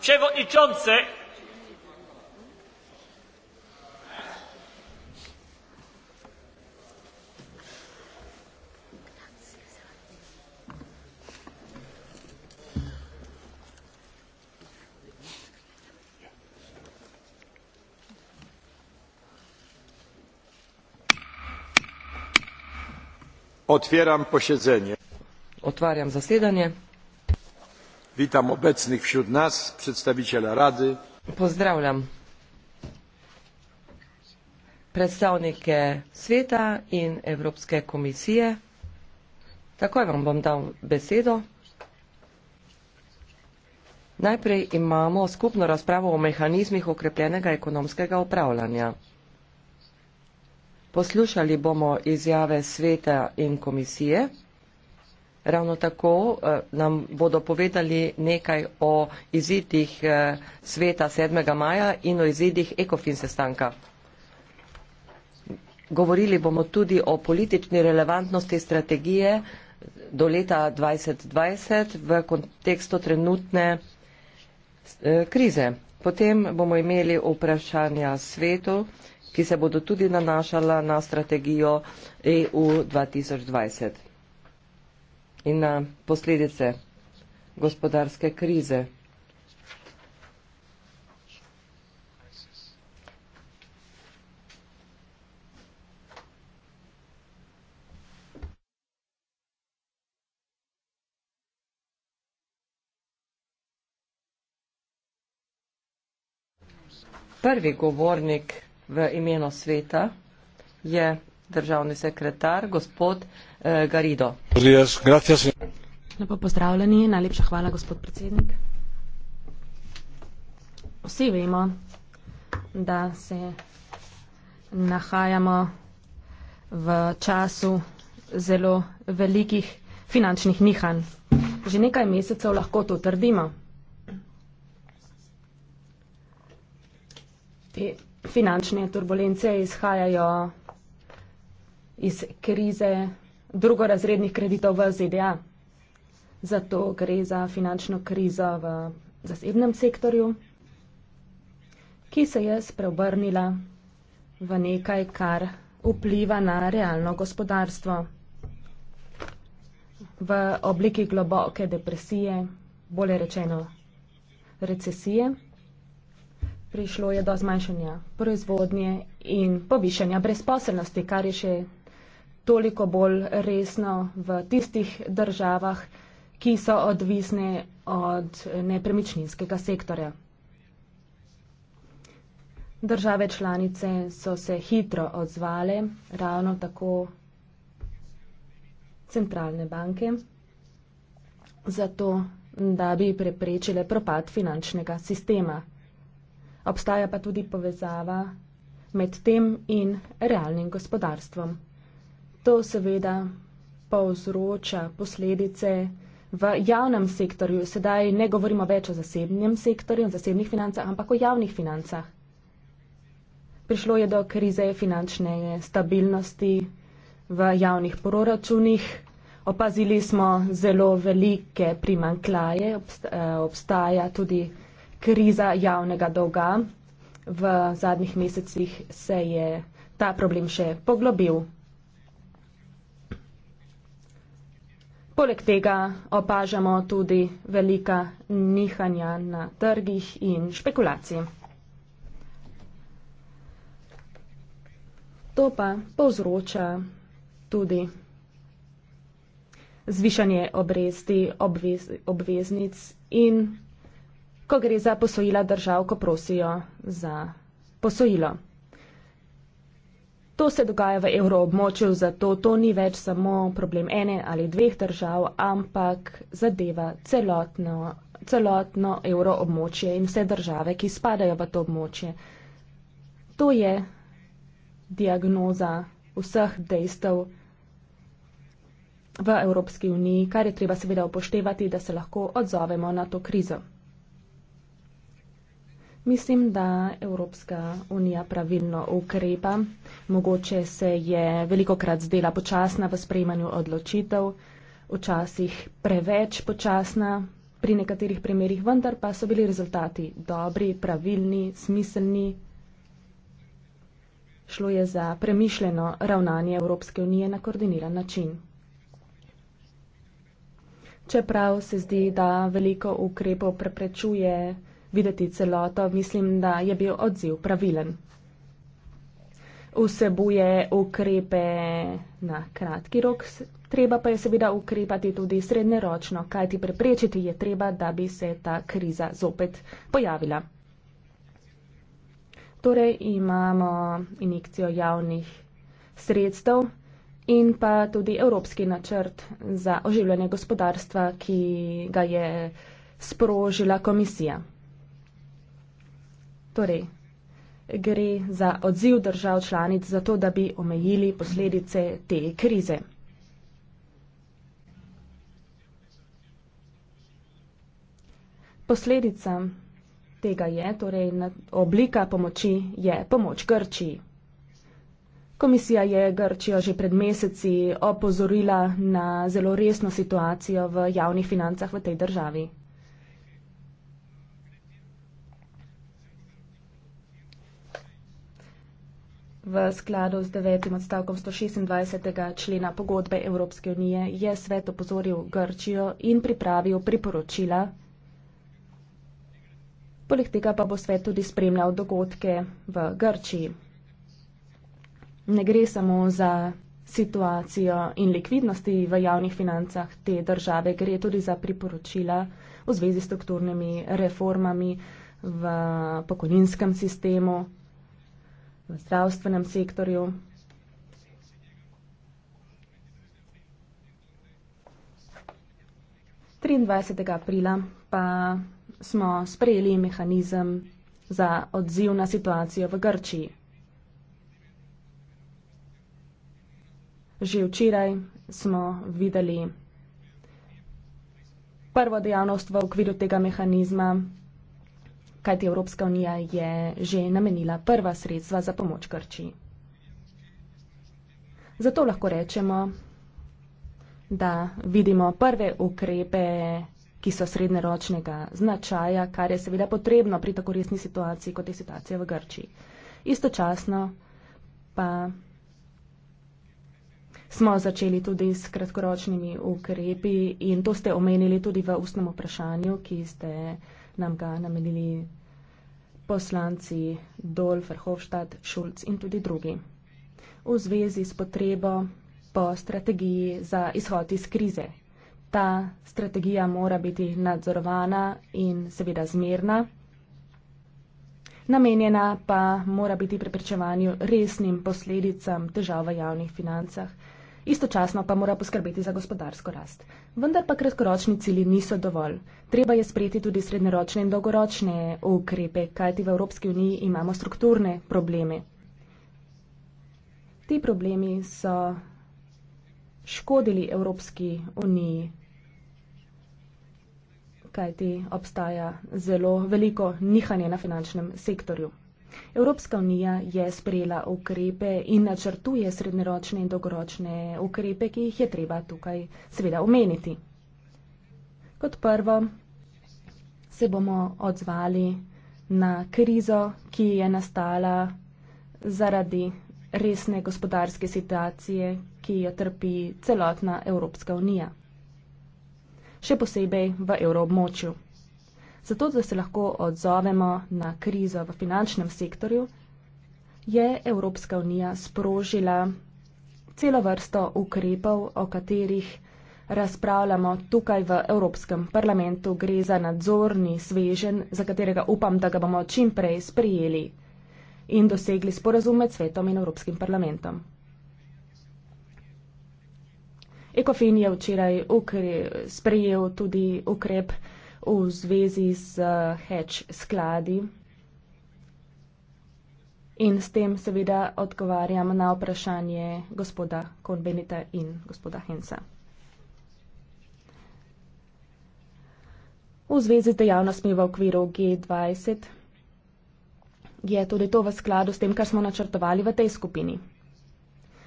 przewodniczący Otwieram posiedzenie. Otwieram zasiedanie witam obecnych wśród nas przedstawiciela rady pozdravljam predstavnike sveta in evropske komisije takoj vam bom dal besedo najprej imamo skupno razpravo o mehanizmih okrepljenega ekonomskega upravljanja poslušali bomo izjave sveta in komisije Ravno tako eh, nam bodo povedali nekaj o izidih eh, sveta 7. maja in o izidih ekofin sestanka. Govorili bomo tudi o politični relevantnosti strategije do leta 2020 v kontekstu trenutne eh, krize. Potem bomo imeli vprašanja svetu, ki se bodo tudi nanašala na strategijo EU 2020 in na posledice gospodarske krize. Prvi govornik v imenu sveta je državni sekretar, gospod eh, Garido. Lepo pozdravljeni, najlepša hvala, gospod predsednik. Vsi vemo, da se nahajamo v času zelo velikih finančnih nihanj. Že nekaj mesecev lahko to trdimo. Te finančne turbulence izhajajo iz krize drugorazrednih kreditov v ZDA. Zato gre za finančno krizo v zasebnem sektorju, ki se je spreobrnila v nekaj, kar vpliva na realno gospodarstvo v obliki globoke depresije, bolje rečeno recesije. Prišlo je do zmanjšanja proizvodnje in povišanja brezposelnosti, kar je še toliko bolj resno v tistih državah, ki so odvisne od nepremičninskega sektorja. Države članice so se hitro odzvale, ravno tako centralne banke, zato da bi preprečile propad finančnega sistema. Obstaja pa tudi povezava med tem in realnim gospodarstvom. To seveda povzroča posledice v javnem sektorju. Sedaj ne govorimo več o zasebnem sektorju, o zasebnih financah, ampak o javnih financah. Prišlo je do krize finančne stabilnosti v javnih proračunih. Opazili smo zelo velike primankljaje, eh, obstaja tudi kriza javnega dolga. V zadnjih mesecih se je ta problem še poglobil. Poleg tega opažamo tudi velika nihanja na trgih in špekulacije. To pa povzroča tudi zvišanje obresti obvez, obveznic in ko gre za posojila držav, ko prosijo za posojilo. To se dogaja v evroobmočju, zato to ni več samo problem ene ali dveh držav, ampak zadeva celotno, celotno evroobmočje in vse države, ki spadajo v to območje. To je diagnoza vseh dejstev v Evropski uniji, kar je treba seveda upoštevati, da se lahko odzovemo na to krizo. Mislim, da Evropska unija pravilno ukrepa. Mogoče se je velikokrat zdela počasna v sprejemanju odločitev, včasih preveč počasna pri nekaterih primerjih, vendar pa so bili rezultati dobri, pravilni, smiselni. Šlo je za premišljeno ravnanje Evropske unije na koordiniran način. Čeprav se zdi, da veliko ukrepov preprečuje, videti celoto, mislim, da je bil odziv pravilen. Vsebuje ukrepe na kratki rok, treba pa je seveda ukrepati tudi srednjeročno, kaj ti preprečiti je treba, da bi se ta kriza zopet pojavila. Torej imamo injekcijo javnih sredstev in pa tudi evropski načrt za oživljanje gospodarstva, ki ga je sprožila komisija. Torej, gre za odziv držav članic za to, da bi omejili posledice te krize. Posledica tega je, torej oblika pomoči je pomoč Grčiji. Komisija je Grčijo že pred meseci opozorila na zelo resno situacijo v javnih financah v tej državi. V skladu z devetim odstavkom 126. člena pogodbe Evropske unije je svet opozoril Grčijo in pripravil priporočila. Poleg tega pa bo svet tudi spremljal dogodke v Grčiji. Ne gre samo za situacijo in likvidnosti v javnih financah te države, gre tudi za priporočila v zvezi s strukturnimi reformami v pokojninskem sistemu, v zdravstvenem sektorju. Triindvajsetega aprila pa smo sprejeli mehanizem za odziv na situacijo v Grčiji. Že včeraj smo videli prvo dejavnost v okviru tega mehanizma, kajti Evropska unija je že namenila prva sredstva za pomoč Grči. Zato lahko rečemo, da vidimo prve ukrepe, ki so srednjeročnega značaja, kar je seveda potrebno pri tako resni situaciji, kot je situacija v Grči. Istočasno pa smo začeli tudi s kratkoročnimi ukrepi in to ste omenili tudi v ustnem vprašanju, ki ste nam ga namenili poslanci Dolf, Verhofstadt, Šulc in tudi drugi. V zvezi s potrebo po strategiji za izhod iz krize. Ta strategija mora biti nadzorovana in seveda zmerna, namenjena pa mora biti preprečevanju resnim posledicam težav v javnih financah. Istočasno pa mora poskrbeti za gospodarsko rast. Vendar pa kratkoročni cilji niso dovolj. Treba je sprejeti tudi srednjeročne in dolgoročne ukrepe, kajti v Evropski uniji imamo strukturne probleme. Ti problemi so škodili Evropski uniji, kajti obstaja zelo veliko nihanje na finančnem sektorju. Evropska unija je sprejela ukrepe in načrtuje srednjeročne in dolgoročne ukrepe, ki jih je treba tukaj seveda omeniti. Kot prvo se bomo odzvali na krizo, ki je nastala zaradi resne gospodarske situacije, ki jo trpi celotna Evropska unija. Še posebej v evroobmočju. Zato, da se lahko odzovemo na krizo v finančnem sektorju, je Evropska unija sprožila celo vrsto ukrepov, o katerih razpravljamo tukaj v Evropskem parlamentu. Gre za nadzorni svežen, za katerega upam, da ga bomo čim prej sprijeli in dosegli sporazum med svetom in Evropskim parlamentom. Ekofin je včeraj ukre, sprejel tudi ukrep v zvezi z eh, hedge skladi. In s tem seveda odgovarjam na vprašanje gospoda Konbenita in gospoda Hensa. V zvezi z dejavnostmi v okviru G20 je tudi to v skladu s tem, kar smo načrtovali v tej skupini.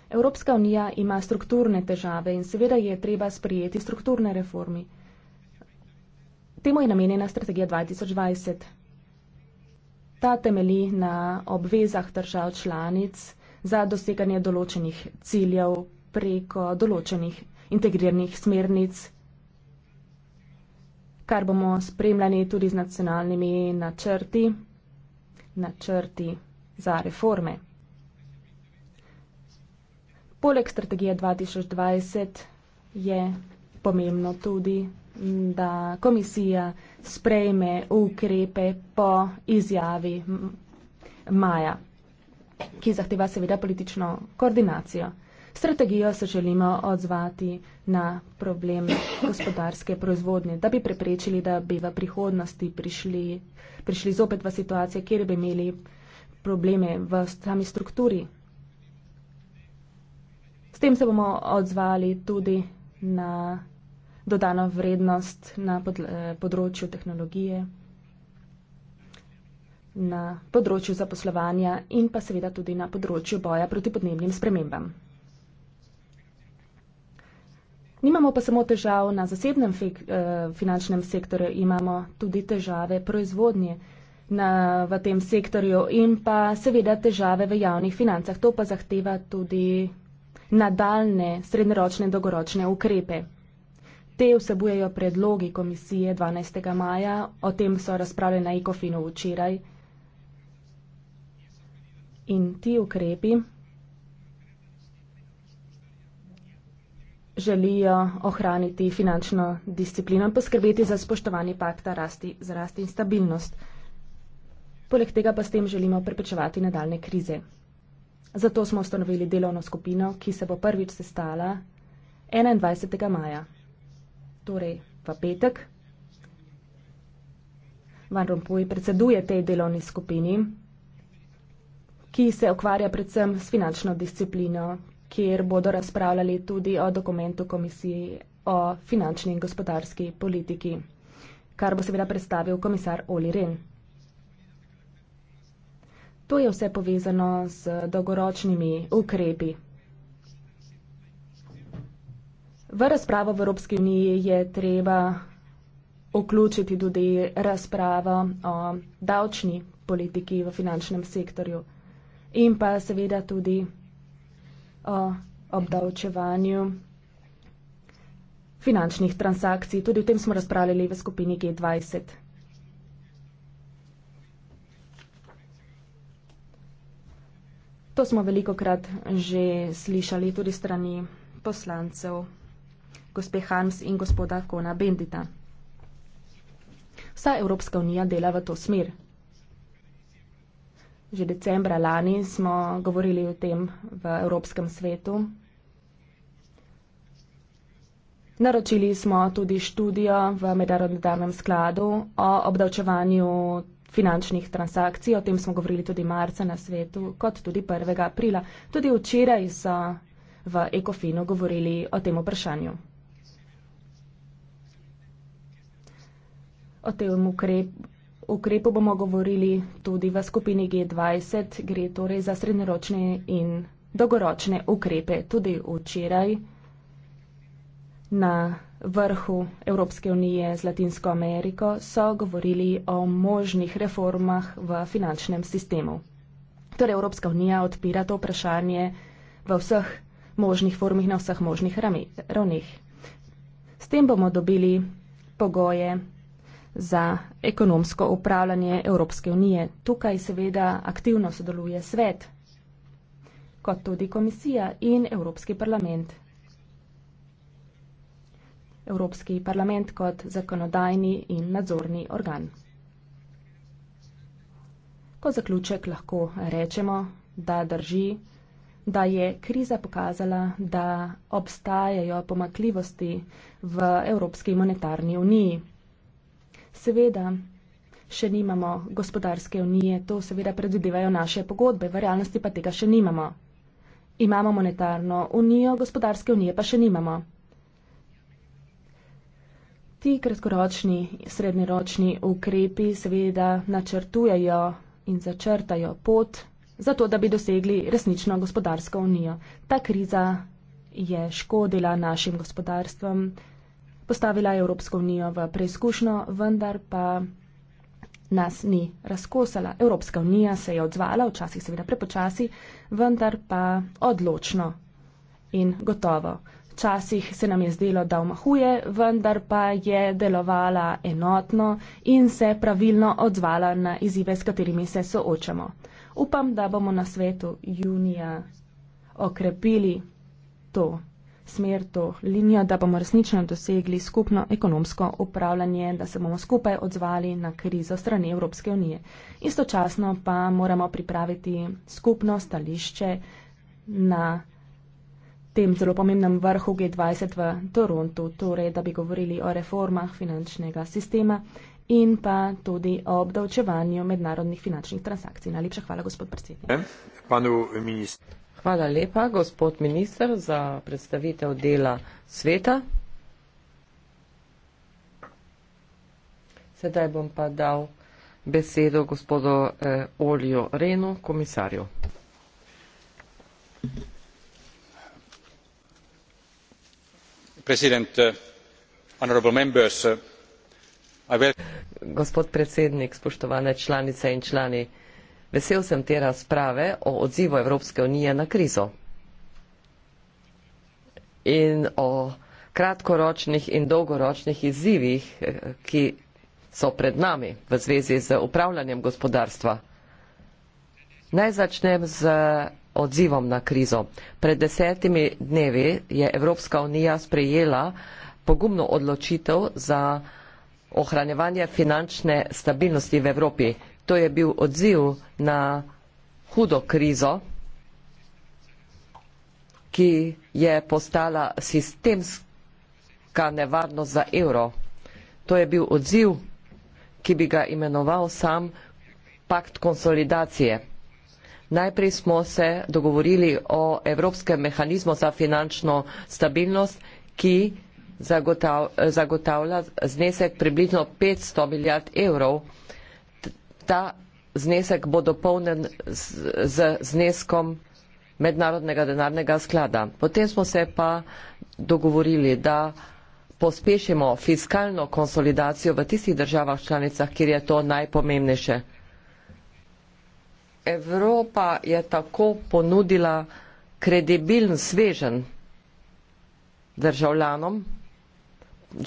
Evropska unija ima strukturne težave in seveda je treba sprijeti strukturne reformi. Temu je namenjena strategija 2020. Ta temeli na obvezah držav članic za doseganje določenih ciljev preko določenih integriranih smernic, kar bomo spremljali tudi z nacionalnimi načrti, načrti za reforme. Poleg strategije 2020 je pomembno tudi da komisija sprejme ukrepe po izjavi maja, ki zahteva seveda politično koordinacijo. Strategijo se želimo odzvati na problem gospodarske proizvodnje, da bi preprečili, da bi v prihodnosti prišli, prišli zopet v situacije, kjer bi imeli probleme v sami strukturi. S tem se bomo odzvali tudi na dodano vrednost na pod, eh, področju tehnologije, na področju zaposlovanja in pa seveda tudi na področju boja proti podnebnim spremembam. Nimamo pa samo težav na zasebnem fik, eh, finančnem sektorju, imamo tudi težave proizvodnje na, v tem sektorju in pa seveda težave v javnih financah. To pa zahteva tudi nadaljne srednjeročne in dolgoročne ukrepe. Te vsebujejo predlogi komisije 12. maja, o tem so razpravljali na ECOFIN-u včeraj. In ti ukrepi želijo ohraniti finančno disciplino in poskrbeti za spoštovanje pakta rasti, za rasti in stabilnost. Poleg tega pa s tem želimo preprečevati nadaljne krize. Zato smo ustanovili delovno skupino, ki se bo prvič sestala 21. maja torej v petek. Van Rompuy predseduje tej delovni skupini, ki se ukvarja predvsem s finančno disciplino, kjer bodo razpravljali tudi o dokumentu komisiji o finančni in gospodarski politiki, kar bo seveda predstavil komisar Oli Ren. To je vse povezano z dolgoročnimi ukrepi. V razpravo v Evropski uniji je treba vključiti tudi razpravo o davčni politiki v finančnem sektorju in pa seveda tudi o obdavčevanju finančnih transakcij. Tudi o tem smo razpravljali v skupini G20. To smo veliko krat že slišali tudi strani poslancev gospe Harms in gospoda Kona Bendita. Vsa Evropska unija dela v to smer. Že decembra lani smo govorili o tem v Evropskem svetu. Naročili smo tudi študijo v Mednarodnem skladu o obdavčevanju finančnih transakcij. O tem smo govorili tudi marca na svetu, kot tudi 1. aprila. Tudi včeraj so v Ekofinu govorili o tem vprašanju. O tem ukrep, ukrepu bomo govorili tudi v skupini G20, gre torej za srednjeročne in dolgoročne ukrepe. Tudi včeraj na vrhu Evropske unije z Latinsko Ameriko so govorili o možnih reformah v finančnem sistemu. Torej Evropska unija odpira to vprašanje v vseh možnih formih, na vseh možnih ravneh. S tem bomo dobili pogoje za ekonomsko upravljanje Evropske unije. Tukaj seveda aktivno sodeluje svet, kot tudi komisija in Evropski parlament. Evropski parlament kot zakonodajni in nadzorni organ. Ko zaključek lahko rečemo, da drži, da je kriza pokazala, da obstajajo pomakljivosti v Evropski monetarni uniji. Seveda, še nimamo gospodarske unije, to seveda predvidevajo naše pogodbe, v realnosti pa tega še nimamo. Imamo monetarno unijo, gospodarske unije pa še nimamo. Ti kratkoročni, srednjeročni ukrepi seveda načrtujejo in začrtajo pot, zato da bi dosegli resnično gospodarsko unijo. Ta kriza je škodila našim gospodarstvom postavila Evropsko unijo v preizkušnjo, vendar pa nas ni razkosala. Evropska unija se je odzvala, včasih seveda prepočasi, vendar pa odločno in gotovo. Včasih se nam je zdelo, da omahuje, vendar pa je delovala enotno in se pravilno odzvala na izive, s katerimi se soočamo. Upam, da bomo na svetu junija okrepili to smer, to linijo, da bomo resnično dosegli skupno ekonomsko upravljanje, da se bomo skupaj odzvali na krizo strani Evropske unije. Istočasno pa moramo pripraviti skupno stališče na tem zelo pomembnem vrhu G20 v Torontu, torej da bi govorili o reformah finančnega sistema in pa tudi o obdavčevanju mednarodnih finančnih transakcij. Najlepša hvala, gospod predsednik. Panu ministru. Hvala lepa, gospod minister, za predstavitev dela sveta. Sedaj bom pa dal besedo gospodu eh, Olju Renu, komisarju. President, eh, honorable members, eh, I will... Gospod predsednik, spoštovane članice in člani. Vesel sem te razprave o odzivu Evropske unije na krizo in o kratkoročnih in dolgoročnih izzivih, eh, ki so pred nami v zvezi z upravljanjem gospodarstva. Naj začnem z odzivom na krizo. Pred desetimi dnevi je Evropska unija sprejela pogumno odločitev za ohranjevanje finančne stabilnosti v Evropi. To je bil odziv na hudo krizo, ki je postala sistemska nevarnost za evro. To je bil odziv, ki bi ga imenoval sam pakt konsolidacije. Najprej smo se dogovorili o Evropskem mehanizmu za finančno stabilnost, ki zagotavlja znesek približno 500 milijard evrov ta znesek bo dopolnen z, z zneskom mednarodnega denarnega sklada. Potem smo se pa dogovorili, da pospešimo fiskalno konsolidacijo v tistih državah članicah, kjer je to najpomembnejše. Evropa je tako ponudila kredibiln svežen državljanom.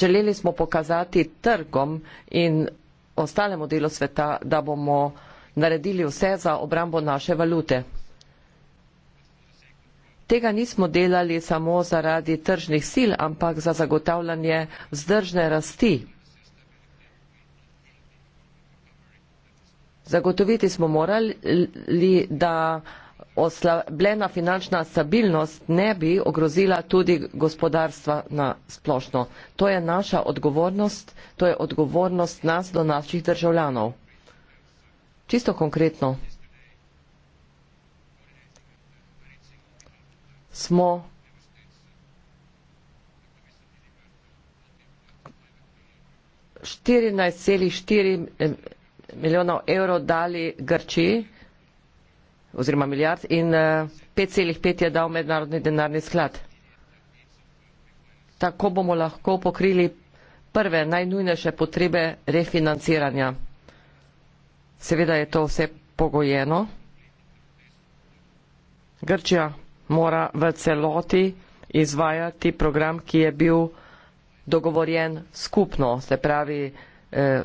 Želeli smo pokazati trgom in ostalemu delu sveta, da bomo naredili vse za obrambo naše valute. Tega nismo delali samo zaradi tržnih sil, ampak za zagotavljanje vzdržne rasti. Zagotoviti smo morali, da oslabljena finančna stabilnost ne bi ogrozila tudi gospodarstva na splošno. To je naša odgovornost, to je odgovornost nas do naših državljanov. Čisto konkretno. Smo štirinajst štiri milijonov evrov dali Grčiji, oziroma milijard in 5,5 eh, je dal mednarodni denarni sklad. Tako bomo lahko pokrili prve najnujnejše potrebe refinanciranja. Seveda je to vse pogojeno. Grčija mora v celoti izvajati program, ki je bil dogovorjen skupno. Se pravi, eh,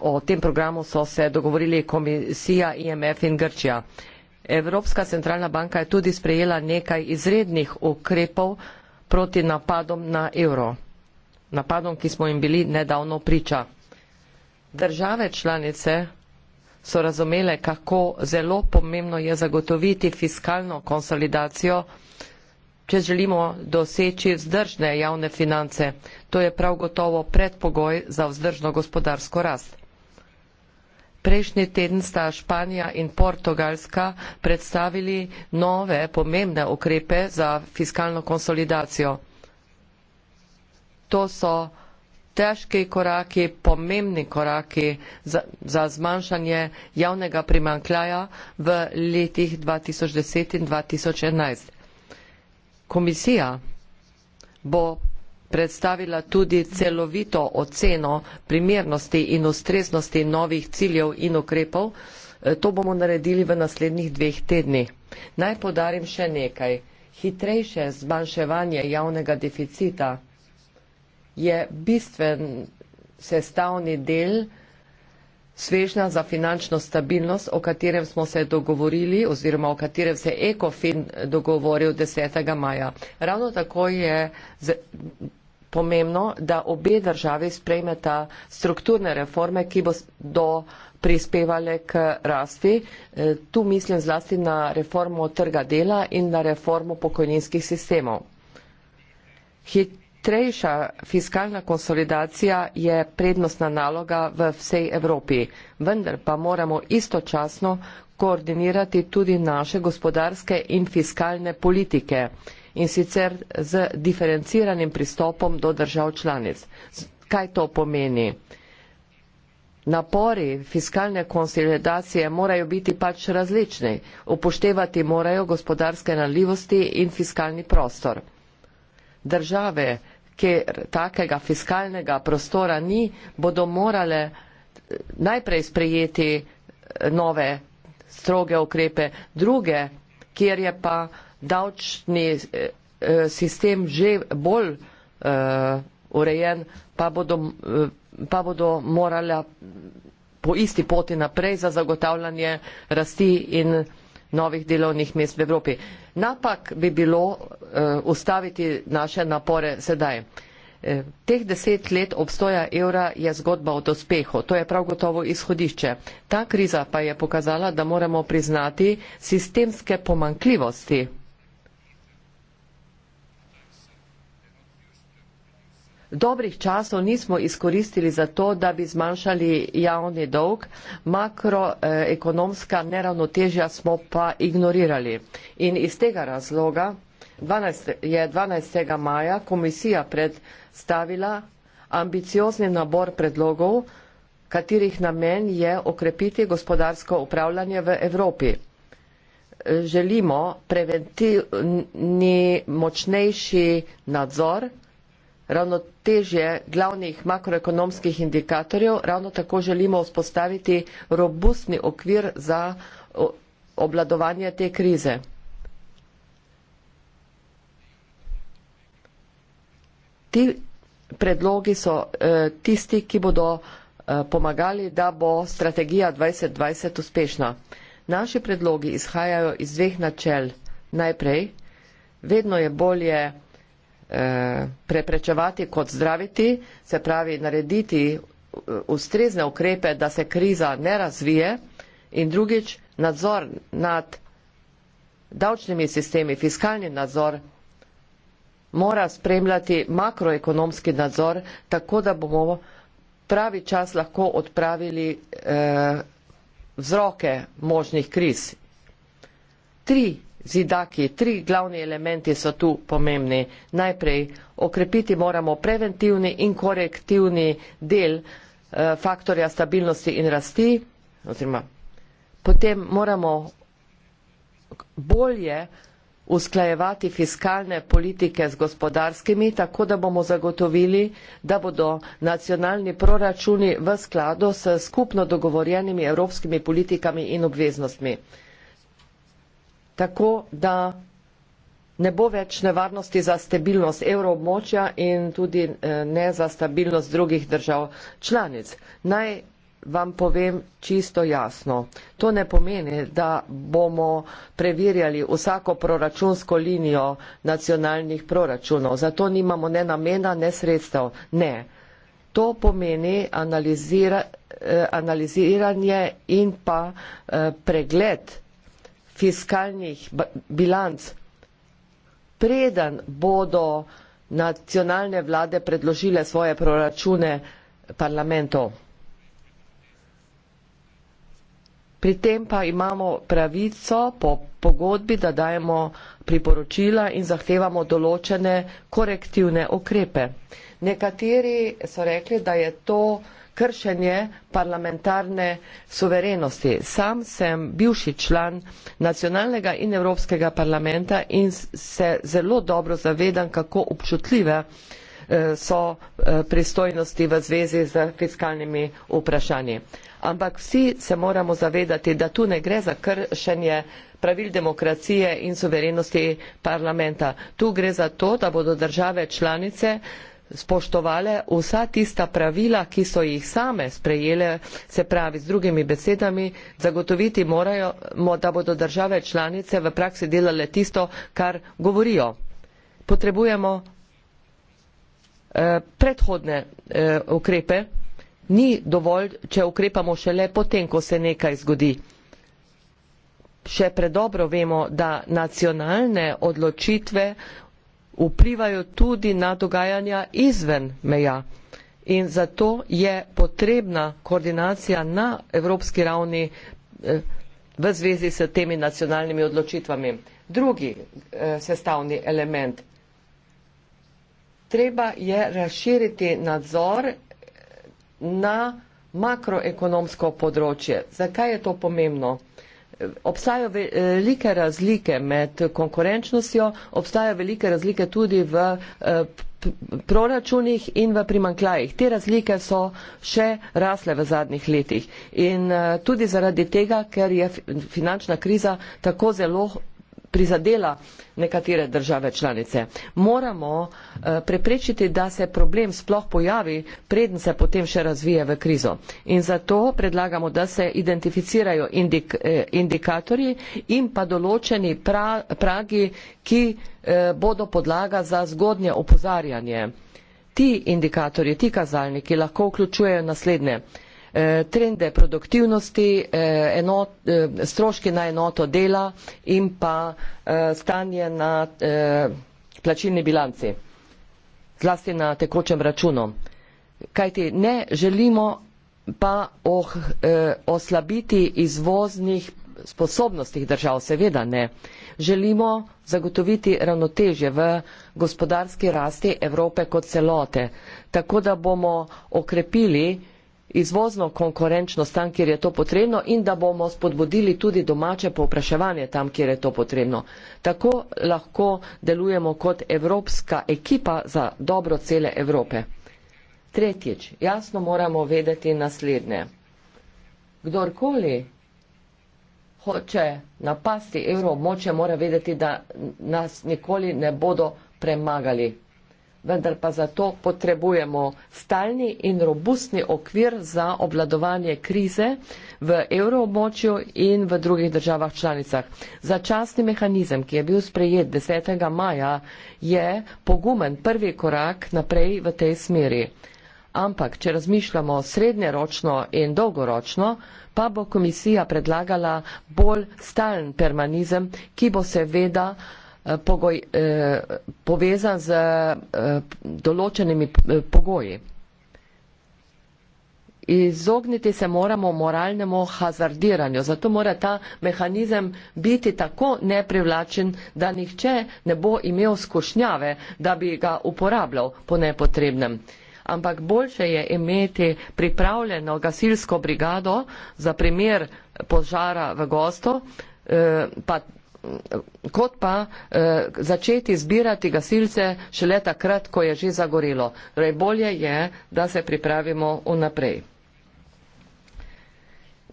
o tem programu so se dogovorili komisija IMF in Grčija. Eh, Evropska centralna banka je tudi sprejela nekaj izrednih ukrepov proti napadom na evro, napadom, ki smo jim bili nedavno priča. Države članice so razumele, kako zelo pomembno je zagotoviti fiskalno konsolidacijo, če želimo doseči vzdržne javne finance. To je prav gotovo predpogoj za vzdržno gospodarsko rast. Prejšnji teden sta Španija in Portugalska predstavili nove pomembne ukrepe za fiskalno konsolidacijo. To so težki koraki, pomembni koraki za, za zmanjšanje javnega primankljaja v letih 2010 in 2011. Komisija bo predstavila tudi celovito oceno primernosti in ustreznosti novih ciljev in ukrepov. E, to bomo naredili v naslednjih dveh tednih. Naj podarim še nekaj. Hitrejše zmanjševanje javnega deficita je bistven sestavni del svežna za finančno stabilnost, o katerem smo se dogovorili oziroma o katerem se je ECOFIN dogovoril 10. maja. Ravno tako je pomembno, da obe državi sprejmeta strukturne reforme, ki bodo prispevale k rasti. E, tu mislim zlasti na reformo trga dela in na reformo pokojninskih sistemov. Hitrejša fiskalna konsolidacija je prednostna naloga v vsej Evropi, vendar pa moramo istočasno koordinirati tudi naše gospodarske in fiskalne politike in sicer z diferenciranim pristopom do držav članic. Kaj to pomeni? Napori fiskalne konsolidacije morajo biti pač različni, upoštevati morajo gospodarske naljivosti in fiskalni prostor. Države, kjer takega fiskalnega prostora ni, bodo morale eh, najprej sprejeti eh, nove stroge ukrepe, druge, kjer je pa uh, davčni eh, eh, sistem že bolj eh, urejen, pa bodo, pa bodo morala po isti poti naprej za zagotavljanje rasti in novih delovnih mest v Evropi. Napak bi bilo uh, ustaviti naše napore sedaj. Uh, teh deset let obstoja evra je zgodba o dospehu. To je prav gotovo izhodišče. Ta kriza pa je pokazala, da moramo priznati sistemske pomankljivosti dobrih časov nismo izkoristili za to, da bi zmanjšali javni dolg, makroekonomska neravnotežja smo pa ignorirali. In iz tega razloga 12, je 12. maja komisija predstavila ambiciozni nabor predlogov, katerih namen je okrepiti gospodarsko upravljanje v Evropi. Želimo preventivni močnejši nadzor, ravno težje glavnih makroekonomskih indikatorjev, ravno tako želimo vzpostaviti robustni okvir za obladovanje te krize. Ti predlogi so e, tisti, ki bodo e, pomagali, da bo strategija 2020 uspešna. Naši predlogi izhajajo iz dveh načel. Najprej, vedno je bolje preprečevati kot zdraviti, se pravi narediti uh, ustrezne ukrepe, da se kriza ne razvije in drugič nadzor nad davčnimi sistemi, fiskalni nadzor mora spremljati makroekonomski nadzor, tako da bomo pravi čas lahko odpravili eh, vzroke možnih kriz. Tri zidaki, tri glavni elementi so tu pomembni. Najprej okrepiti moramo preventivni in korektivni del eh, faktorja stabilnosti in rasti, oziroma potem moramo bolje usklajevati fiskalne politike z gospodarskimi, tako da bomo zagotovili, da bodo nacionalni proračuni v skladu s skupno dogovorjenimi evropskimi politikami in obveznostmi tako, da ne bo več nevarnosti za stabilnost evroobmočja in tudi eh, ne za stabilnost drugih držav članic. Naj vam povem čisto jasno. To ne pomeni, da bomo preverjali vsako proračunsko linijo nacionalnih proračunov. Zato nimamo ne namena, ne sredstev. Ne. To pomeni analizira, eh, analiziranje in pa eh, pregled fiskalnih bilanc, preden bodo nacionalne vlade predložile svoje proračune parlamentov. Pri tem pa imamo pravico po pogodbi, da dajemo priporočila in zahtevamo določene korektivne okrepe. Nekateri so rekli, da je to uh, kršenje parlamentarne suverenosti. Sam sem bivši član nacionalnega in evropskega parlamenta in se zelo dobro zavedam, kako občutljive eh, so eh, pristojnosti v zvezi z fiskalnimi vprašanji. Ampak vsi se moramo zavedati, da tu ne gre za kršenje pravil demokracije in suverenosti parlamenta. Tu gre za to, da bodo države članice spoštovale vsa tista pravila, ki so jih same sprejele, se pravi z drugimi besedami, zagotoviti moramo, da bodo države članice v praksi delale tisto, kar govorijo. Potrebujemo eh, predhodne eh, ukrepe, ni dovolj, če ukrepamo šele potem, ko se nekaj zgodi. Še predobro vemo, da nacionalne odločitve vplivajo tudi na dogajanja izven meja. In zato je potrebna koordinacija na evropski ravni eh, v zvezi s temi nacionalnimi odločitvami. Drugi eh, sestavni element. Treba je razširiti nadzor eh, na makroekonomsko področje. Zakaj je to pomembno? obstajajo eh, velike razlike med konkurenčnostjo, obstajajo velike razlike tudi v eh, proračunih in v primankljajih. Te razlike so še rasle v zadnjih letih in eh, tudi zaradi tega, ker je finančna kriza tako zelo prizadela nekatere države članice. Moramo eh, preprečiti, da se problem sploh pojavi, preden se potem še razvije v krizo. In zato predlagamo, da se identificirajo indik, eh, indikatorji in pa določeni pra, pragi, ki eh, bodo podlaga za zgodnje opozarjanje. Ti indikatorji, ti kazalniki lahko vključujejo naslednje Eh, trende produktivnosti, eh, enot, eh, stroški na enoto dela in pa stanje na plačilni bilanci, zlasti na tekočem računu. Kajti ne želimo pa oh, eh, oslabiti izvoznih sposobnosti držav, seveda ne. Želimo zagotoviti ravnotežje v gospodarski rasti Evrope kot celote, tako da bomo okrepili eh, izvozno konkurenčnost tam, kjer je to potrebno in da bomo spodbudili tudi domače povpraševanje tam, kjer je to potrebno. Tako lahko delujemo kot evropska ekipa za dobro cele Evrope. Tretjič, jasno moramo vedeti naslednje. Kdorkoli hoče napasti evroobmočje, mora vedeti, da nas nikoli ne bodo premagali vendar pa zato potrebujemo stalni in robustni okvir za obladovanje krize v evroobmočju in v drugih državah članicah. Začasni mehanizem, ki je bil sprejet 10. maja, je pogumen prvi korak naprej v tej smeri. Ampak, če razmišljamo srednjeročno in dolgoročno, pa bo komisija predlagala bolj stalen permanizem, ki bo seveda Eh, pogoj, eh, povezan z eh, določenimi pogoji. Izogniti se moramo moralnemu hazardiranju, zato mora ta mehanizem biti tako neprivlačen, da nihče ne bo imel skušnjave, da bi ga uporabljal po nepotrebnem. Ampak boljše je imeti pripravljeno gasilsko brigado za primer požara v gostu, pa kot pa eh, začeti zbirati gasilce šele takrat, ko je že zagorelo. Torej bolje je, da se pripravimo vnaprej.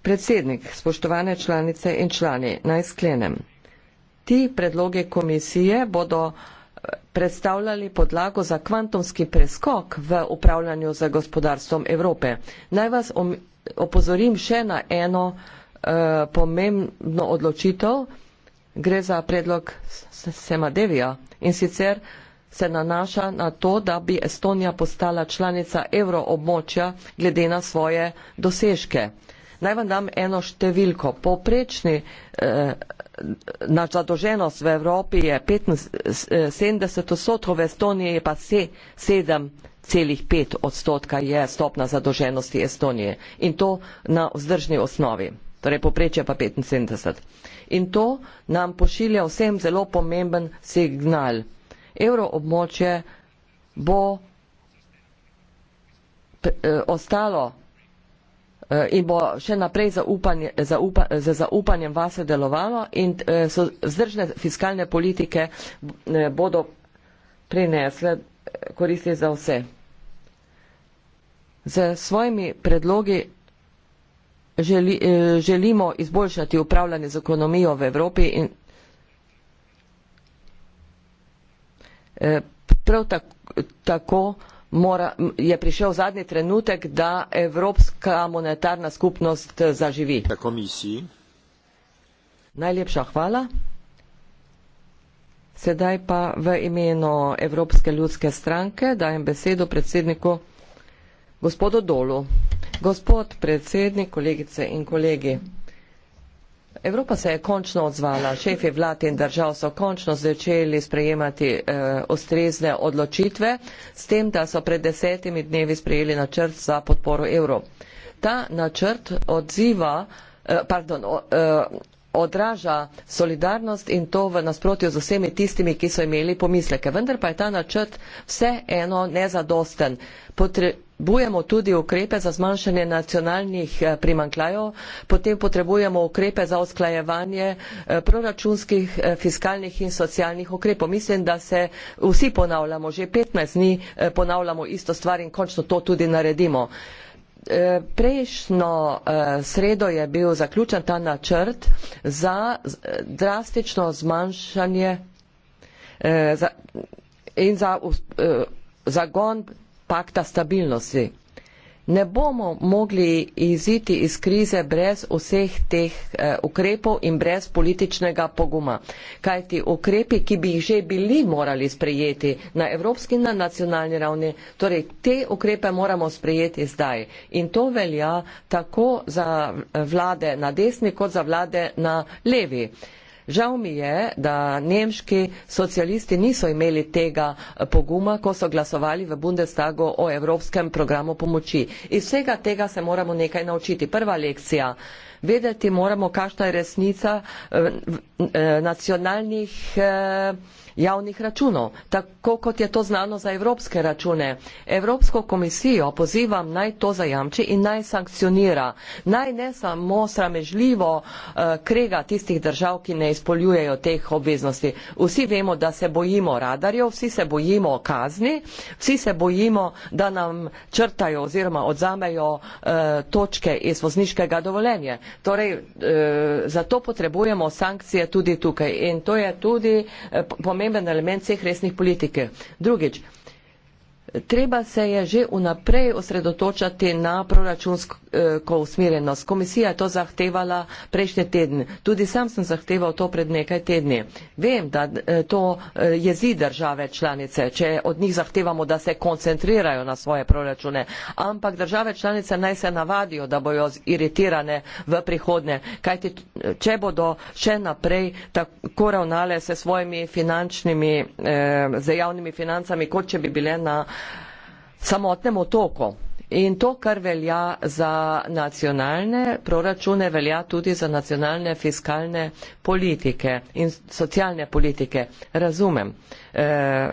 Predsednik, spoštovane članice in člani, naj sklenem. Ti predloge komisije bodo eh, predstavljali podlago za kvantumski preskok v upravljanju za gospodarstvom Evrope. Naj vas opozorim še na eno uh, pomembno odločitev, uh, gre za predlog Semadevija in sicer se nanaša na to, da bi Estonija postala članica evroobmočja glede na svoje dosežke. Naj vam dam eno številko. Poprečni eh, naš zadoženost v Evropi je 75 eh, odstotkov, v Estoniji je pa 7,5 odstotka je stopna zadoženosti Estonije in to na vzdržni osnovi torej poprečje pa 75. In to nam pošilja vsem zelo pomemben signal. Evroobmočje bo eh, ostalo eh, in bo še naprej zaupanje, zaupa, za zaupanjem vase delovalo in eh, so vzdržne fiskalne politike bodo prinesle koristi za vse. Z svojimi predlogi želi, eh, želimo izboljšati upravljanje z ekonomijo v Evropi in eh, prav tako, tako mora, je prišel zadnji trenutek, da Evropska monetarna skupnost eh, zaživi. Na komisiji. Najlepša hvala. Sedaj pa v imenu Evropske ljudske stranke dajem besedo predsedniku gospodu Dolu. Gospod predsednik, kolegice in kolegi. Evropa se je končno odzvala, šefi vlad in držav so končno začeli sprejemati eh, ustrezne odločitve, s tem, da so pred desetimi dnevi sprejeli načrt za podporo evro. Ta načrt odziva, eh, pardon, eh, odraža solidarnost in to v nasprotju z vsemi tistimi, ki so imeli pomisleke. Vendar pa je ta načrt vse eno nezadosten. Potre, potrebujemo tudi ukrepe za zmanjšanje nacionalnih eh, primankljajev potem potrebujemo ukrepe za usklajevanje eh, proračunskih eh, fiskalnih in socialnih ukrepov mislim da se vsi ponavljamo že petnajst dni ponavljamo isto stvar in končno to tudi naredimo prejšnjo sredo je bil zaključen ta načrt za drastično zmanjšanje in za zagon pakta stabilnosti. Ne bomo mogli iziti iz krize brez vseh teh eh, ukrepov in brez političnega poguma. Kajti ukrepi, ki bi jih že bili morali sprejeti na evropski in na nacionalni ravni, torej te ukrepe moramo sprejeti zdaj. In to velja tako za eh, vlade na desni, kot za vlade na levi. Eh, Žal mi je, da nemški socialisti niso imeli tega eh, poguma, ko so glasovali v Bundestagu o evropskem programu pomoči. Iz vsega tega se moramo nekaj naučiti. Prva lekcija. Vedeti moramo, kakšna je resnica eh, eh, nacionalnih javnih računov, tako kot je to znano za evropske račune. Evropsko komisijo pozivam naj to zajamči in naj sankcionira, naj ne samo sramežljivo uh, krega tistih držav, ki ne izpoljujejo teh obveznosti. Vsi vemo, da se bojimo radarjev, vsi se bojimo kazni, vsi se bojimo, da nam črtajo oziroma odzamejo uh, eh, točke iz vozniškega dovoljenja. Torej, uh, eh, zato potrebujemo sankcije tudi tukaj in to je tudi uh, pomembno pomemben element vseh resnih politike. drugič treba se je že vnaprej osredotočati na proračunsko eh, usmerjenost. Komisija je to zahtevala prejšnji teden. Tudi sam sem zahteval to pred nekaj tedni. Vem, da eh, to eh, jezi države članice, če od njih zahtevamo, da se koncentrirajo na svoje proračune. Ampak države članice naj se navadijo, da bojo iritirane v prihodnje. Kajti, če bodo še naprej tako ravnale se svojimi finančnimi, eh, z javnimi financami, kot če bi bile na samotnem otoku. In to, kar velja za nacionalne proračune, velja tudi za nacionalne fiskalne politike in socialne politike. Razumem e,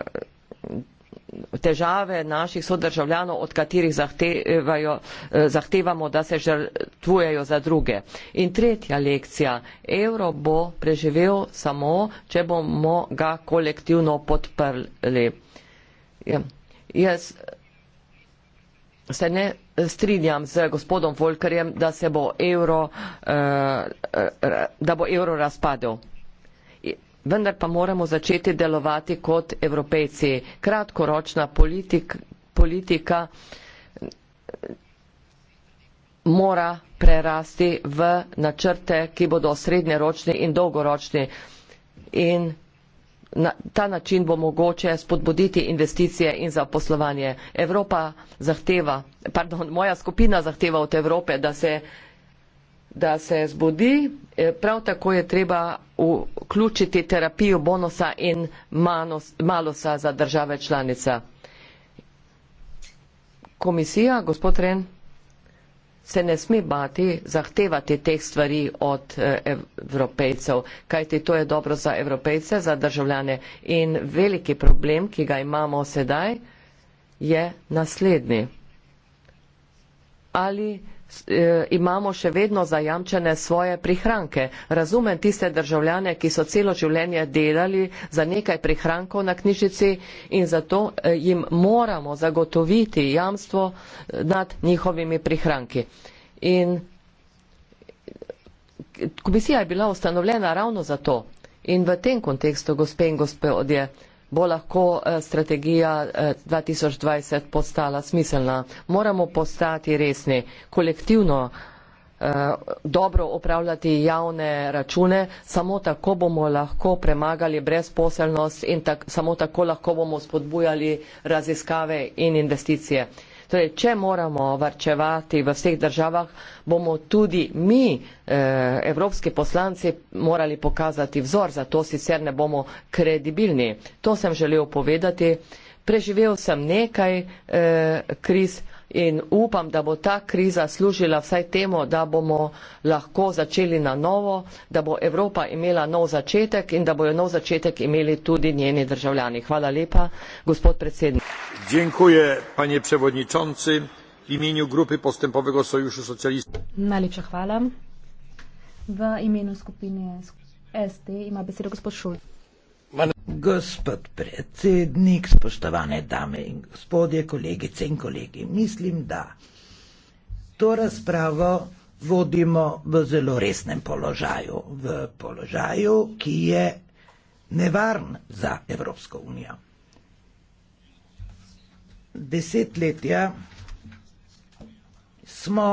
težave naših sodržavljanov, od katerih zahtevajo, eh, zahtevamo, da se žrtvujejo za druge. In tretja lekcija. Evro bo preživel samo, če bomo ga kolektivno podprli. Ja, jaz, se ne strinjam z gospodom Volkerjem, da se bo evro, eh, eh, da bo evro razpadel. Vendar pa moramo začeti delovati kot evropejci. Kratkoročna politik, politika mm, mora prerasti v načrte, ki bodo srednjeročni in dolgoročni. In na ta način bo mogoče spodbuditi investicije in zaposlovanje. Evropa zahteva, pardon, moja skupina zahteva od Evrope, da se, da se zbudi, e, prav tako je treba vključiti terapijo bonusa in manos, malosa za države članice. Komisija, gospod Ren se ne sme bati zahtevati teh stvari od eh, evropejcev, kajti to je dobro za evropejce, za državljane. In veliki problem, ki ga imamo sedaj, je naslednji. Ali E, imamo še vedno zajamčene svoje prihranke. Razumem tiste državljane, ki so celo življenje delali za nekaj prihrankov na knjižici in zato e, jim moramo zagotoviti jamstvo e, nad njihovimi prihranki. In komisija je bila ustanovljena ravno za to. In v tem kontekstu, gospe in gospodje, bo lahko eh, strategija 2020 eh, postala smiselna. Moramo postati resni, kolektivno eh, dobro upravljati javne račune, samo tako bomo lahko premagali brezposelnost in tak, samo tako lahko bomo spodbujali raziskave in investicije. Torej, če moramo varčevati v vseh državah, bomo tudi mi, eh, evropski poslanci, morali pokazati vzor, zato sicer ne bomo kredibilni. To sem želel povedati. Preživel sem nekaj eh, kriz, in upam, da bo ta kriza služila vsaj temu, da bomo lahko začeli na novo, da bo Evropa imela nov začetek in da bojo nov začetek imeli tudi njeni državljani. Hvala lepa, gospod predsednik. Dziękuję, panie przewodniczący. W imieniu Grupy Postępowego Sojuszu Socjalistów. Najlepsze chwalę. W imieniu skupiny ST ma besiedę gospod Schulz. Gospod predsednik, spoštovane dame in gospodje, kolegice in kolegi, mislim, da to razpravo vodimo v zelo resnem položaju, v položaju, ki je nevarn za Evropsko unijo. Desetletja smo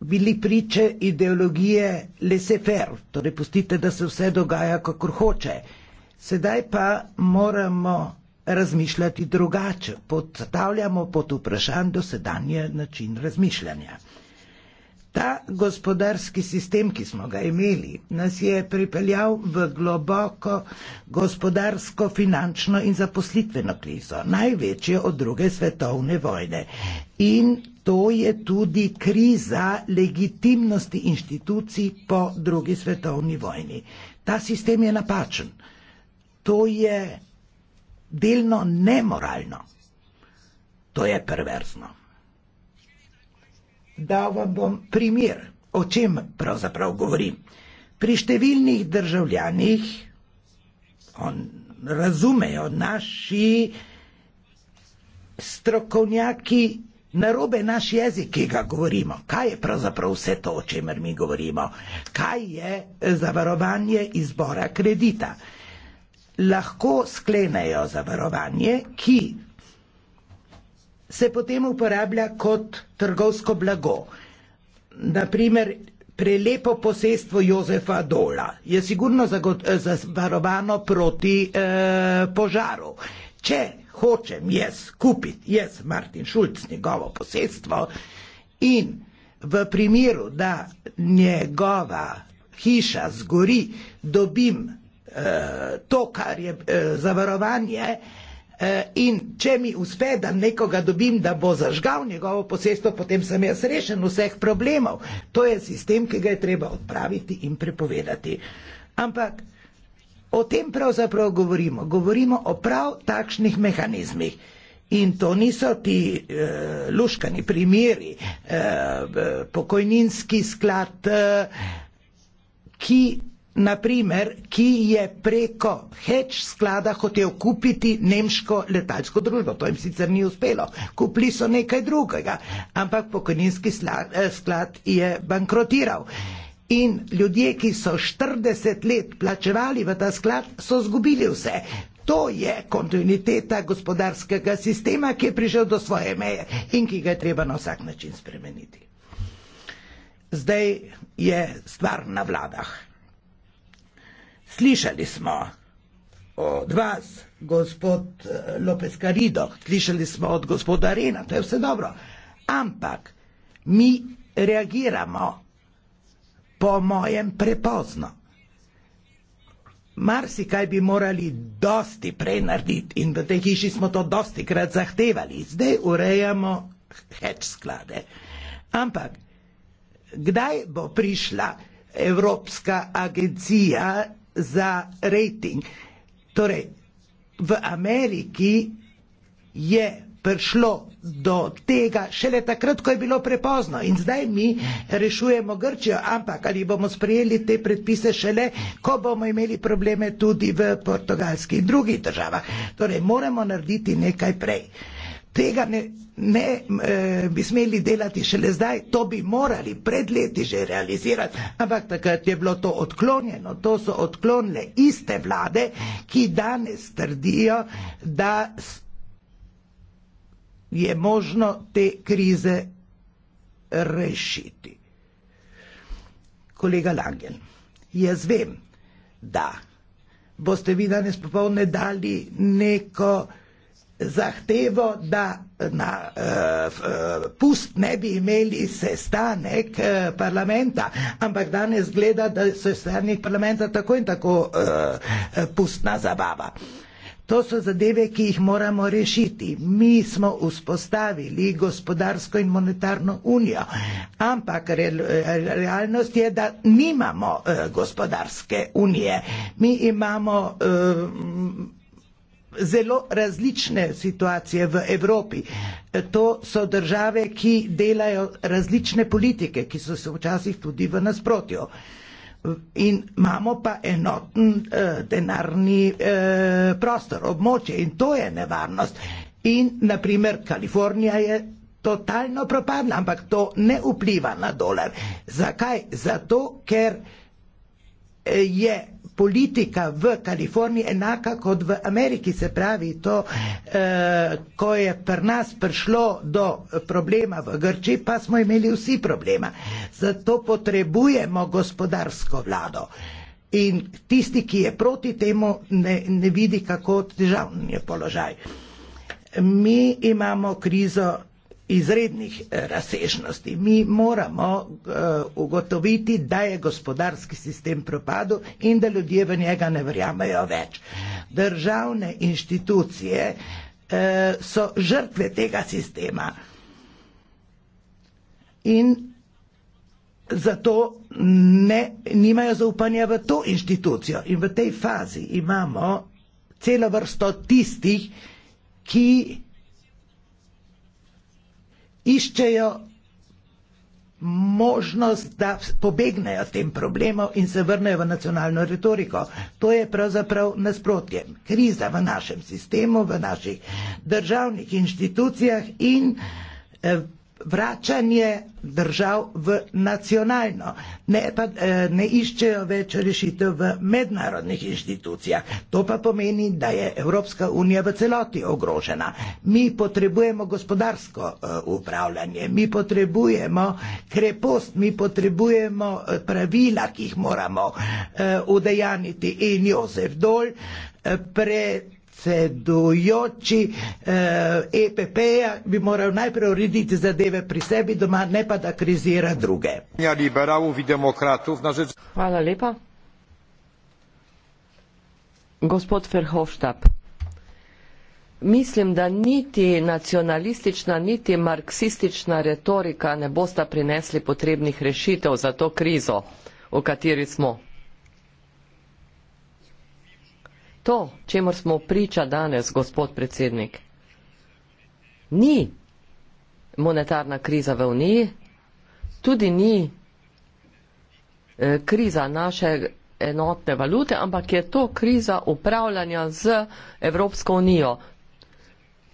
bili priče ideologije laissez-faire, torej pustite, da se vse dogaja, kakor hoče. Sedaj pa moramo razmišljati drugače, podstavljamo pod vprašanj dosedanje način razmišljanja. Ta gospodarski sistem, ki smo ga imeli, nas je pripeljal v globoko gospodarsko, finančno in zaposlitveno krizo, največjo od druge svetovne vojne. In to je tudi kriza legitimnosti inštitucij po drugi svetovni vojni. Ta sistem je napačen to je delno nemoralno. To je perverzno. Da vam bom primer, o čem pravzaprav govorim. Pri številnih državljanih on, razumejo naši strokovnjaki narobe naš jezik, ki ga govorimo. Kaj je pravzaprav vse to, o čemer mi govorimo? Kaj je zavarovanje izbora kredita? lahko sklenejo zavarovanje, ki se potem uporablja kot trgovsko blago. Naprimer, prelepo posestvo Jozefa Dola je sigurno eh, zavarovano proti e, požaru. Če hočem jaz kupiti, jaz Martin Šulc, njegovo posestvo in v primeru, da njegova hiša zgori, dobim Eh, to, kar je eh, zavarovanje. Eh, in če mi uspe, da nekoga dobim, da bo zažgal njegovo posestvo, potem sem jaz rešen vseh problemov. To je sistem, ki ga je treba odpraviti in prepovedati. Ampak o tem pravzaprav govorimo. Govorimo o prav takšnih mehanizmih. In to niso ti eh, luškani primeri, eh, pokojninski sklad, eh, ki naprimer, ki je preko Hedge sklada hotel kupiti nemško letalsko družbo. To jim sicer ni uspelo, kupili so nekaj drugega, ampak pokojninski eh, sklad je bankrotiral. In ljudje, ki so 40 let plačevali v ta sklad, so zgubili vse. To je kontinuiteta gospodarskega sistema, ki je prišel do svoje meje in ki ga je treba na vsak način spremeniti. Zdaj je stvar na vladah. Slišali smo od vas, gospod eh, Lopes Karido, slišali smo od gospoda Rena, to je vse dobro. Ampak mi reagiramo po mojem prepozno. Marsi kaj bi morali dosti prej narediti in v tej hiši smo to dosti krat zahtevali. Zdaj urejamo heč sklade. Ampak kdaj bo prišla Evropska agencija za rejting. Torej, v Ameriki je prišlo do tega šele takrat, ko je bilo prepozno in zdaj mi rešujemo Grčijo, ampak ali bomo sprejeli te predpise šele, ko bomo imeli probleme tudi v portugalski in drugih državah. Torej, moramo narediti nekaj prej tega ne, ne e, bi smeli delati šele zdaj, to bi morali pred leti že realizirati, ampak takrat je bilo to odklonjeno, to so odklonile iste vlade, ki danes trdijo, da je možno te krize rešiti. Kolega Langen, jaz vem, da boste vi danes popolne dali neko zahtevo, da na uh, pust ne bi imeli sestanek uh, parlamenta, ampak danes gleda, da so sestanek parlamenta tako in tako uh, pustna zabava. To so zadeve, ki jih moramo rešiti. Mi smo vzpostavili gospodarsko in monetarno unijo, ampak realnost je, da nimamo gospodarske unije. Mi imamo zelo različne situacije v Evropi. To so države, ki delajo različne politike, ki so se včasih tudi v nasprotju. In imamo pa enoten uh, denarni uh, prostor, območje in to je nevarnost. In naprimer Kalifornija je totalno propadla, ampak to ne vpliva na dolar. Zakaj? Zato, ker eh, je uh, politika v Kaliforniji enaka kot v Ameriki. Se pravi, to, eh, ko je pri nas prišlo do problema v Grči, pa smo imeli vsi problema. Zato potrebujemo gospodarsko vlado. In tisti, ki je proti temu, ne, ne vidi, kako težavni je položaj. Mi imamo krizo izrednih eh, razsežnosti. Mi moramo eh, ugotoviti, da je gospodarski sistem propadel in da ljudje v njega ne verjamejo več. Državne inštitucije eh, so žrtve tega sistema in zato ne, nimajo zaupanja v to inštitucijo. In v tej fazi imamo celo vrsto tistih, ki iščejo možnost, da pobegnejo tem problemom in se vrnejo v nacionalno retoriko. To je pravzaprav nasprotje. Kriza v našem sistemu, v naših državnih inštitucijah in eh, vračanje držav v nacionalno, ne pa eh, ne iščejo več rešitev v mednarodnih inštitucijah. To pa pomeni, da je Evropska unija v celoti ogrožena. Mi potrebujemo gospodarsko eh, upravljanje, mi potrebujemo krepost, mi potrebujemo eh, pravila, ki jih moramo udejaniti in Jozef Dol pre predsedujoči eh, EPP-ja bi moral najprej urediti zadeve pri sebi doma, ne pa da krizira druge. Ja, Hvala lepa. Gospod Verhofstadt, mislim, da niti nacionalistična, niti marksistična retorika ne bosta prinesli potrebnih rešitev za to krizo, v kateri smo. to, čemu smo priča danes, gospod predsednik, ni monetarna kriza v Uniji, tudi ni eh, kriza naše enotne valute, ampak je to kriza upravljanja z Evropsko unijo.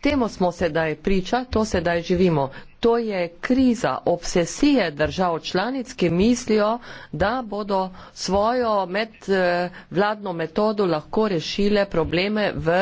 Temu smo sedaj priča, to sedaj živimo to je kriza obsesije držav članic, ki mislijo, da bodo svojo medvladno eh, metodo lahko rešile probleme v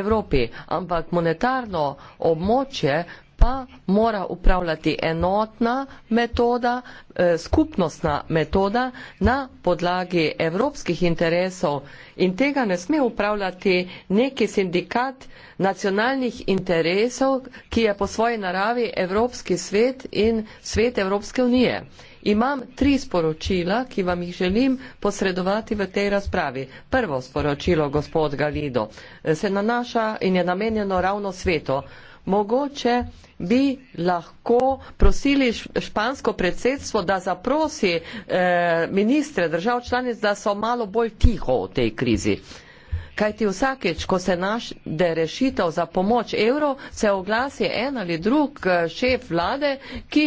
Evropi. Ampak monetarno območje pa mora upravljati enotna metoda, eh, skupnostna metoda na podlagi evropskih interesov in tega ne sme upravljati neki sindikat nacionalnih interesov, ki je po svoji naravi Evropski svet in svet Evropske unije. Imam tri sporočila, ki vam jih želim posredovati v tej razpravi. Prvo sporočilo, gospod Galido, eh, se nanaša in je namenjeno ravno svetu mogoče bi lahko prosili špansko predsedstvo, da zaprosi eh, ministre držav članic, da so malo bolj tiho v tej krizi kajti vsakeč, ko se našde rešitev za pomoč evrov, se oglasi en ali drug eh, šef vlade, ki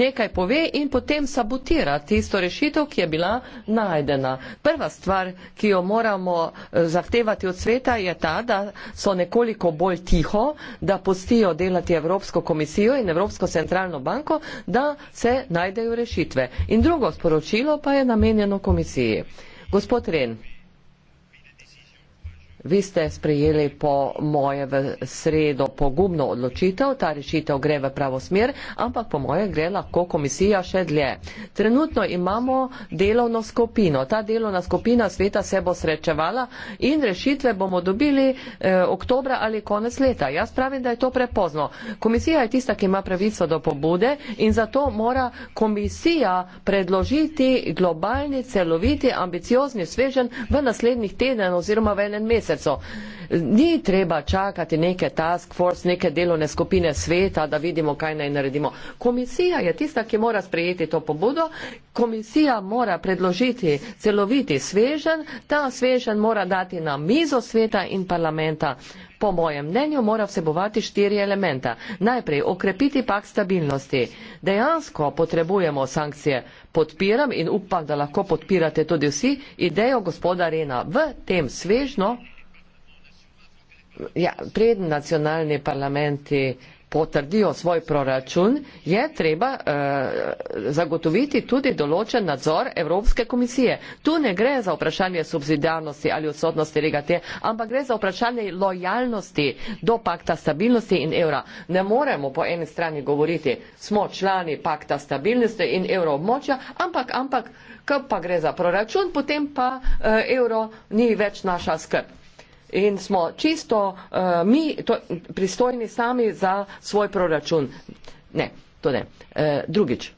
nekaj pove in potem sabotira tisto rešitev, ki je bila najdena. Prva stvar, ki jo moramo eh, zahtevati od sveta, je ta, da so nekoliko bolj tiho, da postijo delati Evropsko komisijo in Evropsko centralno banko, da se najdejo rešitve. In drugo sporočilo pa je namenjeno komisiji. Gospod Ren, Vi ste sprejeli po moje v sredo pogumno odločitev, ta rešitev gre v pravo smer, ampak po moje gre lahko komisija še dlje. Trenutno imamo delovno skupino. Ta delovna skupina sveta se bo srečevala in rešitve bomo dobili eh, oktobra ali konec leta. Jaz pravim, da je to prepozno. Komisija je tista, ki ima pravico do pobude in zato mora komisija predložiti globalni, celoviti, ambiciozni, svežen v naslednjih tednih oziroma v enem mesecu mesecu. Ni treba čakati neke task force, neke delovne skupine sveta, da vidimo, kaj naj naredimo. Komisija je tista, ki mora sprejeti to pobudo, komisija mora predložiti celoviti svežen, ta svežen mora dati na mizo sveta in parlamenta. Po mojem mnenju mora vsebovati štiri elementa. Najprej okrepiti pak stabilnosti. Dejansko potrebujemo sankcije. Podpiram in upam, da lahko podpirate tudi vsi idejo gospoda Rena v tem svežno ja, pred nacionalni parlamenti potrdijo svoj proračun, je treba eh, zagotoviti tudi določen nadzor Evropske komisije. Tu ne gre za vprašanje subsidijarnosti ali odsotnosti regate, ampak gre za vprašanje lojalnosti do pakta stabilnosti in evra. Ne moremo po eni strani govoriti, smo člani pakta stabilnosti in evroobmočja, ampak, ampak, ko pa gre za proračun, potem pa eh, evro ni več naša skrb in smo čisto uh, mi to, pristojni sami za svoj proračun. Ne, to ne. Uh, drugič.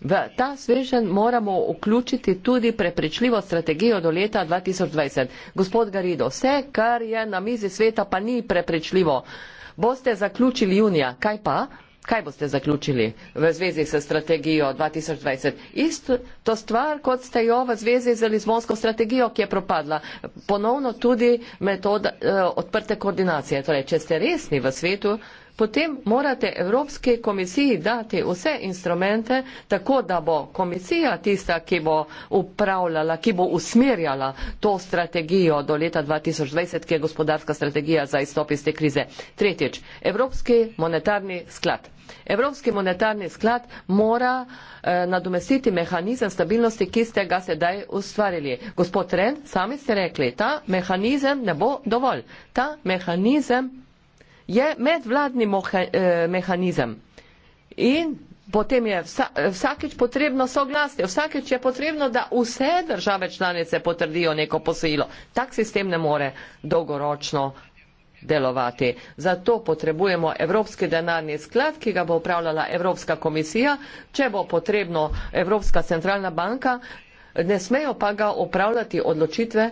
V ta svežen moramo vključiti tudi prepričljivo strategijo do leta 2020. Gospod Garido, vse, kar je na mizi sveta, pa ni prepričljivo. Boste zaključili junija, kaj pa? kaj boste zaključili v zvezi s strategijo 2020? Isto to stvar, kot ste jo v zvezi z Lizbonsko strategijo, ki je propadla. Ponovno tudi metoda eh, odprte koordinacije. Torej, če ste resni v svetu, potem morate Evropske komisiji dati vse instrumente, tako da bo komisija tista, ki bo upravljala, ki bo usmerjala to strategijo do leta 2020, ki je gospodarska strategija za izstop iz te krize. Tretjič, Evropski monetarni sklad. Evropski monetarni sklad mora eh, nadomestiti mehanizem stabilnosti, ki ste ga sedaj ustvarili. Gospod Ren, sami ste rekli, ta mehanizem ne bo dovolj. Ta mehanizem je medvladni moha, eh, mehanizem. In potem je vsa, vsakeč potrebno soglasje, vsakeč je potrebno, da vse države članice potrdijo neko posojilo. Tak sistem ne more dolgoročno delovati. Zato potrebujemo Evropski denarni sklad, ki ga bo upravljala Evropska komisija, če bo potrebno Evropska centralna banka, ne smejo pa ga upravljati odločitve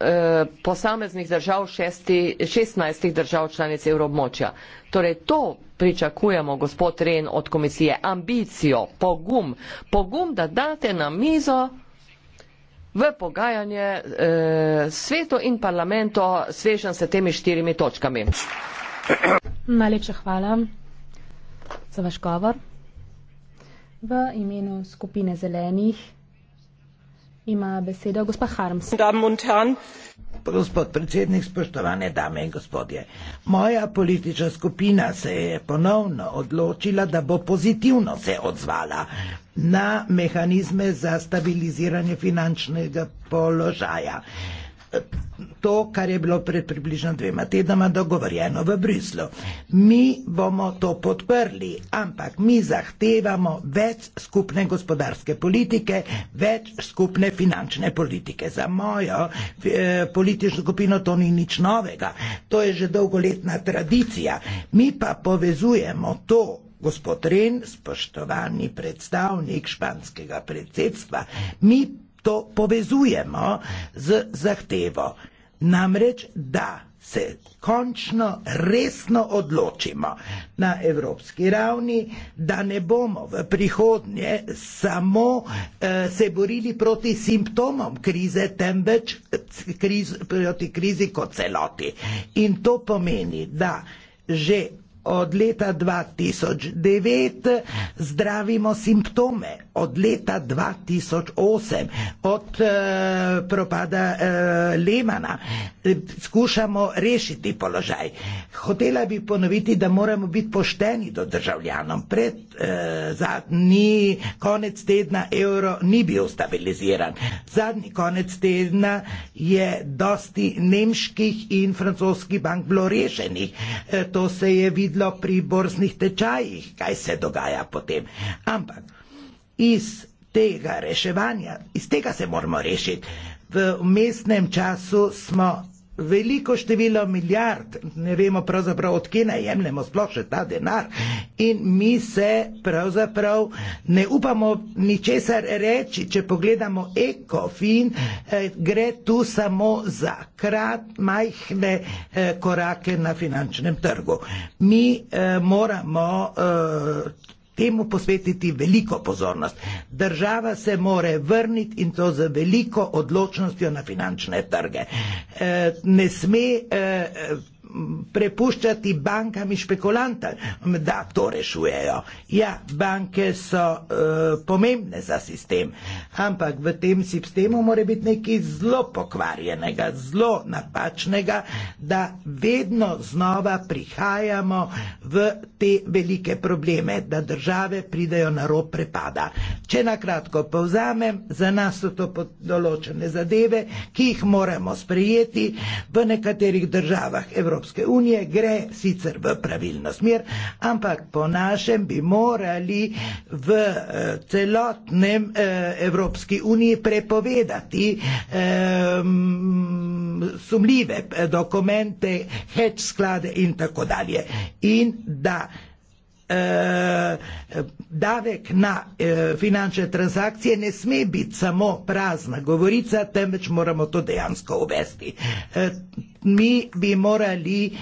Eh, posameznih držav, šesti, 16 držav članic evroobmočja. Torej to pričakujemo, gospod Ren, od komisije. Ambicijo, pogum, pogum, da date na mizo v pogajanje eh, svetu in parlamento svežen se temi štirimi točkami. Najlepša hvala za vaš govor. V imenu skupine zelenih Ima besedo gospa Harms. Gospod predsednik, spoštovane dame in gospodje. Moja politična skupina se je ponovno odločila, da bo pozitivno se odzvala na mehanizme za stabiliziranje finančnega položaja to, kar je bilo pred približno dvema tednoma dogovorjeno v Bruslu. Mi bomo to podprli, ampak mi zahtevamo več skupne gospodarske politike, več skupne finančne politike. Za mojo eh, politično skupino to ni nič novega, to je že dolgoletna tradicija. Mi pa povezujemo to, gospod Ren, spoštovani predstavnik španskega predsedstva, mi to povezujemo z zahtevo. Namreč, da se končno resno odločimo na evropski ravni, da ne bomo v prihodnje samo eh, se borili proti simptomom krize, temveč kriz, proti krizi kot celoti. In to pomeni, da že od leta 2009 zdravimo simptome, od leta 2008, od uh, propada uh, eh, Lemana, eh, skušamo rešiti položaj. Hotela bi ponoviti, da moramo biti pošteni do državljanom. Pred uh, zadnji konec tedna evro ni bil stabiliziran. Zadnji konec tedna je dosti nemških in francoskih bank bilo rešenih. Uh, to se je videlo videlo pri borznih tečajih, kaj se dogaja potem. Ampak iz tega reševanja, iz tega se moramo rešiti. V mestnem času smo veliko število milijard, ne vemo pravzaprav, odkje najemnemo sploh še ta denar in mi se pravzaprav ne upamo ničesar reči, če pogledamo ekofin, eh, gre tu samo za krat majhne eh, korake na finančnem trgu. Mi eh, moramo temu posvetiti veliko pozornost. Država se more vrniti in to z veliko odločnostjo na finančne trge. Eh, ne sme eh, prepuščati bankam in špekulantam, da to rešujejo. Ja, banke so uh, pomembne za sistem, ampak v tem sistemu mora biti nekaj zelo pokvarjenega, zelo napačnega, da vedno znova prihajamo v te velike probleme, da države pridejo na rob prepada. Če nakratko povzamem, za nas so to določene zadeve, ki jih moramo sprejeti v nekaterih državah Evropske. Evropske unije gre sicer v pravilno smer, ampak po našem bi morali v eh, celotnem eh, Evropski uniji prepovedati ehm, sumljive eh, dokumente, hedge sklade in tako dalje. In da Eh, davek na eh, finančne transakcije ne sme biti samo prazna govorica, temveč moramo to dejansko uvesti. Eh, mi bi morali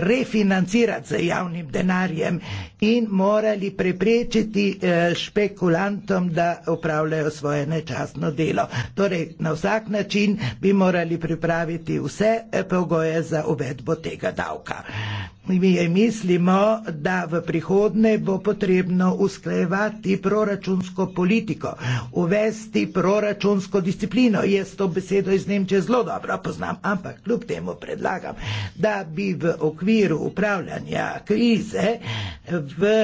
refinancirati z javnim denarjem in morali preprečiti špekulantom, da upravljajo svoje nečasno delo. Torej, na vsak način bi morali pripraviti vse pogoje za uvedbo tega davka mislimo, da v prihodnje bo potrebno usklejevati proračunsko politiko, uvesti proračunsko disciplino. Jaz to besedo iz Nemčije zelo dobro poznam, ampak kljub temu predlagam, da bi v okviru upravljanja krize v.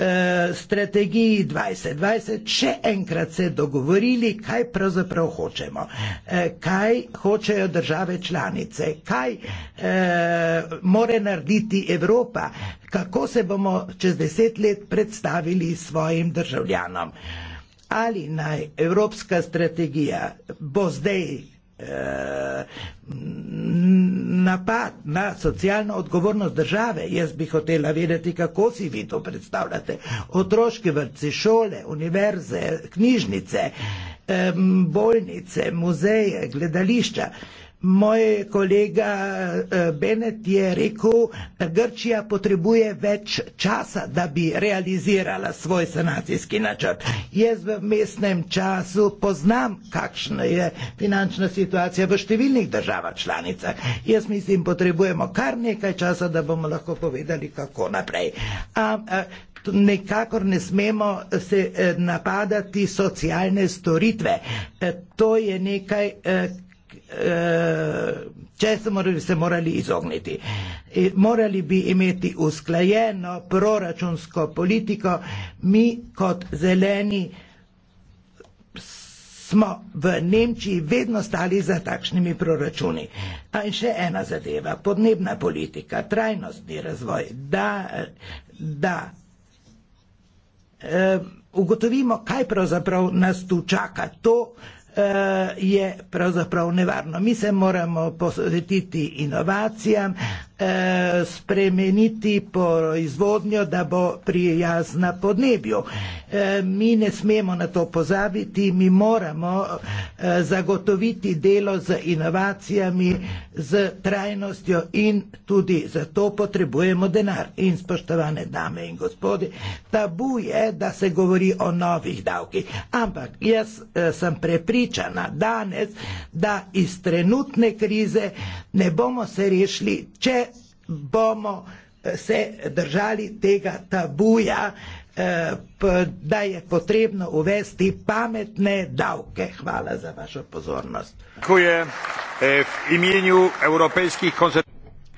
Eh, strategiji 2020 še enkrat se dogovorili, kaj pravzaprav hočemo, eh, kaj hočejo države članice, kaj eh, more narediti Evropa, kako se bomo čez deset let predstavili svojim državljanom. Ali naj Evropska strategija bo zdaj Eh, napad na socialno odgovornost države. Jaz bi hotela vedeti, kako si vi to predstavljate. Otroški vrtci, šole, univerze, knjižnice, bolnice, muzeje, gledališča. Moj kolega eh, Benet je rekel, da Grčija potrebuje več časa, da bi realizirala svoj sanacijski načrt. Jaz v mestnem času poznam, kakšna je finančna situacija v številnih državah članicah. Jaz mislim, potrebujemo kar nekaj časa, da bomo lahko povedali, kako naprej. A, a, Nekakor ne smemo se eh, napadati socialne storitve. Eh, to je nekaj, Eh, česu morali, se morali izogniti. Eh, morali bi imeti usklajeno proračunsko politiko, mi kot zeleni smo v Nemčiji vedno stali za takšnimi proračuni. A in še ena zadeva, podnebna politika, trajnostni razvoj, da, da e, ugotovimo, kaj pravzaprav nas tu čaka. To, je pravzaprav nevarno. Mi se moramo posvetiti inovacijam, Eh, spremeniti proizvodnjo, da bo prijazna podnebju. Eh, mi ne smemo na to pozabiti, mi moramo eh, zagotoviti delo z inovacijami, z trajnostjo in tudi za to potrebujemo denar. In spoštovane dame in gospodi, tabu je, da se govori o novih davkih. Ampak jaz sem prepričana danes, da iz trenutne krize ne bomo se rešili, če bomo eh, se držali tega tabuja, eh, da je potrebno uvesti pametne davke. Hvala za vašo pozornost. E,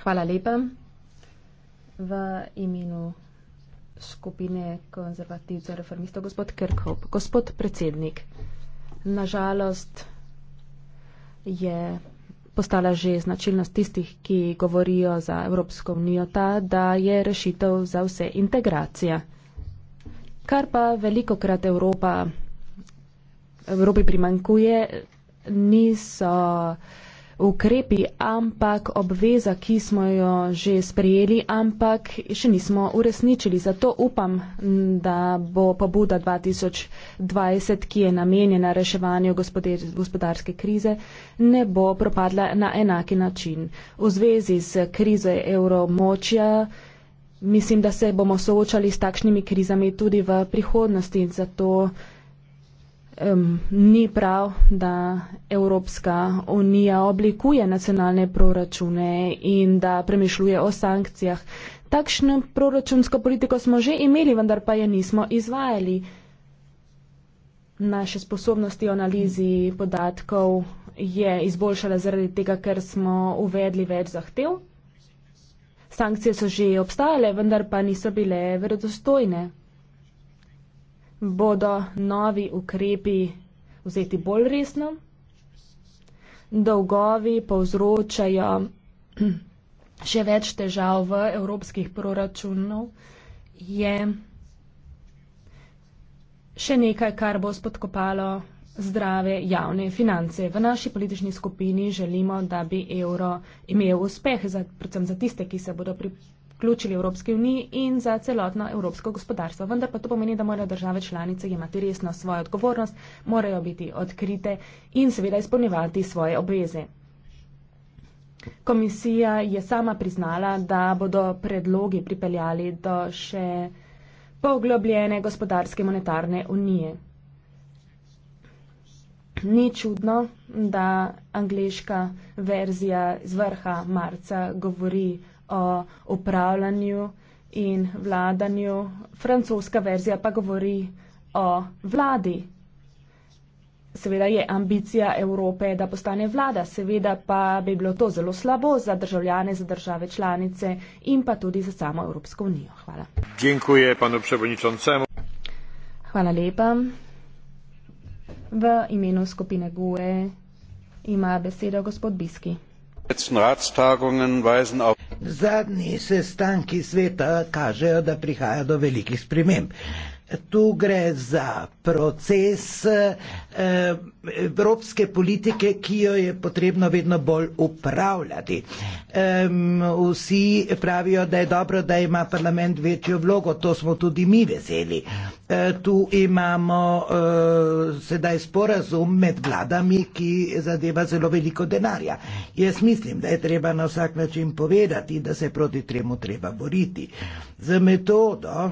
Hvala lepa. V imenu skupine konzervativcev reformistov, gospod Kirkhop, gospod predsednik, nažalost je postala že značilnost tistih, ki govorijo za Evropsko unijo ta, da je rešitev za vse integracija. Kar pa veliko krat Evropa, Evropi primankuje, niso ukrepi, ampak obveza, ki smo jo že sprejeli, ampak še nismo uresničili. Zato upam, da bo pobuda 2020, ki je namenjena reševanju gospodarske krize, ne bo propadla na enaki način. V zvezi z krizo evromočja mislim, da se bomo soočali s takšnimi krizami tudi v prihodnosti in zato um, ni prav, da Evropska unija oblikuje nacionalne proračune in da premišljuje o sankcijah. Takšno proračunsko politiko smo že imeli, vendar pa je nismo izvajali. Naše sposobnosti o analizi podatkov je izboljšala zaradi tega, ker smo uvedli več zahtev. Sankcije so že obstajale, vendar pa niso bile verodostojne bodo novi ukrepi vzeti bolj resno. Dolgovi povzročajo še več težav v evropskih proračunov. Je še nekaj, kar bo spodkopalo zdrave javne finance. V naši politični skupini želimo, da bi evro imel uspeh, predvsem za tiste, ki se bodo pripravili vključili v Evropski uniji in za celotno evropsko gospodarstvo. Vendar pa to pomeni, da morajo države članice imati resno svojo odgovornost, morajo biti odkrite in seveda izpolnjevati svoje obveze. Komisija je sama priznala, da bodo predlogi pripeljali do še poglobljene gospodarske monetarne unije. Ni čudno, da angliška verzija z vrha marca govori o upravljanju in vladanju. Francoska verzija pa govori o vladi. Seveda je ambicija Evrope, da postane vlada, seveda pa bi bilo to zelo slabo za državljane, za države članice in pa tudi za samo Evropsko unijo. Hvala. Dziękuję, panu Hvala lepa. V imenu skupine GUE ima besedo gospod Biski letzten Ratstagungen weisen auf. Zadnji sestanki sveta kažejo, da prihaja do velikih sprememb. Tu gre za proces eh, evropske politike, ki jo je potrebno vedno bolj upravljati. Eh, vsi pravijo, da je dobro, da ima parlament večjo vlogo, to smo tudi mi veseli. Eh, tu imamo eh, sedaj sporazum med vladami, ki zadeva zelo veliko denarja. Jaz mislim, da je treba na vsak način povedati, da se proti temu treba boriti. Z metodo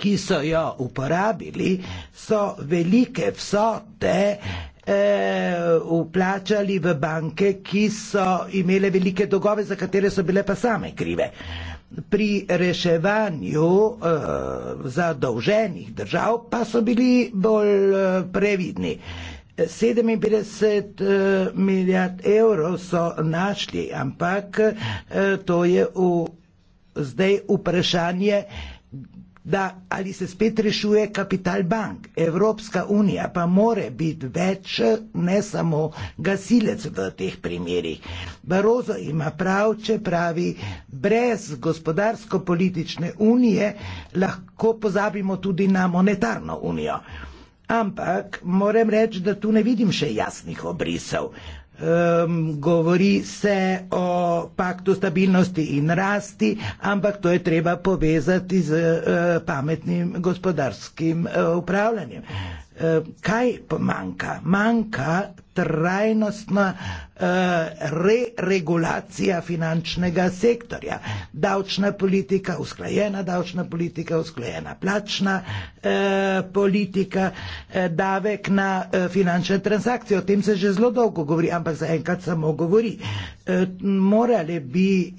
ki so jo uporabili, so velike vsote eh, uplačali v banke, ki so imele velike dolgove, za katere so bile pa same krive. Pri reševanju eh, zadolženih držav pa so bili bolj eh, previdni. 57 eh, milijard evrov so našli, ampak eh, to je v, zdaj vprašanje, da ali se spet rešuje kapital bank. Evropska unija pa more biti več, ne samo gasilec v teh primerjih. Barozo ima prav, če pravi, brez gospodarsko-politične unije lahko pozabimo tudi na monetarno unijo. Ampak moram reči, da tu ne vidim še jasnih obrisev um, govori se o paktu stabilnosti in rasti, ampak to je treba povezati z uh, pametnim gospodarskim uh, upravljanjem. Uh, Eh, kaj manjka? Manjka trajnostna eh, re-regulacija finančnega sektorja. Davčna politika, usklajena davčna politika, usklajena plačna eh, politika, davek na finančne transakcije. O tem se že zelo dolgo govori, ampak zaenkrat samo govori. Morali bi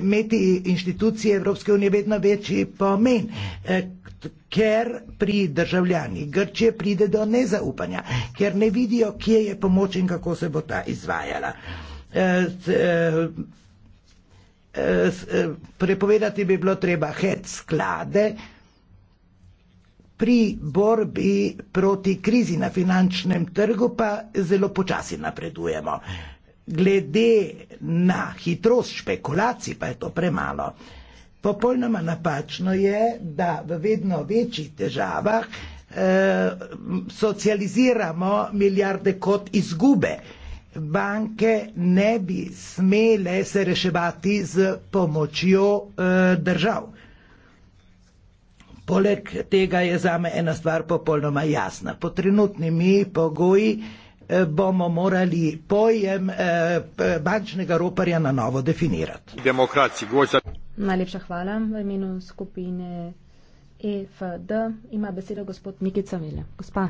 imeti inštitucije Evropske unije vedno večji pomen ker pri državljanih Grčije pride do nezaupanja, ker ne vidijo, kje je pomoč in kako se bo ta izvajala. E, e, e, e, prepovedati bi bilo treba het sklade pri borbi proti krizi na finančnem trgu pa zelo počasi napredujemo. Glede na hitrost špekulacij pa je to premalo. E, Popolnoma napačno je, da v vedno večjih težavah eh, socializiramo milijarde kot izgube. Banke ne bi smele se reševati z pomočjo eh, držav. Poleg tega je za me ena stvar popolnoma jasna. Po trenutnimi pogoji eh, bomo morali pojem eh, bančnega roparja na novo definirati. Demokracija, govorite. Najlepša hvala. V imenu skupine EFD ima besedo gospod Mikica Velja. Gospa.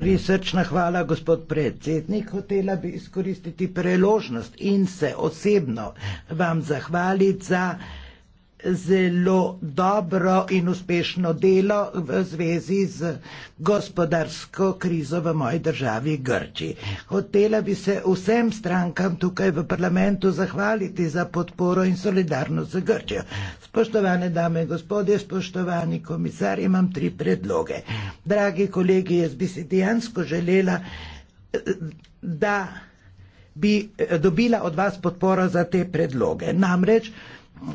Prisrčna hvala, gospod predsednik. Hotela bi izkoristiti preložnost in se osebno vam zahvaliti za zelo dobro in uspešno delo v zvezi z gospodarsko krizo v moji državi Grči. Hotela bi se vsem strankam tukaj v parlamentu zahvaliti za podporo in solidarnost z Grčijo. Spoštovane dame in gospodje, spoštovani komisar, imam tri predloge. Dragi kolegi, jaz bi si dejansko želela, da bi eh, dobila od vas podporo za te predloge. Namreč,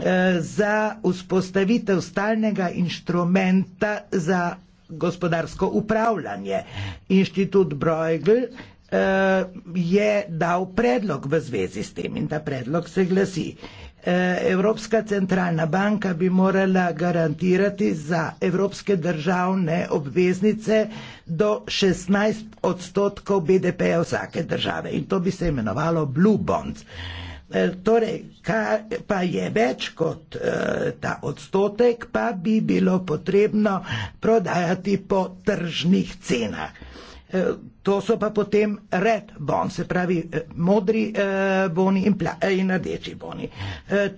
Eh, za vzpostavitev stalnega inštrumenta za gospodarsko upravljanje. Inštitut Brojgl eh, je dal predlog v zvezi s tem in ta predlog se glasi. Eh, Evropska centralna banka bi morala garantirati za evropske državne obveznice do 16 odstotkov BDP-ja vsake države in to bi se imenovalo Blue Bonds. E, torej, pa je več kot e, ta odstotek, pa bi bilo potrebno prodajati po tržnih cenah. Eh, to so pa potem red bon, se pravi eh, modri eh, boni in, pla, in rdeči boni.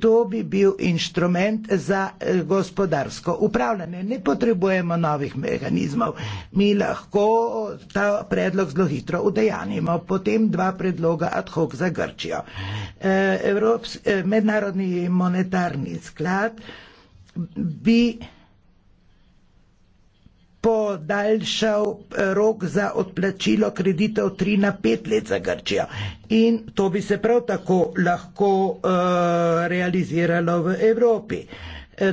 To bi bil inštrument za gospodarsko upravljanje. Ne potrebujemo novih mehanizmov. Mi lahko ta predlog zelo hitro udejanimo. Potem dva predloga ad hoc za Grčijo. Evropski mednarodni monetarni sklad bi podaljšal eh, rok za odplačilo kreditov 3 na 5 let za Grčijo. In to bi se prav tako lahko uh, realiziralo v Evropi. Eh,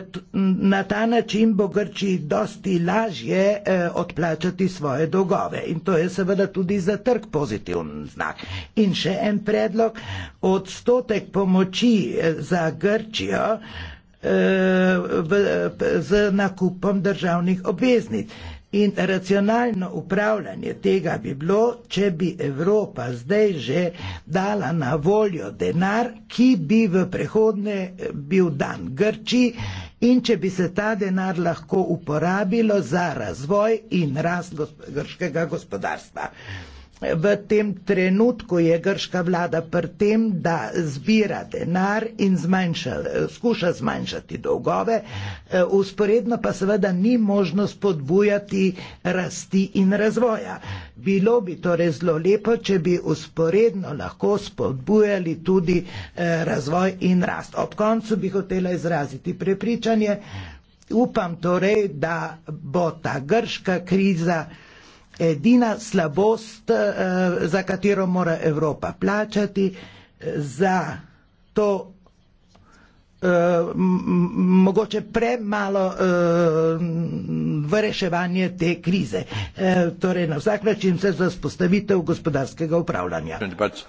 na ta način bo Grčiji dosti lažje odplačati svoje dolgove in to je seveda tudi za trg pozitiven znak. In še en predlog, odstotek pomoči za Grčijo v, z nakupom državnih obveznic. In racionalno upravljanje tega bi bilo, če bi Evropa zdaj že dala na voljo denar, ki bi v prihodnje bil dan Grči in če bi se ta denar lahko uporabilo za razvoj in rast grškega gospodarstva. Uh, v tem trenutku je grška vlada pri tem, da zbira denar in zmanjša, skuša zmanjšati dolgove, usporedno eh, pa seveda ni možno spodbujati rasti in razvoja. Bilo bi torej zelo lepo, če bi usporedno lahko spodbujali tudi eh, razvoj in rast. Ob koncu bi hotela izraziti prepričanje, upam torej, da bo ta grška kriza edina slabost, eh, za katero mora Evropa plačati, za to eh, mogoče premalo eh, v reševanje te krize. Torej, na vsak način se za spostavitev gospodarskega upravljanja. Pač-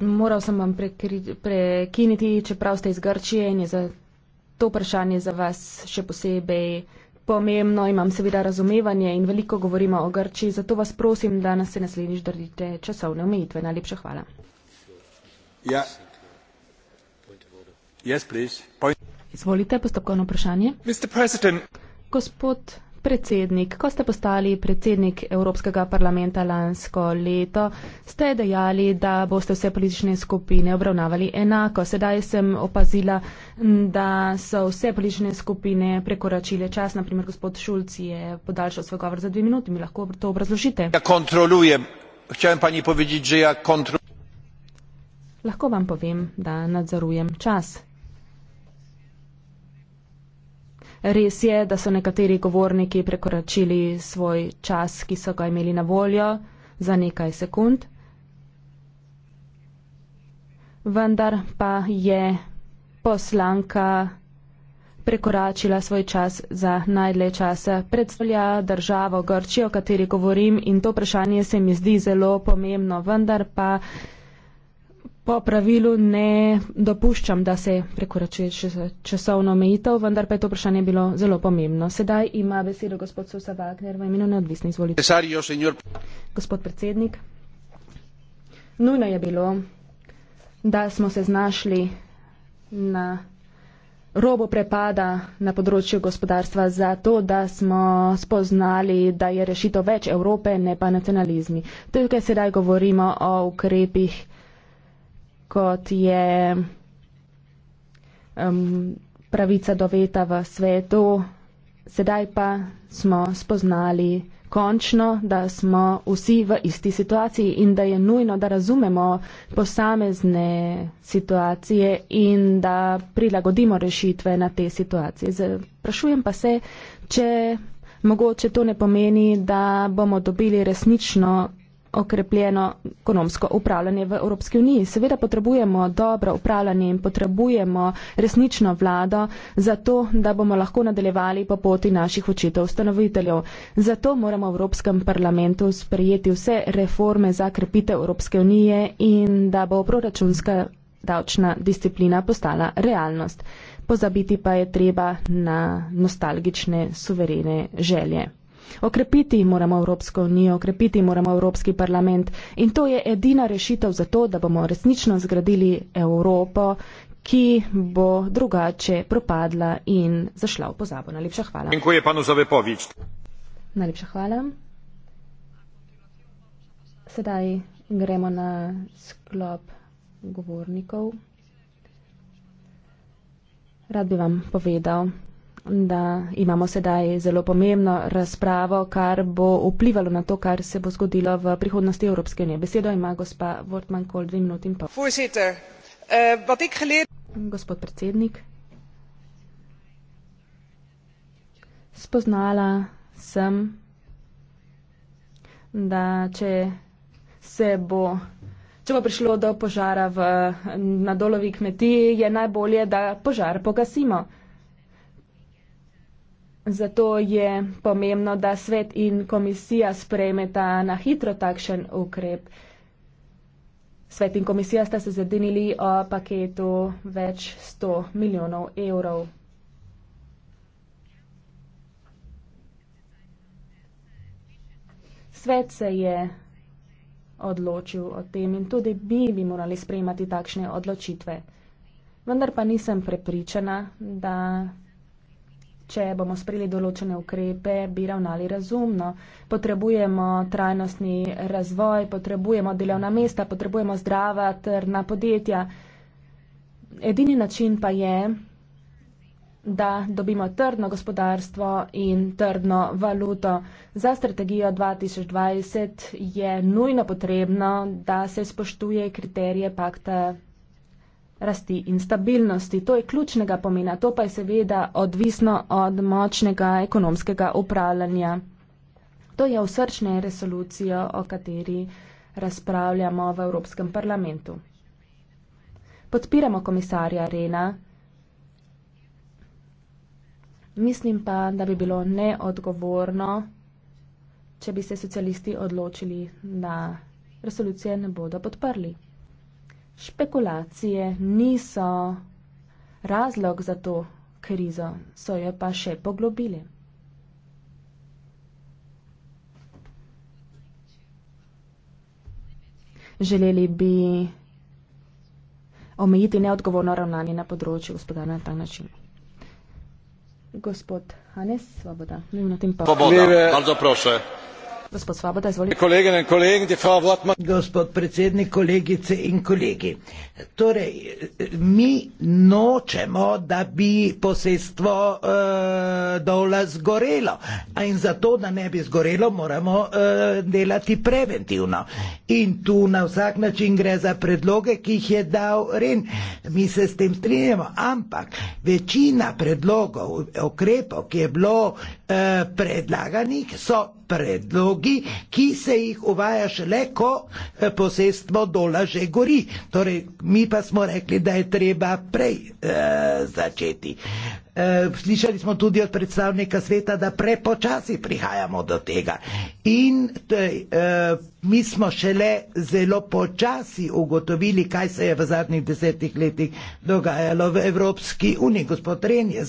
moral sem vam prekiniti, čeprav ste iz Grčije in je za to vprašanje za vas še posebej pomembno, imam seveda razumevanje in veliko govorimo o Grči, zato vas prosim, da nas se naslednjič držite časovne omejitve. Najlepša hvala. Ja. Yes, Izvolite postopkovno vprašanje. Gospod predsednik, ko ste postali predsednik Evropskega parlamenta lansko leto, ste dejali, da boste vse politične skupine obravnavali enako. Sedaj sem opazila, da so vse politične skupine prekoračile čas. Naprimer, gospod Šulc je podaljšal svoj govor za dve minuti. Mi lahko to obrazložite. Ja kontrolujem. Hčem pa ni povedati, da ja kontrolujem. Lahko vam povem, da nadzorujem čas. Res je, da so nekateri govorniki prekoračili svoj čas, ki so ga imeli na voljo, za nekaj sekund. Vendar pa je poslanka prekoračila svoj čas za najdlje časa. Predstavlja državo Grčijo, o kateri govorim in to vprašanje se mi zdi zelo pomembno, vendar pa po pravilu ne dopuščam, da se prekoračuje časovno omejitev, vendar pa je to vprašanje bilo zelo pomembno. Sedaj ima besedo gospod Sosa Wagner v imenu neodvisni izvolitev. Gospod predsednik, nujno je bilo, da smo se znašli na robo prepada na področju gospodarstva zato, da smo spoznali, da je rešito več Evrope, ne pa nacionalizmi. Tukaj sedaj govorimo o ukrepih kot je um, pravica do veta v svetu. Sedaj pa smo spoznali končno, da smo vsi v isti situaciji in da je nujno, da razumemo posamezne situacije in da prilagodimo rešitve na te situacije. Sprašujem pa se, če mogoče to ne pomeni, da bomo dobili resnično okrepljeno ekonomsko upravljanje v Evropski uniji. Seveda potrebujemo dobro upravljanje in potrebujemo resnično vlado, zato da bomo lahko nadaljevali po poti naših očetov ustanoviteljev. Zato moramo v Evropskem parlamentu sprejeti vse reforme za krepitev Evropske unije in da bo proračunska davčna disciplina postala realnost. Pozabiti pa je treba na nostalgične suverene želje. Okrepiti moramo Evropsko unijo, okrepiti moramo Evropski parlament in to je edina rešitev za to, da bomo resnično zgradili Evropo, ki bo drugače propadla in zašla v pozabo. Najlepša hvala. Najlepša hvala. Sedaj gremo na sklop govornikov. Rad bi vam povedal, da imamo sedaj zelo pomembno razpravo, kar bo vplivalo na to, kar se bo zgodilo v prihodnosti Evropske unije. Besedo ima gospa Wortmann Kohl, dve minuti in pol. Voorzitter, uh, wat ik geleerd... Gospod predsednik. Spoznala sem, da če se bo. Če bo prišlo do požara v, na dolovi kmetiji, je najbolje, da požar pogasimo. Zato je pomembno, da svet in komisija sprejmeta na hitro takšen ukrep. Svet in komisija sta se zadinili o paketu več 100 milijonov evrov. Svet se je odločil o tem in tudi bi bi morali sprejmati takšne odločitve. Vendar pa nisem prepričana, da če bomo sprejeli določene ukrepe, bi ravnali razumno. Potrebujemo trajnostni razvoj, potrebujemo delovna mesta, potrebujemo zdrava trna podjetja. Edini način pa je, da dobimo trdno gospodarstvo in trdno valuto. Za strategijo 2020 je nujno potrebno, da se spoštuje kriterije pakta rasti in stabilnosti. To je ključnega pomena. To pa je seveda odvisno od močnega ekonomskega upravljanja. To je v srčne resolucijo, o kateri razpravljamo v Evropskem parlamentu. Podpiramo komisarja Rena. Mislim pa, da bi bilo neodgovorno, če bi se socialisti odločili, da resolucije ne bodo podprli špekulacije niso razlog za to krizo, so jo pa še poglobili. Želeli bi omejiti neodgovorno ravnanje na področju gospodarja na ta način. Gospod Hanes, svoboda. Svoboda, bardzo proszę. Gospod Svoboda, izvolite. Kolegine in kolegi, defa Vladman. Gospod predsednik, kolegice in kolegi. Torej, mi nočemo, da bi posestvo uh, eh, dola zgorelo. In zato, da ne bi zgorelo, moramo uh, delati preventivno. In tu na vsak način gre za predloge, ki jih je dal Ren. Mi se s tem strinjamo. Ampak večina predlogov, okrepov, ki je bilo Eh, predlaganih so predlogi, ki se jih uvaja šele, ko eh, posestvo dola že gori. Torej, mi pa smo rekli, da je treba prej eh, začeti. Eh, slišali smo tudi od predstavnika sveta, da prepočasi prihajamo do tega. In tj, eh, mi smo šele zelo počasi ugotovili, kaj se je v zadnjih desetih letih dogajalo v Evropski uniji. Gospod Ren je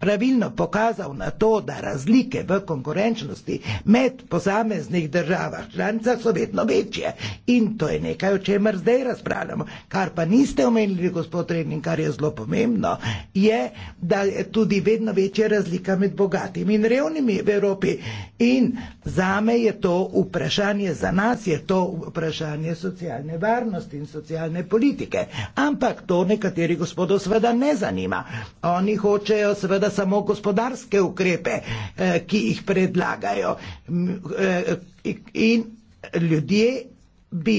pravilno pokazal na to, da razlike v konkurenčnosti med posameznih državah članica so vedno večje. In to je nekaj, o čemer zdaj razpravljamo. Kar pa niste omenili, gospod Ren, in kar je zelo pomembno, je, da je tudi vedno večja razlika med bogatimi in revnimi v Evropi. In za me je to vprašanje, za nas je to vprašanje socialne varnosti in socialne politike. Ampak to nekateri gospodov seveda ne zanima. Oni hočejo seveda samo gospodarske ukrepe, eh, ki jih predlagajo. Eh, in ljudje bi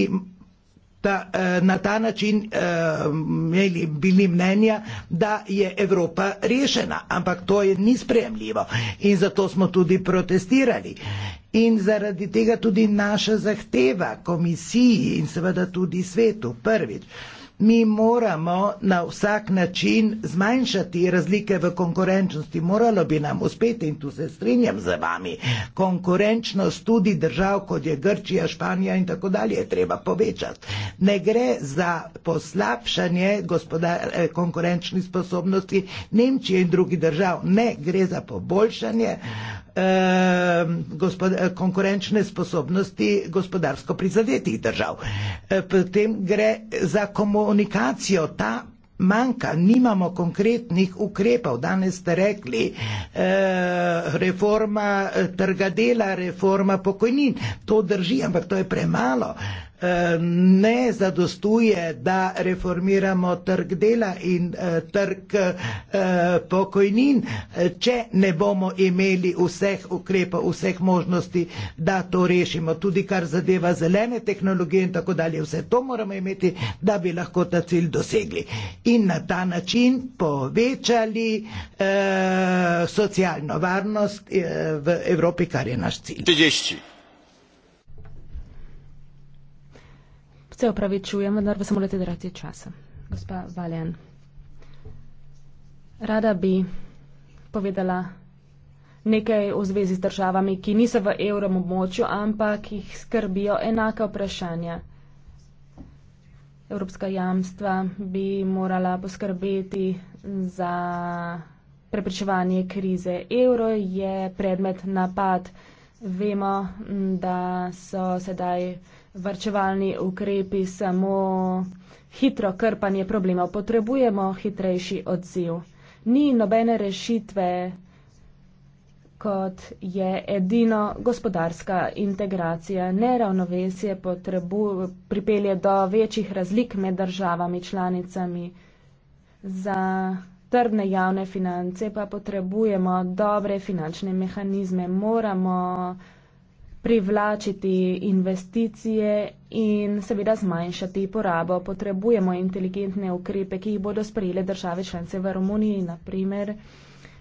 ta, eh, na ta način eh, imeli, bili mnenja, da je Evropa rešena, ampak to je nisprejemljivo in zato smo tudi protestirali. In zaradi tega tudi naša zahteva komisiji in seveda tudi svetu prvič, mi moramo na vsak način zmanjšati razlike v konkurenčnosti. Moralo bi nam uspeti in tu se strinjam z vami. Konkurenčnost tudi držav, kot je Grčija, Španija in tako dalje, je treba povečati. Ne gre za poslabšanje eh, konkurenčnih sposobnosti Nemčije in drugih držav. Ne gre za poboljšanje. Eh, eh, konkurenčne sposobnosti gospodarsko prizadetih držav. Eh, potem gre za komunikacijo, ta manjka, nimamo konkretnih ukrepov. Danes ste rekli reforma trga dela, reforma pokojnin. To drži, ampak to je premalo. Eh, ne zadostuje, da reformiramo trg dela in eh, trg eh, pokojnin, če ne bomo imeli vseh ukrepov, vseh možnosti, da to rešimo. Tudi kar zadeva zelene tehnologije in tako dalje, vse to moramo imeti, da bi lahko ta cilj dosegli. In na ta način povečali socialno varnost v Evropi, kar je naš cilj. 30. Se opravičujem, vendar v samo leti zaradi časa. Gospa Valjan, rada bi povedala nekaj v zvezi z državami, ki niso v evrom območju, ampak jih skrbijo enaka vprašanja. Evropska jamstva bi morala poskrbeti za preprečevanje krize. Evro je predmet napad. Vemo, da so sedaj varčevalni ukrepi samo hitro krpanje problemov. Potrebujemo hitrejši odziv. Ni nobene rešitve, kot je edino gospodarska integracija. Neravnovesje pripelje do večjih razlik med državami članicami. Za trdne javne finance pa potrebujemo dobre finančne mehanizme. Moramo privlačiti investicije in seveda zmanjšati porabo. Potrebujemo inteligentne ukrepe, ki jih bodo sprejele države članice v Romuniji, naprimer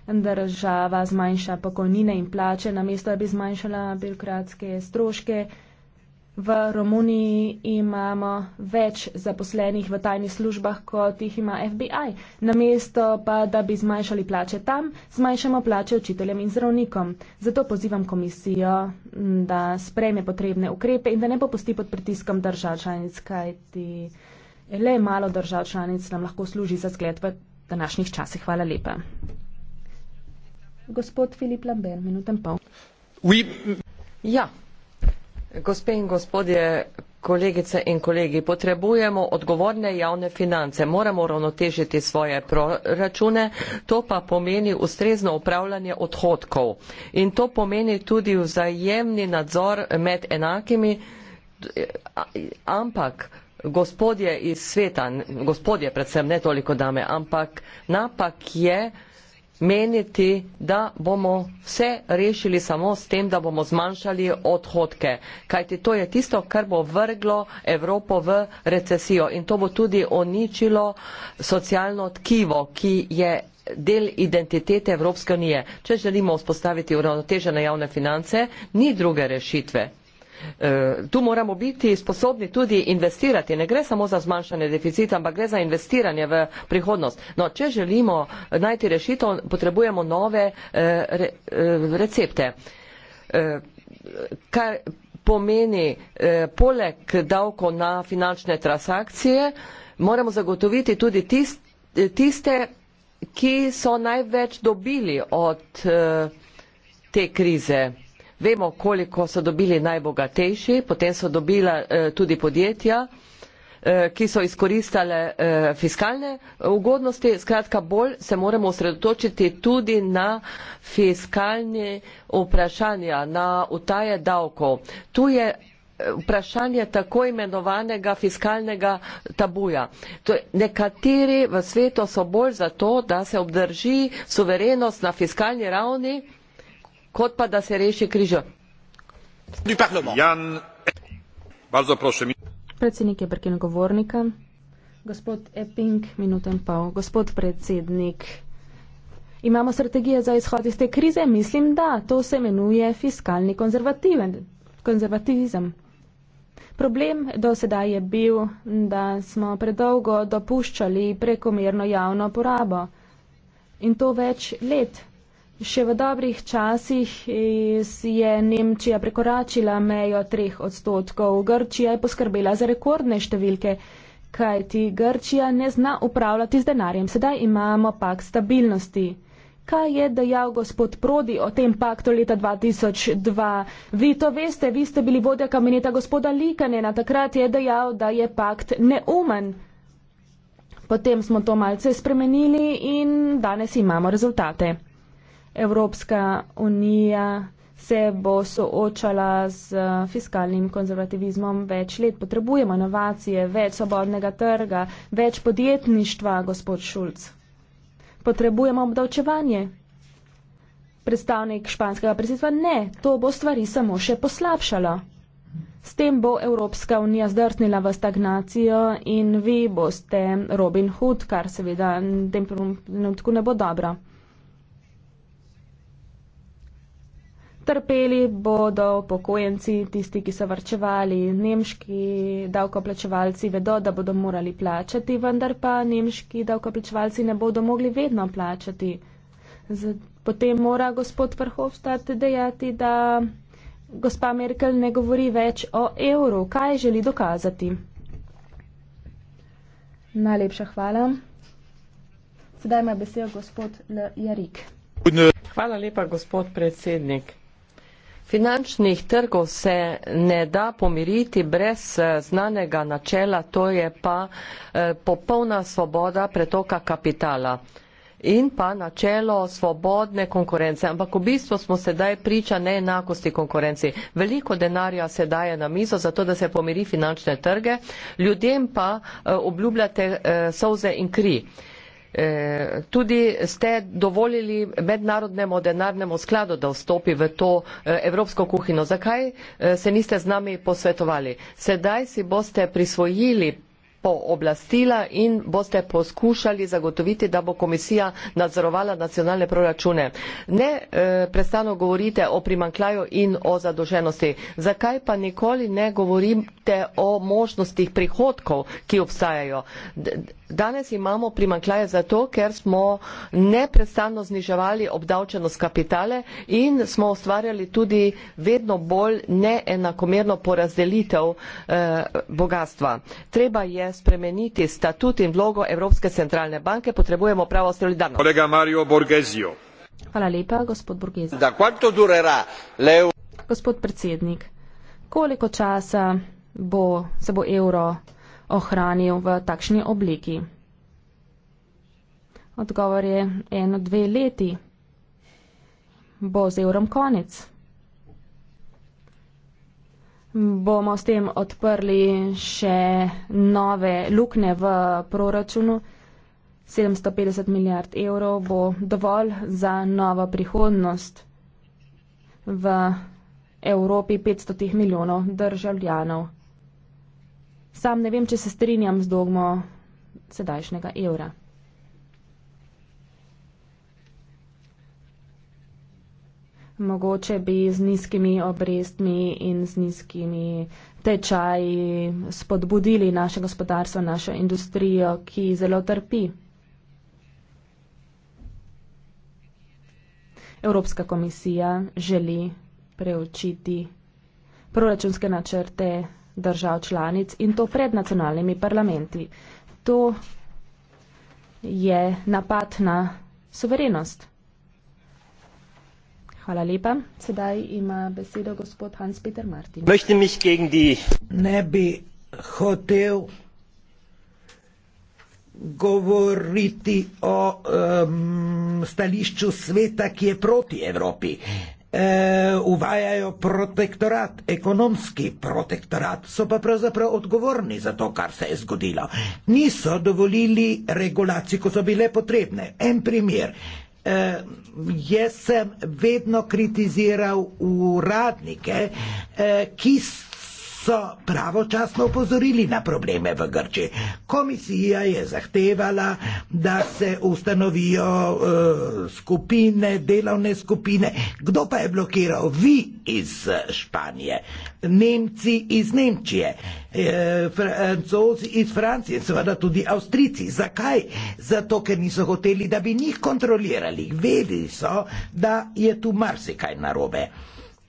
država zmanjša pokojnine in plače, namesto da bi zmanjšala birokratske stroške. V Romuniji imamo več zaposlenih v tajnih službah, kot jih ima FBI. Namesto pa, da bi zmanjšali plače tam, zmanjšamo plače učiteljem in zdravnikom. Zato pozivam komisijo, da sprejme potrebne ukrepe in da ne popusti pod pritiskom držav članic, kajti le malo držav članic nam lahko služi za zgled v današnjih časih. Hvala lepa. Gospod Filip Lambert, minuten pol. Oui. Ja. Gospe in gospodje, kolegice in kolegi, potrebujemo odgovorne javne finance, moramo ravnotežiti svoje proračune, to pa pomeni ustrezno upravljanje odhodkov in to pomeni tudi vzajemni nadzor med enakimi, ampak gospodje iz sveta, gospodje predvsem ne toliko dame, ampak napak je, meniti, da bomo vse rešili samo s tem, da bomo zmanjšali odhodke. Kajti to je tisto, kar bo vrglo Evropo v recesijo in to bo tudi uničilo socialno tkivo, ki je del identitete Evropske unije. Če želimo vzpostaviti uravnotežene javne finance, ni druge rešitve. Eh, tu moramo biti sposobni tudi investirati. Ne gre samo za zmanjšanje deficita, ampak gre za investiranje v prihodnost. No, če želimo najti rešitev, potrebujemo nove eh, eh, recepte. Kar pomeni, poleg davko na finančne transakcije, moramo zagotoviti tudi tiste, ki so največ dobili od te krize vemo, koliko so dobili najbogatejši, potem so dobila eh, tudi podjetja, eh, ki so izkoristile eh, fiskalne ugodnosti. Skratka, bolj se moramo osredotočiti tudi na fiskalne vprašanja, na utaje davkov. Tu je vprašanje tako imenovanega fiskalnega tabuja. Nekateri v svetu so bolj za to, da se obdrži suverenost na fiskalni ravni, kot pa da se reši križa. Predsednik je prekinil govornika. Gospod Epping, minuto in pol. Gospod predsednik, imamo strategije za izhod iz te krize? Mislim, da to se imenuje fiskalni konzervativizem. Problem do sedaj je bil, da smo predolgo dopuščali prekomerno javno porabo in to več let. Še v dobrih časih eh, je Nemčija prekoračila mejo treh odstotkov. Grčija je poskrbela za rekordne številke, kajti Grčija ne zna upravljati z denarjem. Sedaj imamo pak stabilnosti. Kaj je dejal gospod Prodi o tem paktu leta 2002? Vi to veste, vi ste bili vodja kamineta gospoda Likanena. Takrat je dejal, da je pakt neumen. Potem smo to malce spremenili in danes imamo rezultate. Evropska unija se bo soočala z eh, fiskalnim konzervativizmom več let. Potrebujemo inovacije, več svobodnega trga, več podjetništva, gospod Šulc. Potrebujemo obdavčevanje. Predstavnik španskega predsedstva ne, to bo stvari samo še poslabšalo. S tem bo Evropska unija zdrsnila v stagnacijo in vi boste Robin Hood, kar seveda v tem trenutku ne bo dobro. Trpeli bodo upokojenci, tisti, ki so varčevali, nemški davkoplačevalci vedo, da bodo morali plačati, vendar pa nemški davkoplačevalci ne bodo mogli vedno plačati. Potem mora gospod Verhofstadt dejati, da gospa Merkel ne govori več o evru. Kaj želi dokazati? Najlepša hvala. Sedaj ima besedo gospod L. Jarik. Hvala lepa, gospod predsednik. Finančnih trgov se ne da pomiriti brez eh, znanega načela, to je pa eh, popolna svoboda pretoka kapitala in pa načelo svobodne konkurence. Ampak v bistvu smo sedaj priča neenakosti konkurenci. Veliko denarja se daje na mizo, zato da se pomiri finančne trge, ljudem pa eh, obljubljate solze in kri. Eh, tudi ste dovolili mednarodnemu denarnemu skladu, da vstopi v to eh, evropsko kuhino. Zakaj eh, se niste z nami posvetovali? Sedaj si boste prisvojili pooblastila in boste poskušali zagotoviti, da bo komisija nadzorovala nacionalne proračune. Ne eh, prestano govorite o primankljaju in o zadolženosti. Zakaj pa nikoli ne govorite o možnostih prihodkov, ki obstajajo? Danes imamo primankljaje zato, ker smo neprestano zniževali obdavčenost kapitale in smo ustvarjali tudi vedno bolj neenakomerno porazdelitev eh, bogatstva. Treba je spremeniti statut in vlogo evropske centralne banke potrebujemo pravo solidarnost. kolega mario borgesio hvala lepa gospod borgesio da quanto durerà l'euro gospod predsednik koliko časa bo se bo evro ohranil v takšni obliki odgovor je eno dve leti bo z evrom konec bomo s tem odprli še nove lukne v proračunu. 750 milijard evrov bo dovolj za novo prihodnost v Evropi 500 milijonov državljanov. Sam ne vem, če se strinjam z dogmo sedajšnjega evra. mogoče bi z nizkimi obrestmi in z nizkimi tečaji spodbudili naše gospodarstvo, našo industrijo, ki zelo trpi. Evropska komisija želi preučiti proračunske načrte držav članic in to pred nacionalnimi parlamenti. To je napad na suverenost. Hvala lepa. Sedaj ima besedo gospod Hans Peter Martin. Ne bi hotel govoriti o um, stališču sveta, ki je proti Evropi. E, uvajajo protektorat, ekonomski protektorat, so pa pravzaprav odgovorni za to, kar se je zgodilo. Niso dovolili regulacij, ko so bile potrebne. En primer eh, jaz sem vedno kritiziral uradnike, eh, ki so so pravočasno upozorili na probleme v Grči. Komisija je zahtevala, da se ustanovijo uh, skupine, delovne skupine. Kdo pa je blokiral? Vi iz eh, Španije, Nemci iz Nemčije, eh, Francozi iz Francije, seveda tudi Avstrici. Zakaj? Zato, ker niso hoteli, da bi njih kontrolirali. Vedeli so, da je tu marsikaj narobe.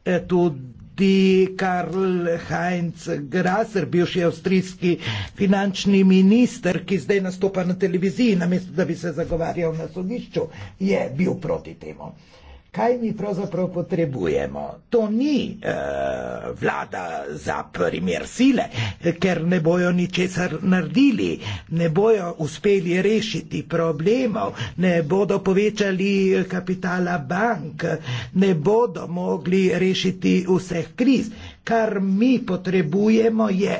Eh, tudi tudi Karl Heinz Grasser, bivši avstrijski finančni minister, ki zdaj nastopa na televiziji, namesto da bi se zagovarjal na sodišču, je bil proti temu kaj mi pravzaprav potrebujemo. To ni eh, vlada za primer sile, ker ne bojo ničesar naredili, ne bojo uspeli rešiti problemov, ne bodo povečali kapitala bank, ne bodo mogli rešiti vseh kriz. Kar mi potrebujemo je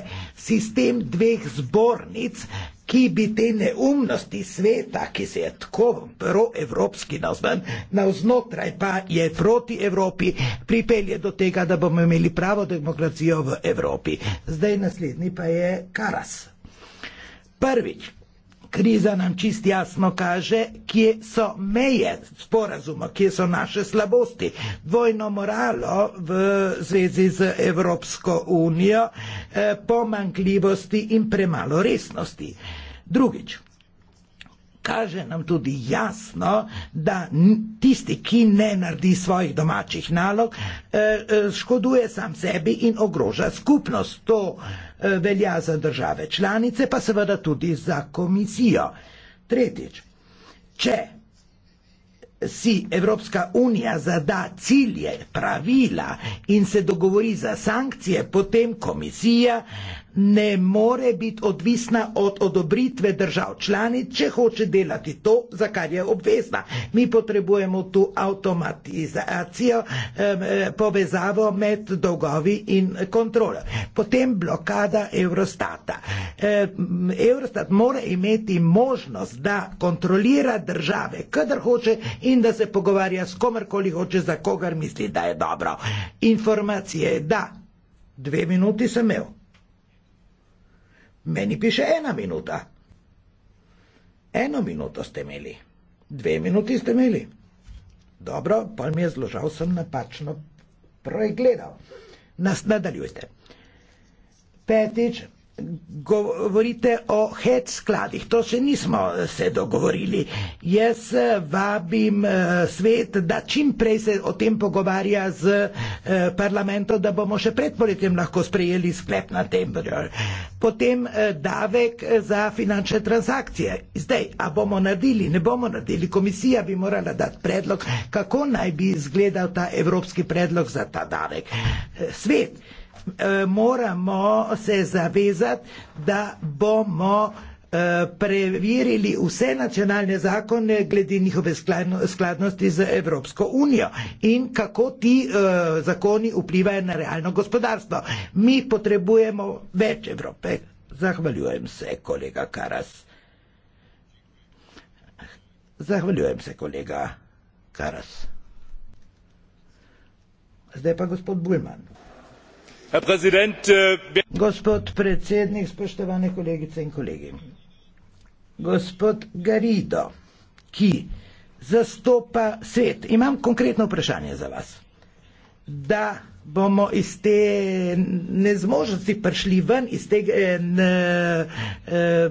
sistem dveh zbornic, ki bi te neumnosti sveta, ki se je tako proevropski navzven, navznotraj pa je proti Evropi, pripelje do tega, da bomo imeli pravo demokracijo v Evropi. Zdaj naslednji pa je Karas. Prvič, kriza nam čist jasno kaže, kje so meje sporazuma, kje so naše slabosti. Vojno moralo v zvezi z Evropsko unijo, eh, pomankljivosti in premalo resnosti. Drugič, kaže nam tudi jasno, da tisti, ki ne naredi svojih domačih nalog, eh, eh, škoduje sam sebi in ogroža skupnost. To eh, velja za države članice, pa seveda tudi za komisijo. Tretjič, če si Evropska unija zada cilje, pravila in se dogovori za sankcije, potem komisija ne more biti odvisna od odobritve držav članic, če hoče delati to, za kar je obvezna. Mi potrebujemo tu avtomatizacijo, eh, povezavo med dolgovi in kontrolo. Potem blokada Eurostata. Eurostat mora imeti možnost, da kontrolira države, kadar hoče in da se pogovarja s komarkoli hoče, za kogar misli, da je dobro. Informacije, da, dve minuti sem imel. Meni piše ena minuta. Eno minuto ste imeli, dve minuti ste imeli. Dobro, pa mi je zložal, sem napačno pregledal. Nas nadaljujte. Petič, govorite o hec skladih, to še nismo eh, se dogovorili. Jaz eh, vabim eh, svet, da čim prej se o tem pogovarja z parlamentom, da bomo še pred poletjem lahko sprejeli sklep na tem. Potem davek za finančne transakcije. Zdaj, a bomo naredili, ne bomo naredili, komisija bi morala dati predlog, kako naj bi izgledal ta evropski predlog za ta davek. Svet. Eh, moramo se zavezati, da bomo eh, preverili vse nacionalne zakone glede njihove skladnosti z Evropsko unijo in kako ti eh, zakoni vplivajo na realno gospodarstvo. Mi potrebujemo več Evrope. Zahvaljujem se, kolega Karas. Zahvaljujem se, kolega Karas. Zdaj pa gospod Bulman. Äh, Gospod predsednik, spoštovane kolegice in kolegi. Gospod Garido, ki zastopa svet, imam konkretno vprašanje za vas. Da bomo iz te nezmožnosti prišli ven, iz tega eh, eh,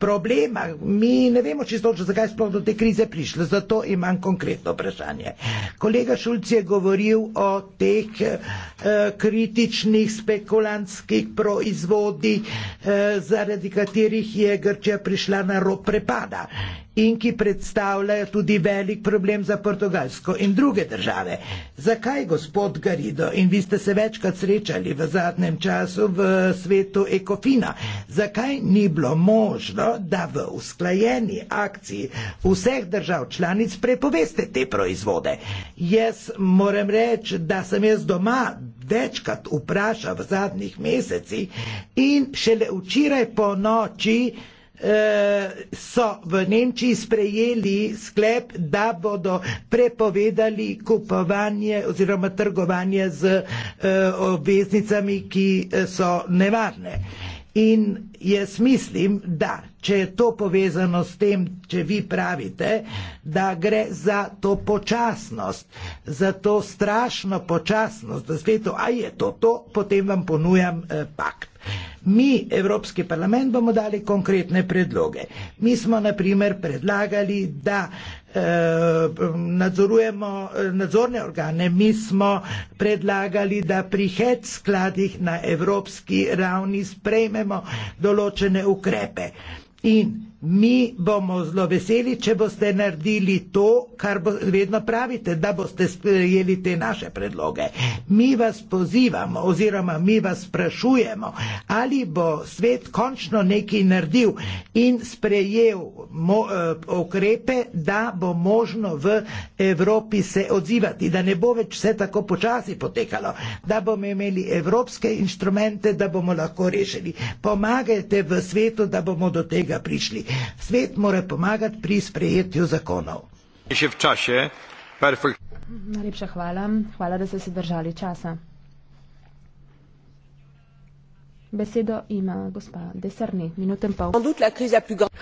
problema. Mi ne vemo čisto, zakaj je sploh do te krize prišlo. Zato imam konkretno vprašanje. Kolega Šulc je govoril o teh e, kritičnih spekulantskih proizvodih, e, zaradi katerih je Grčija prišla na rob prepada in ki predstavljajo tudi velik problem za Portugalsko in druge države. Zakaj, gospod Garido, in vi ste se večkrat srečali v zadnjem času v svetu ekofina, zakaj ni bilo možno, da v usklajeni akciji vseh držav članic prepoveste te proizvode? Jaz moram reči, da sem jaz doma večkrat vprašal v zadnjih mesecih in šele včeraj po noči Eh, so v Nemčiji sprejeli sklep, da bodo prepovedali kupovanje oziroma trgovanje z eh, obveznicami, ki eh, so nevarne. In jaz mislim, da če je to povezano s tem, če vi pravite, da gre za to počasnost, za to strašno počasnost, da spet, a je to to, potem vam ponujam eh, pakt. Mi, Evropski parlament, bomo dali konkretne predloge. Mi smo, na primer, predlagali, da Eh, nadzorujemo eh, nadzorne organe, mi smo predlagali, da pri hec skladih na evropski ravni sprejmemo določene ukrepe. In Mi bomo zelo veseli, če boste naredili to, kar bo, vedno pravite, da boste sprejeli te naše predloge. Mi vas pozivamo oziroma mi vas sprašujemo, ali bo svet končno nekaj naredil in sprejel mo, eh, okrepe, da bo možno v Evropi se odzivati, da ne bo več vse tako počasi potekalo, da bomo imeli evropske inštrumente, da bomo lahko rešili. Pomagajte v svetu, da bomo do tega prišli. Svet mora pomagati pri sprejetju zakonov. Najlepša hvala. Hvala, da ste se držali časa. Besedo ima gospa Desarni, minuto in pol.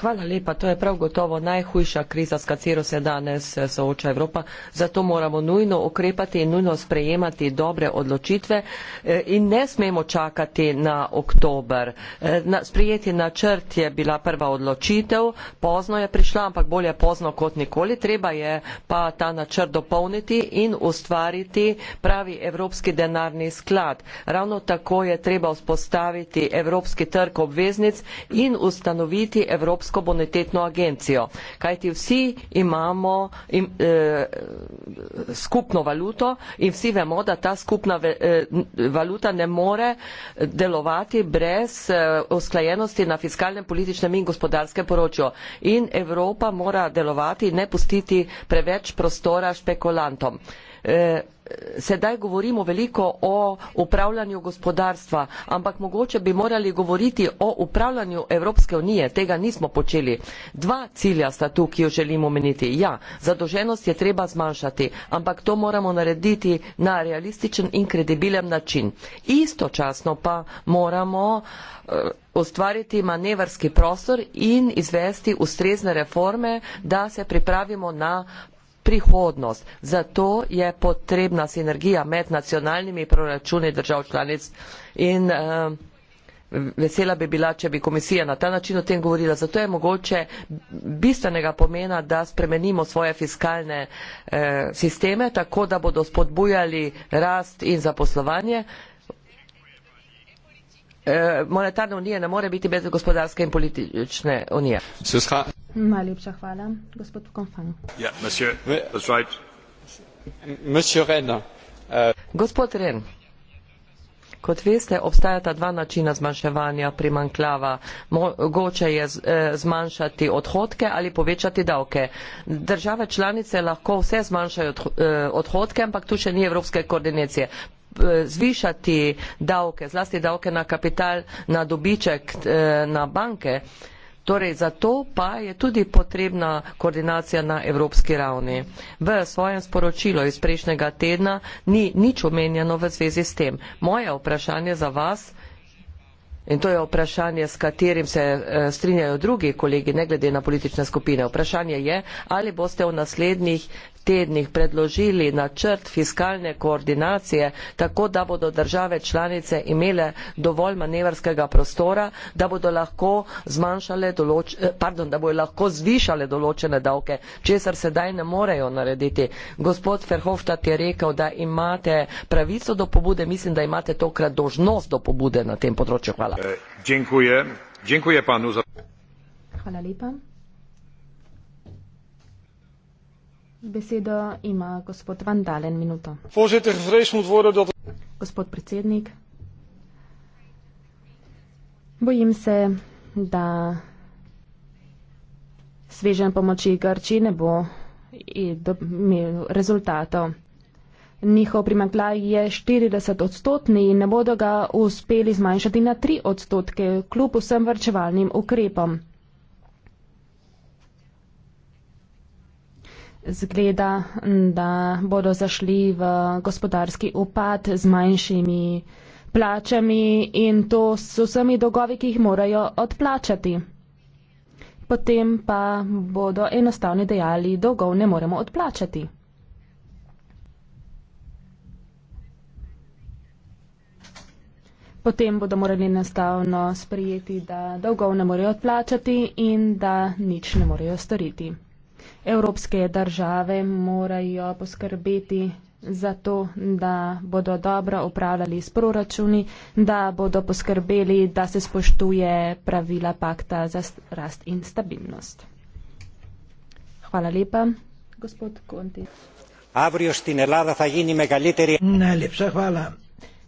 Hvala lepa, to je prav gotovo najhujša kriza, s katero se danes eh, sooča Evropa. Zato moramo nujno ukrepati in nujno sprejemati dobre odločitve eh, in ne smemo čakati na oktober. Eh, na, sprijeti načrt je bila prva odločitev, pozno je prišla, ampak bolje pozno kot nikoli. Treba je pa ta načrt dopolniti in ustvariti pravi evropski denarni sklad. Ravno tako je treba vzpostaviti spraviti evropski trg obveznic in ustanoviti Evropsko bonitetno agencijo. Kajti vsi imamo im, eh, skupno valuto in vsi vemo, da ta skupna ve, eh, valuta ne more delovati brez eh, usklajenosti na fiskalnem, političnem in gospodarskem poročju. In Evropa mora delovati in ne pustiti preveč prostora špekulantom. Eh, sedaj govorimo veliko o upravljanju gospodarstva, ampak mogoče bi morali govoriti o upravljanju Evropske unije, tega nismo počeli. Dva cilja sta tu, ki jo želimo omeniti. Ja, zadoženost je treba zmanjšati, ampak to moramo narediti na realističen in kredibilen način. Istočasno pa moramo eh, ustvariti manevrski prostor in izvesti ustrezne reforme, da se pripravimo na prihodnost. Zato je potrebna sinergija med nacionalnimi proračuni držav članic in eh, vesela bi bila, če bi komisija na ta način o tem govorila. Zato je mogoče bistvenega pomena, da spremenimo svoje fiskalne eh, sisteme, tako da bodo spodbujali rast in zaposlovanje, E, monetarna unija ne more biti brez gospodarske in politične unije. Najlepša hvala, gospod Konfang. Yeah, ja, right. uh, gospod Ren, kot veste, obstajata dva načina zmanjševanja primankljava. Mogoče je eh, zmanjšati odhodke ali povečati davke. Države članice lahko vse zmanjšajo eh, odhodke, ampak tu še ni evropske koordinacije zvišati davke, zlasti davke na kapital, na dobiček, eh, na banke. Torej, zato pa je tudi potrebna koordinacija na evropski ravni. V svojem sporočilu iz prejšnjega tedna ni nič omenjeno v zvezi s tem. Moje vprašanje za vas, in to je vprašanje, s katerim se eh, strinjajo drugi kolegi, ne glede na politične skupine, vprašanje je, ali boste v naslednjih tednih predložili načrt fiskalne koordinacije, tako da bodo države članice imele dovolj manevrskega prostora, da bodo lahko, določ, eh, pardon, da bodo lahko zvišale določene davke, česar sedaj ne morejo narediti. Gospod Ferhoftat je rekel, da imate pravico do pobude, mislim, da imate tokrat dožnost do pobude na tem področju. Hvala. E, dziękuję. Dziękuję panu za... Hvala lepa. Besedo ima gospod Vandalen minuto. Voorzitter, gevreesd moet worden dat. Gospod predsednik, bojim se, da svežen pomoči Grči ne bo imel rezultatov. Njihov primanklaj je 40 odstotni in ne bodo ga uspeli zmanjšati na 3 odstotke, kljub vsem vrčevalnim ukrepom. zgleda, da bodo zašli v gospodarski upad z manjšimi plačami in to s vsemi dolgovi, ki jih morajo odplačati. Potem pa bodo enostavno dejali, dolgov ne moremo odplačati. Potem bodo morali enostavno sprijeti, da dolgov ne morejo odplačati in da nič ne morejo storiti evropske države morajo poskrbeti za to, da bodo dobro upravljali s proračuni, da bodo poskrbeli, da se spoštuje pravila pakta za rast in stabilnost. Hvala lepa, gospod Konti. Najlepša hvala.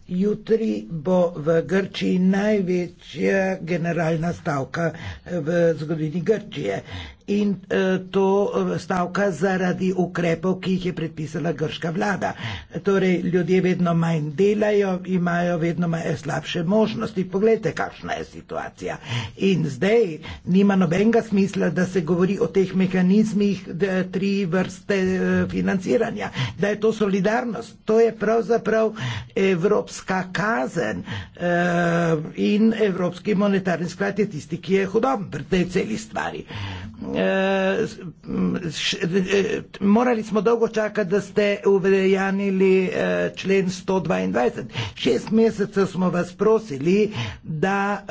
Jutri bo v Grčiji največja generalna stavka v zgodovini Grčije in eh, to eh, stavka zaradi ukrepov, ki jih je predpisala grška vlada. Torej, ljudje vedno manj delajo, imajo vedno manj slabše možnosti. Poglejte, kakšna je situacija. In zdaj nima nobenega smisla, da se govori o teh mehanizmih, tri vrste eh, financiranja, da je to solidarnost. To je pravzaprav evropska kazen in Evropski monetarni sklad je tisti, ki je hudom pri tej celi stvari. Eh, eh, eh, morali smo dolgo čakati, da ste uvejanili člen 122. Šest mesecev smo vas prosili, da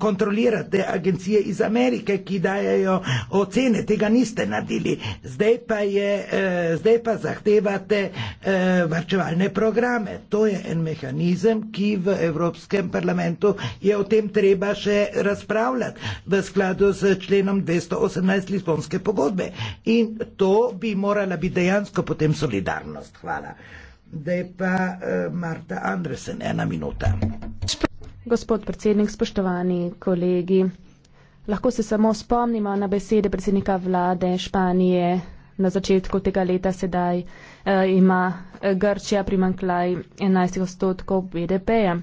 kontrolirate agencije iz Amerike, ki dajajo ocene. Tega niste naredili. Zdaj pa, je, zdaj pa zahtevate varčevalne programe. To je en mehanizem, ki v Evropskem parlamentu je o tem treba še razpravljati v skladu skladu s členom 218 Lisbonske pogodbe. In to bi morala biti dejansko potem solidarnost. Hvala. Da je pa uh, Marta Andresen, ena minuta. Gospod predsednik, spoštovani kolegi, lahko se samo spomnimo na besede predsednika vlade Španije na začetku tega leta sedaj eh, ima eh, Grčija primankljaj 11 odstotkov BDP-ja.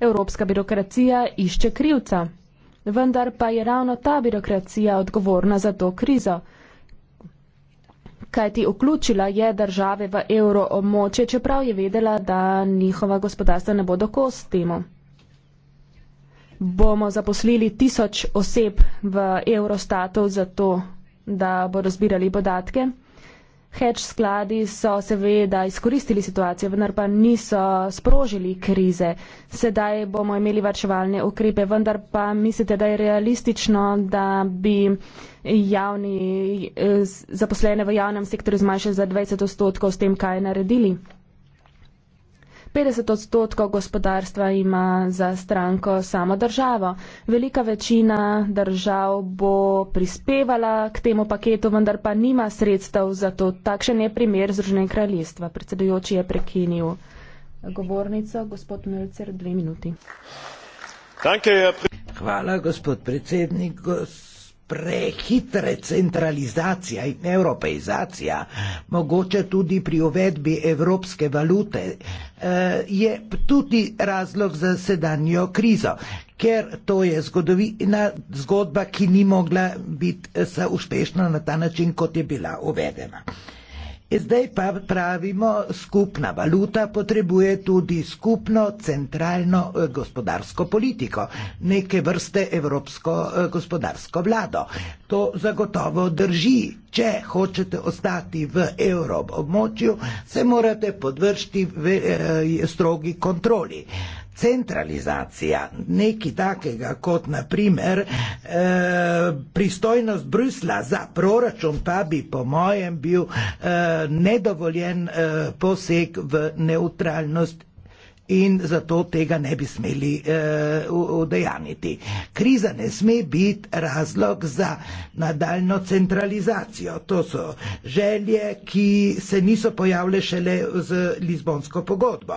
Evropska birokracija išče krivca vendar pa je ravno ta birokracija odgovorna za to krizo. Kaj ti vključila je države v evro območje, čeprav je vedela, da njihova gospodarstva ne bodo kos temu. Bomo zaposlili tisoč oseb v evrostatov za to, da bodo zbirali podatke hedge skladi so seveda izkoristili situacijo, vendar pa niso sprožili krize. Sedaj bomo imeli varčevalne ukrepe, vendar pa mislite, da je realistično, da bi javni, eh, zaposlene v javnem sektorju zmanjšali za 20 odstotkov s tem, kaj naredili? 50 odstotkov gospodarstva ima za stranko samo državo. Velika večina držav bo prispevala k temu paketu, vendar pa nima sredstev za to. Takšen je primer Združenega kraljestva. Predsedujoči je prekinil govornico. Gospod Mölcer, dve minuti. Hvala, gospod predsednik. Gos prehitre centralizacija in evropeizacija, mogoče tudi pri uvedbi evropske valute, eh, je tudi razlog za sedanjo krizo, ker to je zgodovina, zgodba, ki ni mogla biti eh, uspešna na ta način, kot je bila uvedena. Zdaj pa pravimo, skupna valuta potrebuje tudi skupno centralno eh, gospodarsko politiko, neke vrste evropsko eh, gospodarsko vlado. To zagotovo drži. Če hočete ostati v evrob območju, se morate podvršiti eh, strogi kontroli centralizacija, nekaj takega kot naprimer e, eh, pristojnost Brusla za proračun, pa bi po mojem bil e, nedovoljen e, poseg v neutralnost in zato tega ne bi smeli eh, udejaniti. Eh, Kriza ne sme biti razlog za nadaljno centralizacijo. To so želje, ki se niso pojavile šele z Lizbonsko pogodbo.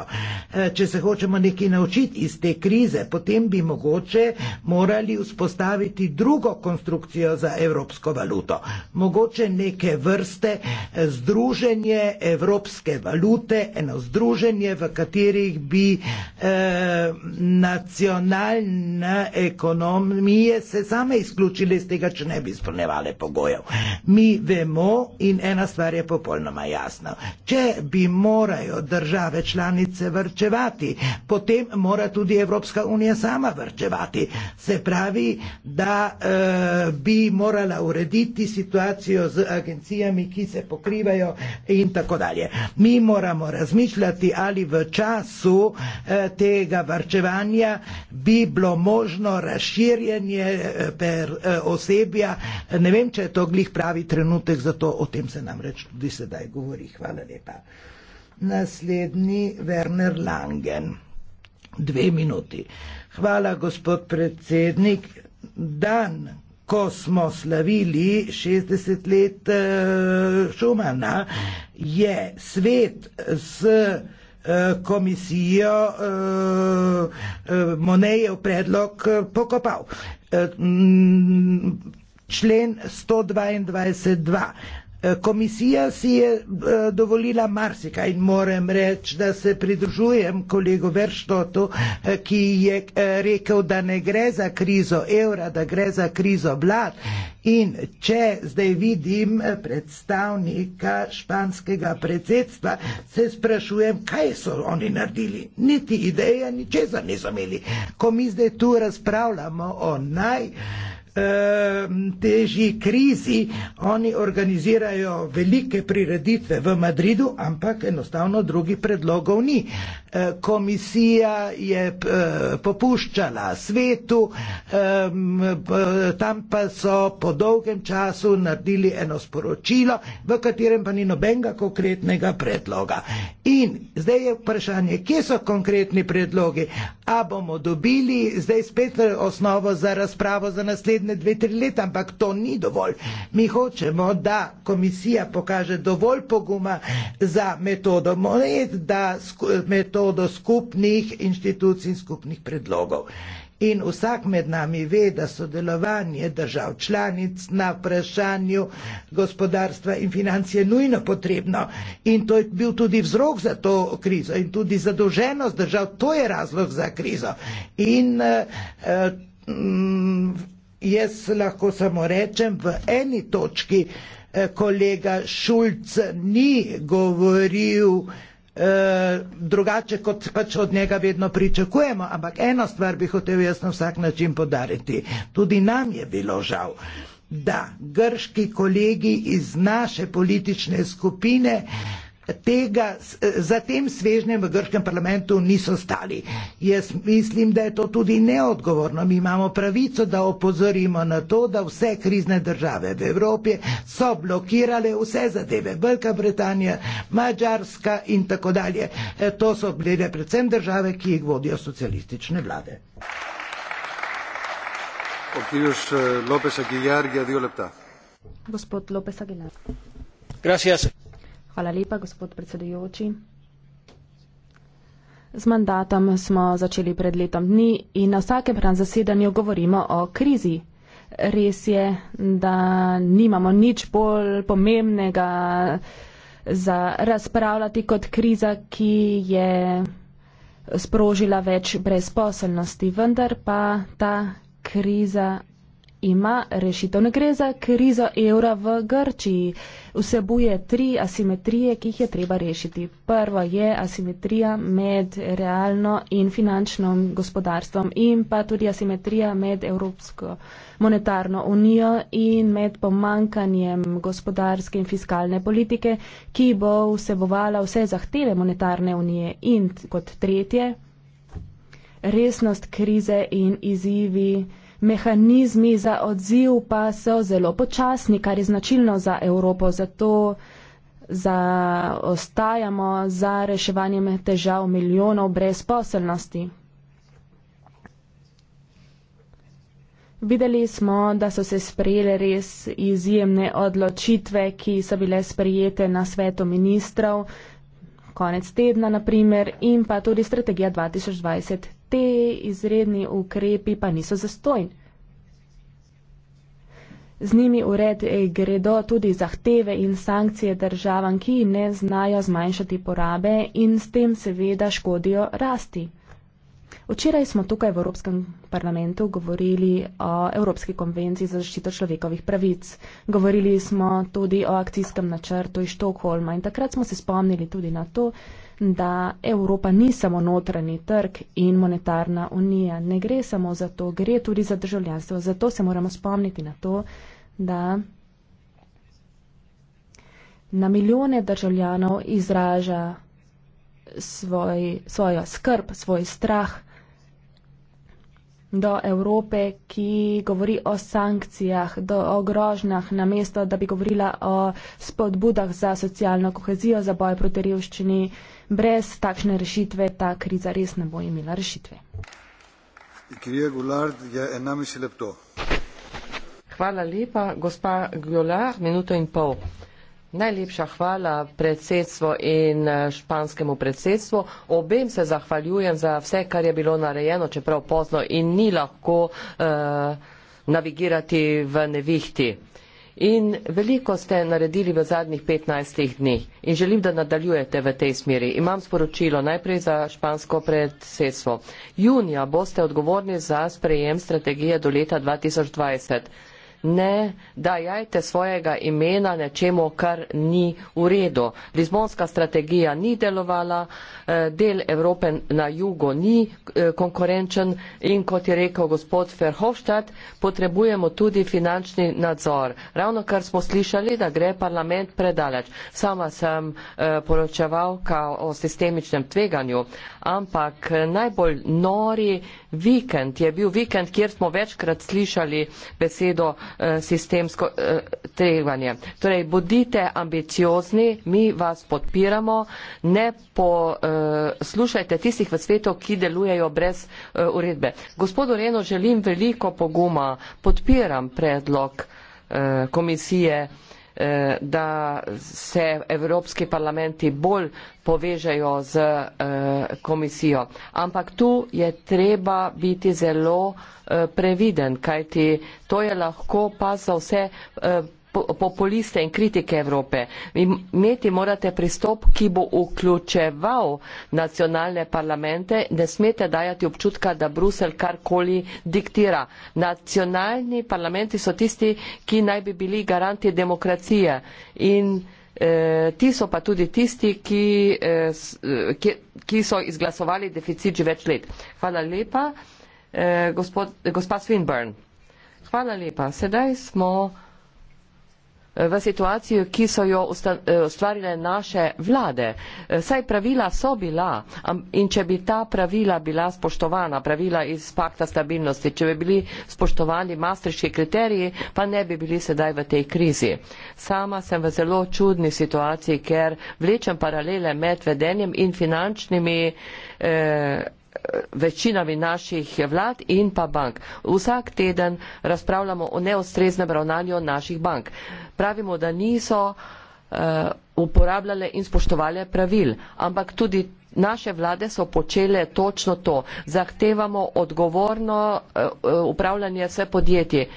Eh, če se hočemo nekaj naučiti iz te krize, potem bi mogoče morali vzpostaviti drugo konstrukcijo za evropsko valuto. Mogoče neke vrste eh, združenje evropske valute, eno združenje, v katerih bi e, nacionalne ekonomije se same izključile iz tega, če ne bi izpolnevale pogojev. Mi vemo in ena stvar je popolnoma jasna. Če bi morajo države članice vrčevati, potem mora tudi Evropska unija sama vrčevati. Se pravi, da e, bi morala urediti situacijo z agencijami, ki se pokrivajo in tako dalje. Mi moramo razmišljati, ali v času Eh, tega varčevanja bi bilo možno razširjenje eh, per eh, osebja. Ne vem, če je to glih pravi trenutek, zato o tem se nam reč tudi sedaj govori. Hvala lepa. Naslednji Werner Langen. Dve minuti. Hvala, gospod predsednik. Dan, ko smo slavili 60 let uh, Šumana, je svet s uh, komisijo eh, eh, Monejev predlog eh, pokopal. Člen 122.2. Eh, komisija si je eh, dovolila marsikaj in moram reči, da se pridružujem kolegu Verštotu, eh, ki je rekel, da ne gre za krizo evra, da gre za krizo vlad. In če zdaj vidim predstavnika španskega predsedstva, se sprašujem, kaj so oni naredili. Niti ideje, ničesar niso imeli. Ko mi zdaj tu razpravljamo o naj. Ehm, težji krizi, oni organizirajo velike prireditve v Madridu, ampak enostavno drugih predlogov ni. Ehm, komisija je eh, popuščala svetu, ehm, tam pa so po dolgem času naredili eno sporočilo, v katerem pa ni nobenega konkretnega predloga. In zdaj je vprašanje, kje so konkretni predlogi, a bomo dobili zdaj spet eh, osnovo za razpravo za naslednji naslednje dve, tri leta, ampak to ni dovolj. Mi hočemo, da komisija pokaže dovolj poguma za metodo monet, da sku, metodo skupnih inštitucij in skupnih predlogov. In vsak med nami ve, da sodelovanje držav članic na vprašanju gospodarstva in financ je nujno potrebno. In to je bil tudi vzrok za to krizo in tudi zadolženost držav, to je razlog za krizo. In, uh, uh, Jaz lahko samo rečem, v eni točki eh, kolega Šulc ni govoril eh, drugače, kot pač od njega vedno pričakujemo, ampak eno stvar bi hotel jaz na vsak način podariti. Tudi nam je bilo žal, da grški kolegi iz naše politične skupine tega za tem svežnjem v grškem parlamentu niso stali. Jaz mislim, da je to tudi neodgovorno. Mi imamo pravico, da opozorimo na to, da vse krizne države v Evropi so blokirale vse zadeve. Velika Britanija, Mačarska in tako dalje. E, to so bile predvsem države, ki jih vodijo socialistične vlade. Gospod Lopes Aguilar. Hvala lepa, gospod predsedujoči. Z mandatom smo začeli pred letom dni in na vsakem pran zasedanju govorimo o krizi. Res je, da nimamo nič bolj pomembnega za razpravljati kot kriza, ki je sprožila več brezposelnosti, vendar pa ta kriza ima rešitev. Ne gre za krizo evra v Grčiji. Vsebuje tri asimetrije, ki jih je treba rešiti. Prvo je asimetrija med realno in finančnim gospodarstvom in pa tudi asimetrija med Evropsko monetarno unijo in med pomankanjem gospodarske in fiskalne politike, ki bo vsebovala vse zahteve monetarne unije. In kot tretje, resnost krize in izzivi mehanizmi za odziv pa so zelo počasni, kar je značilno za Evropo. Zato za ostajamo za reševanjem težav milijonov brezposelnosti. Videli smo, da so se sprejele res izjemne odločitve, ki so bile sprejete na svetu ministrov, konec tedna naprimer, in pa tudi strategija 2020 te izredni ukrepi pa niso zastojni. Z njimi ured eh, gredo tudi zahteve in sankcije državam, ki ne znajo zmanjšati porabe in s tem seveda škodijo rasti. Včeraj smo tukaj v Evropskem parlamentu govorili o Evropski konvenciji za zaščito človekovih pravic. Govorili smo tudi o akcijskem načrtu iz Štokholma in takrat smo se spomnili tudi na to, da Evropa ni samo notranji trg in monetarna unija. Ne gre samo za to, gre tudi za državljanstvo. Zato se moramo spomniti na to, da na milijone državljanov izraža svoj, svojo skrb, svoj strah do Evrope, ki govori o sankcijah, do, o grožnjah, namesto da bi govorila o spodbudah za socialno kohezijo, za boj proti revščini. Brez takšne rešitve ta kriza res ne bo imela rešitve. Hvala lepa, gospa Gjolar, minuto in pol. Najlepša hvala predsedstvo in eh, španskemu predsedstvu. Obem se zahvaljujem za vse, kar je bilo narejeno, čeprav pozno in ni lahko uh, navigirati v nevihti. Uh, In veliko ste naredili v zadnjih 15 dneh in želim, da nadaljujete v tej smeri. Imam sporočilo najprej za špansko predsedstvo. Junija boste odgovorni za sprejem strategije do leta 2020 ne dajajte svojega imena nečemu, kar ni v redu. Lizbonska strategija ni delovala, eh, del Evrope na jugu ni eh, konkurenčen in kot je rekel gospod Ferhofstadt, potrebujemo tudi finančni nadzor. Ravno kar smo slišali, da gre parlament predaleč. Sama sem eh, poročevalka o sistemičnem tveganju, ampak najbolj nori Vikend je bil vikend, kjer smo večkrat slišali besedo eh, sistemsko eh, trevanje. Torej, bodite ambiciozni, mi vas podpiramo, ne poslušajte eh, tistih v svetu, ki delujejo brez eh, uredbe. Gospodu Reno želim veliko poguma, podpiram predlog eh, komisije. Eh, da se evropski parlamenti bolj povežejo z eh, komisijo. Ampak tu je treba biti zelo eh, previden, kajti to je lahko pa za vse populiste in kritike Evrope. Imeti morate pristop, ki bo vključeval nacionalne parlamente, ne smete dajati občutka, da Brusel karkoli diktira. Nacionalni parlamenti so tisti, ki naj bi bili garanti demokracije in e, ti so pa tudi tisti, ki, e, ki, ki so izglasovali deficit že več let. Hvala lepa, e, gospod, gospa Swinburne. Hvala lepa. Sedaj smo v situacijo, ki so jo eh, ustvarile naše vlade. Eh, saj pravila so bila in če bi ta pravila bila spoštovana, pravila iz pakta stabilnosti, če bi bili spoštovani mastriški kriteriji, pa ne bi bili sedaj v tej krizi. Sama sem v zelo čudni situaciji, ker vlečem paralele med vedenjem in finančnimi eh, večinami naših vlad in pa bank. Vsak teden razpravljamo o neostreznem ravnanju naših bank. Pravimo, da niso eh, uporabljale in spoštovale pravil, ampak tudi naše vlade so počele točno to. Zahtevamo odgovorno eh, eh, upravljanje vse podjetje,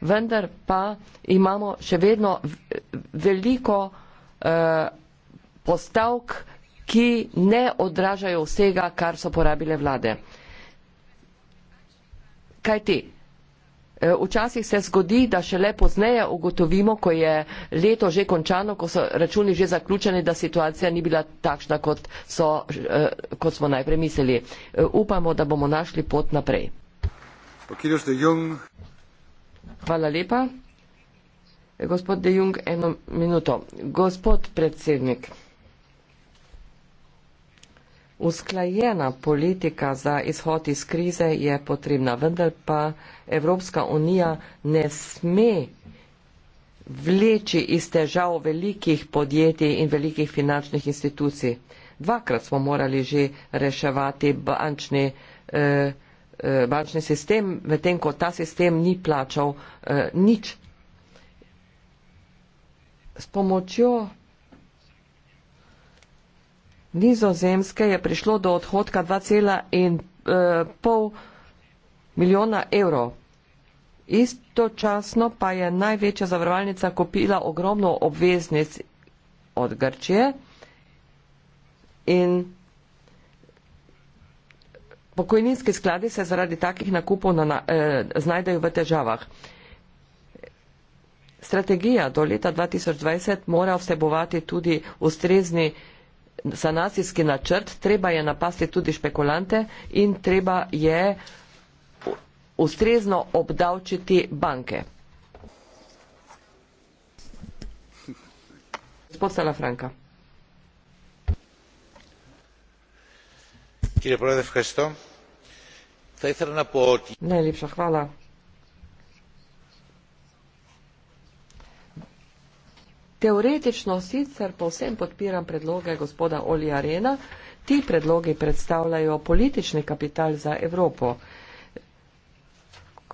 vendar pa imamo še vedno veliko postavk, ki ne odražajo vsega, kar so porabile vlade. Kaj ti? Eh, včasih se zgodi, da šele pozneje ugotovimo, ko je leto že končano, ko so računi že zaključeni, da situacija ni bila takšna, kot, so, eh, kot smo najprej mislili. Eh, upamo, da bomo našli pot naprej. Hvala lepa. Gospod De Jung, eno minuto. Gospod predsednik. Usklajena politika za izhod iz krize je potrebna, vendar pa Evropska unija ne sme vleči iz težav velikih podjetij in velikih finančnih institucij. Dvakrat smo morali že reševati bančni, eh, eh bančni sistem, medtem ko ta sistem ni plačal eh, nič. S pomočjo nizozemske je prišlo do odhodka 2,5 eh, milijona evrov. Istočasno pa je največja zavarovalnica kupila ogromno obveznic od Grčije in pokojninski skladi se zaradi takih nakupov na, eh, znajdejo v težavah. Strategija do leta 2020 mora vsebovati tudi ustrezni eh, sanacijski načrt, treba je napasti tudi špekulante in treba je ustrezno obdavčiti banke. Gospod Salafranka. Najlepša hvala. Teoretično sicer povsem podpiram predloge gospoda Olija Rena, ti predlogi predstavljajo politični kapital za Evropo.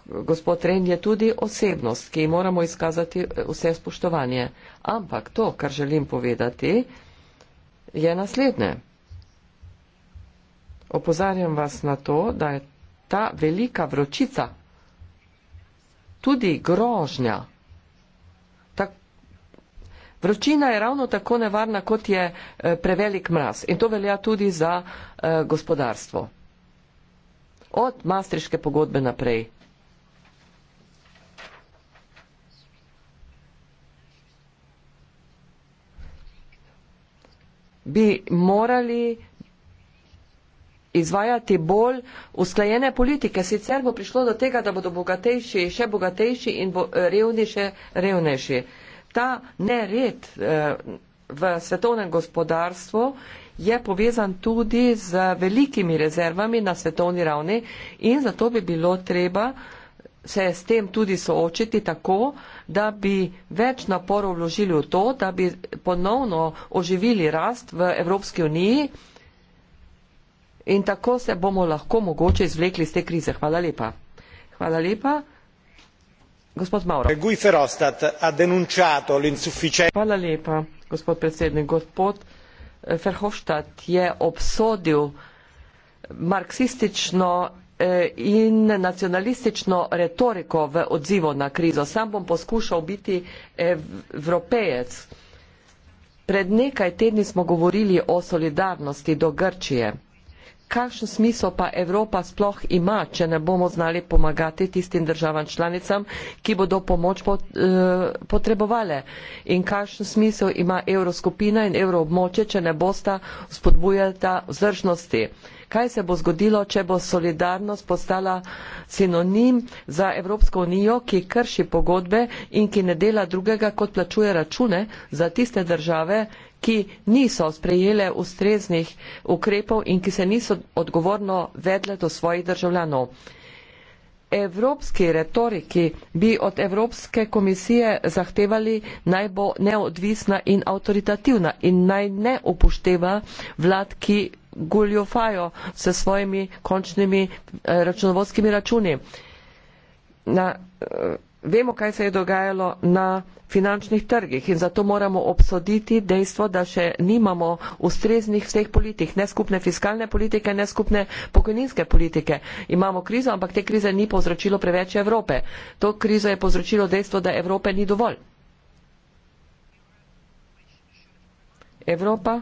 Gospod Ren je tudi osebnost, ki ji moramo izkazati eh, vse spoštovanje. Ampak to, kar želim povedati, je naslednje. Opozarjam vas na to, da je ta velika vročica tudi grožnja Vročina je ravno tako nevarna, kot je eh, prevelik mraz. In to velja tudi za eh, gospodarstvo. Od mastriške pogodbe naprej. Bi morali izvajati bolj usklajene politike, sicer bo prišlo do tega, da bodo bogatejši še bogatejši in bo eh, revni še revnejši ta nered uh, v svetovnem gospodarstvu je povezan tudi z velikimi rezervami na svetovni ravni in zato bi bilo treba se s tem tudi soočiti tako, da bi več naporov vložili v to, da bi ponovno oživili rast v Evropski uniji in tako se bomo lahko mogoče izvlekli iz te krize. Hvala lepa. Hvala lepa guy verhofstadt ha denunciato l'insufficienza. gospod predsednik gospod eh, verhofstadt je obsodil marksistično eh, in nacionalistično retoriko v odzivu na krizo. sam bom poskušal biti evropejec. pred nekaj tedni smo govorili o solidarnosti do grčije kakšen smisel pa Evropa sploh ima, če ne bomo znali pomagati tistim državam članicam, ki bodo pomoč eh, potrebovali. In kakšen smisel ima evroskupina in evroobmoče, če ne bosta spodbujata vzdržnosti. Kaj se bo zgodilo, če bo solidarnost postala sinonim za Evropsko unijo, ki krši pogodbe in ki ne dela drugega, kot plačuje račune za tiste države, ki niso sprejele ustreznih ukrepov in ki se niso odgovorno vedle do svojih državljanov. Evropski retoriki bi od Evropske komisije zahtevali naj bo neodvisna in avtoritativna in naj ne upošteva vlad, ki guljofajo se svojimi končnimi eh, računovodskimi računi. Na, eh, vemo, kaj se je dogajalo na finančnih trgih in zato moramo obsoditi dejstvo, da še nimamo ustreznih vseh politik, ne skupne fiskalne politike, ne skupne pokojninske politike. Imamo krizo, ampak te krize ni povzročilo preveč Evrope. To krizo je povzročilo dejstvo, da Evrope ni dovolj. Evropa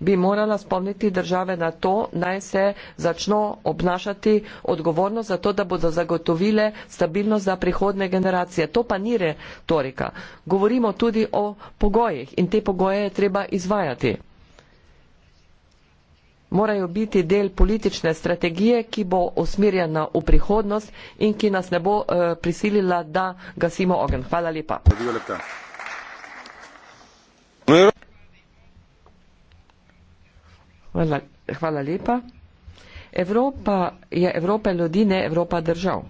bi morala spomniti države na to, naj se začno obnašati odgovorno za to, da bodo zagotovile stabilnost za prihodne generacije. To pa ni retorika. Govorimo tudi o pogojih in te pogoje je treba izvajati. Morajo biti del politične strategije, ki bo usmerjena v prihodnost in ki nas ne bo uh, prisilila, da gasimo ogen. Hvala lepa. Hvala lepa. Hvala, hvala lepa. Evropa je Evropa ljudi, ne Evropa držav.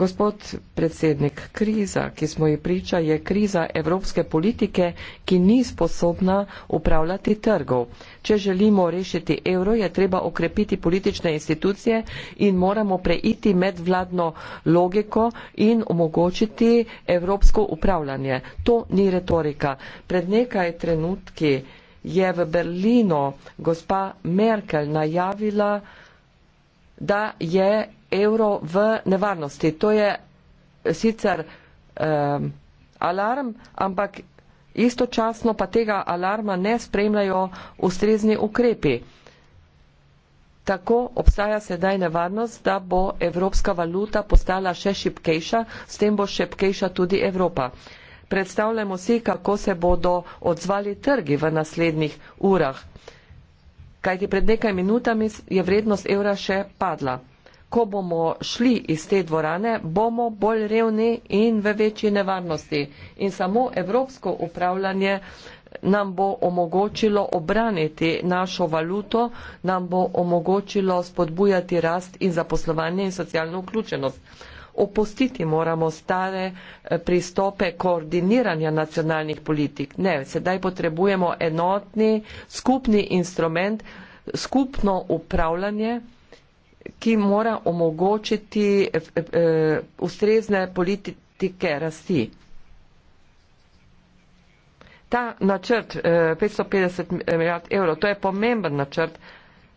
Gospod predsednik, kriza, ki smo ji priča, je kriza evropske politike, ki ni sposobna upravljati trgov. Če želimo rešiti evro, je treba okrepiti politične institucije in moramo preiti medvladno logiko in omogočiti evropsko upravljanje. To ni retorika. Pred nekaj trenutki je v Berlino gospa Merkel najavila, da je evro v nevarnosti. To je sicer um, alarm, ampak istočasno pa tega alarma ne spremljajo ustrezni ukrepi. Tako obstaja sedaj nevarnost, da bo evropska valuta postala še šipkejša, s tem bo šipkejša tudi Evropa. Uh, predstavljamo si, kako se bodo odzvali trgi v naslednjih urah. Kajti pred nekaj minutami je vrednost evra še padla. Ko bomo šli iz te dvorane, bomo bolj revni in v večji nevarnosti. In samo evropsko upravljanje nam bo omogočilo obraniti našo valuto, nam bo omogočilo spodbujati rast in zaposlovanje in socialno vključenost opustiti moramo stare eh, pristope koordiniranja nacionalnih politik. Ne, sedaj potrebujemo enotni, skupni instrument, skupno upravljanje, ki mora omogočiti eh, eh, ustrezne politike rasti. Ta načrt 550 milijard evrov, to je pomemben načrt,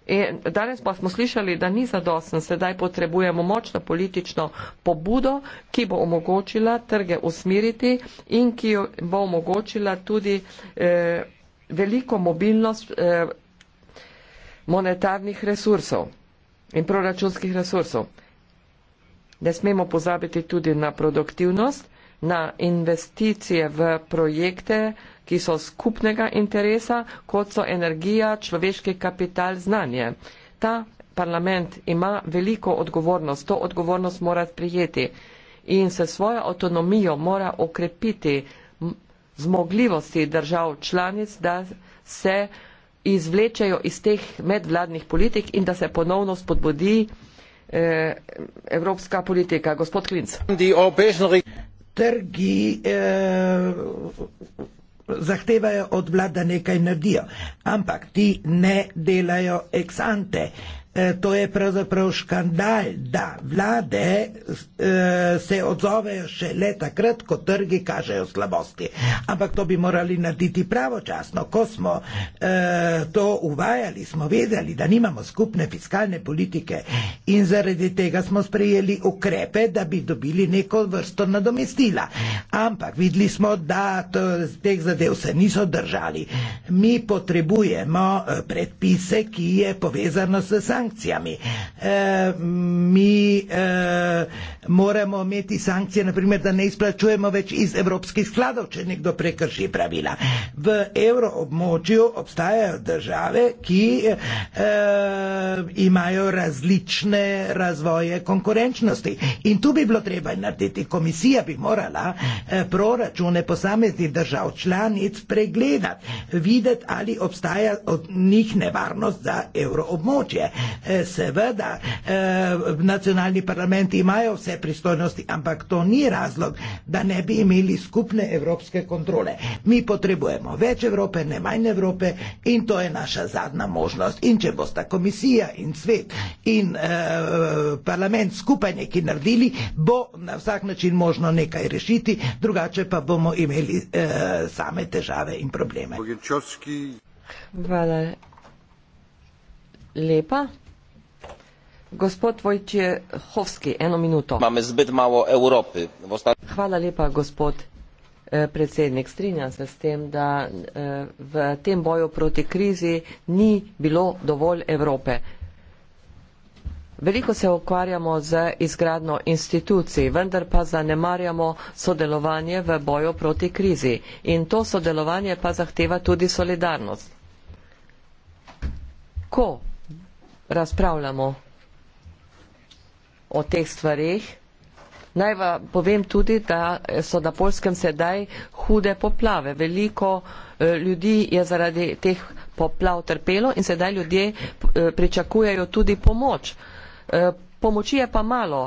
In danes pa smo slišali, da ni zadosten, sedaj potrebujemo močno politično pobudo, ki bo omogočila trge usmiriti in ki bo omogočila tudi eh, veliko mobilnost eh, monetarnih resursov in proračunskih resursov. Ne smemo pozabiti tudi na produktivnost, na investicije v projekte, eh, ki so skupnega interesa, kot so energija, človeški kapital, znanje. Ta parlament ima veliko odgovornost, to odgovornost mora sprijeti in se svojo avtonomijo mora okrepiti zmogljivosti držav članic, da se izvlečejo iz teh medvladnih politik in da se ponovno spodbudi eh, evropska politika. Gospod Klinc. Trgi eh, zahtevajo od vlad, da nekaj naredijo, ampak ti ne delajo eksante, E, to je pravzaprav škandal, da vlade e, se odzovejo še leta krat, ko trgi kažejo slabosti. Ampak to bi morali narediti pravočasno. Ko smo e, to uvajali, smo vedeli, da nimamo skupne fiskalne politike in zaradi tega smo sprejeli ukrepe, da bi dobili neko vrsto nadomestila. Ampak videli smo, da to, teh zadev se niso držali. Mi potrebujemo predpise, ki je povezano s sankcijami sankcijami. E, mi e, moramo imeti sankcije, naprimer, da ne izplačujemo več iz evropskih skladov, če nekdo prekrši pravila. V evroobmočju obstajajo države, ki e, imajo različne razvoje konkurenčnosti. In tu bi bilo treba narediti. Komisija bi morala e, proračune posameznih držav članic pregledati, videti, ali obstaja od njih nevarnost za evroobmočje. E, seveda, e, nacionalni parlamenti imajo vse pristojnosti, ampak to ni razlog, da ne bi imeli skupne evropske kontrole. Mi potrebujemo več Evrope, ne manj Evrope in to je naša zadnja možnost. In če bosta komisija in svet in e, parlament skupaj nekaj naredili, bo na vsak način možno nekaj rešiti, drugače pa bomo imeli same težave in probleme. Hvala lepa imamo zbyt malo evrope strinjam se s tem da e, v tem boju proti krizi ni bilo dovolj evrope veliko se ukvarjamo z izgradnjo institucij vendar pa zanemarjamo sodelovanje v boju proti krizi in to sodelovanje pa zahteva tudi solidarnost ko razpravljamo o teh stvarih. Naj vam povem tudi, da so na Polskem sedaj hude poplave. Veliko eh, ljudi je zaradi teh poplav trpelo in sedaj ljudje eh, pričakujejo tudi pomoč. Eh, pomoči je pa malo.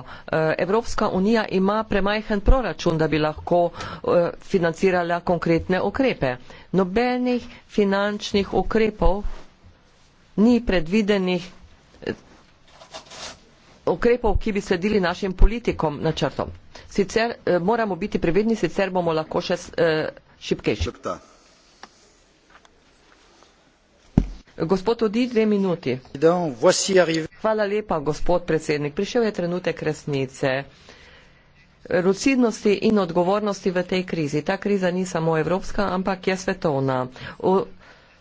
Evropska unija ima premajhen proračun, da bi lahko financirala konkretne ukrepe. Nobenih finančnih ukrepov ni predvidenih ukrepov, ki bi sledili našim politikom načrtom. Sicer eh, moramo biti previdni, sicer bomo lahko še eh, šipkejši. Šepta. Gospod Odi, dve minuti. Hvala lepa, gospod predsednik. Prišel je trenutek resnice, lucidnosti in odgovornosti v tej krizi. Ta kriza ni samo evropska, ampak je svetovna. U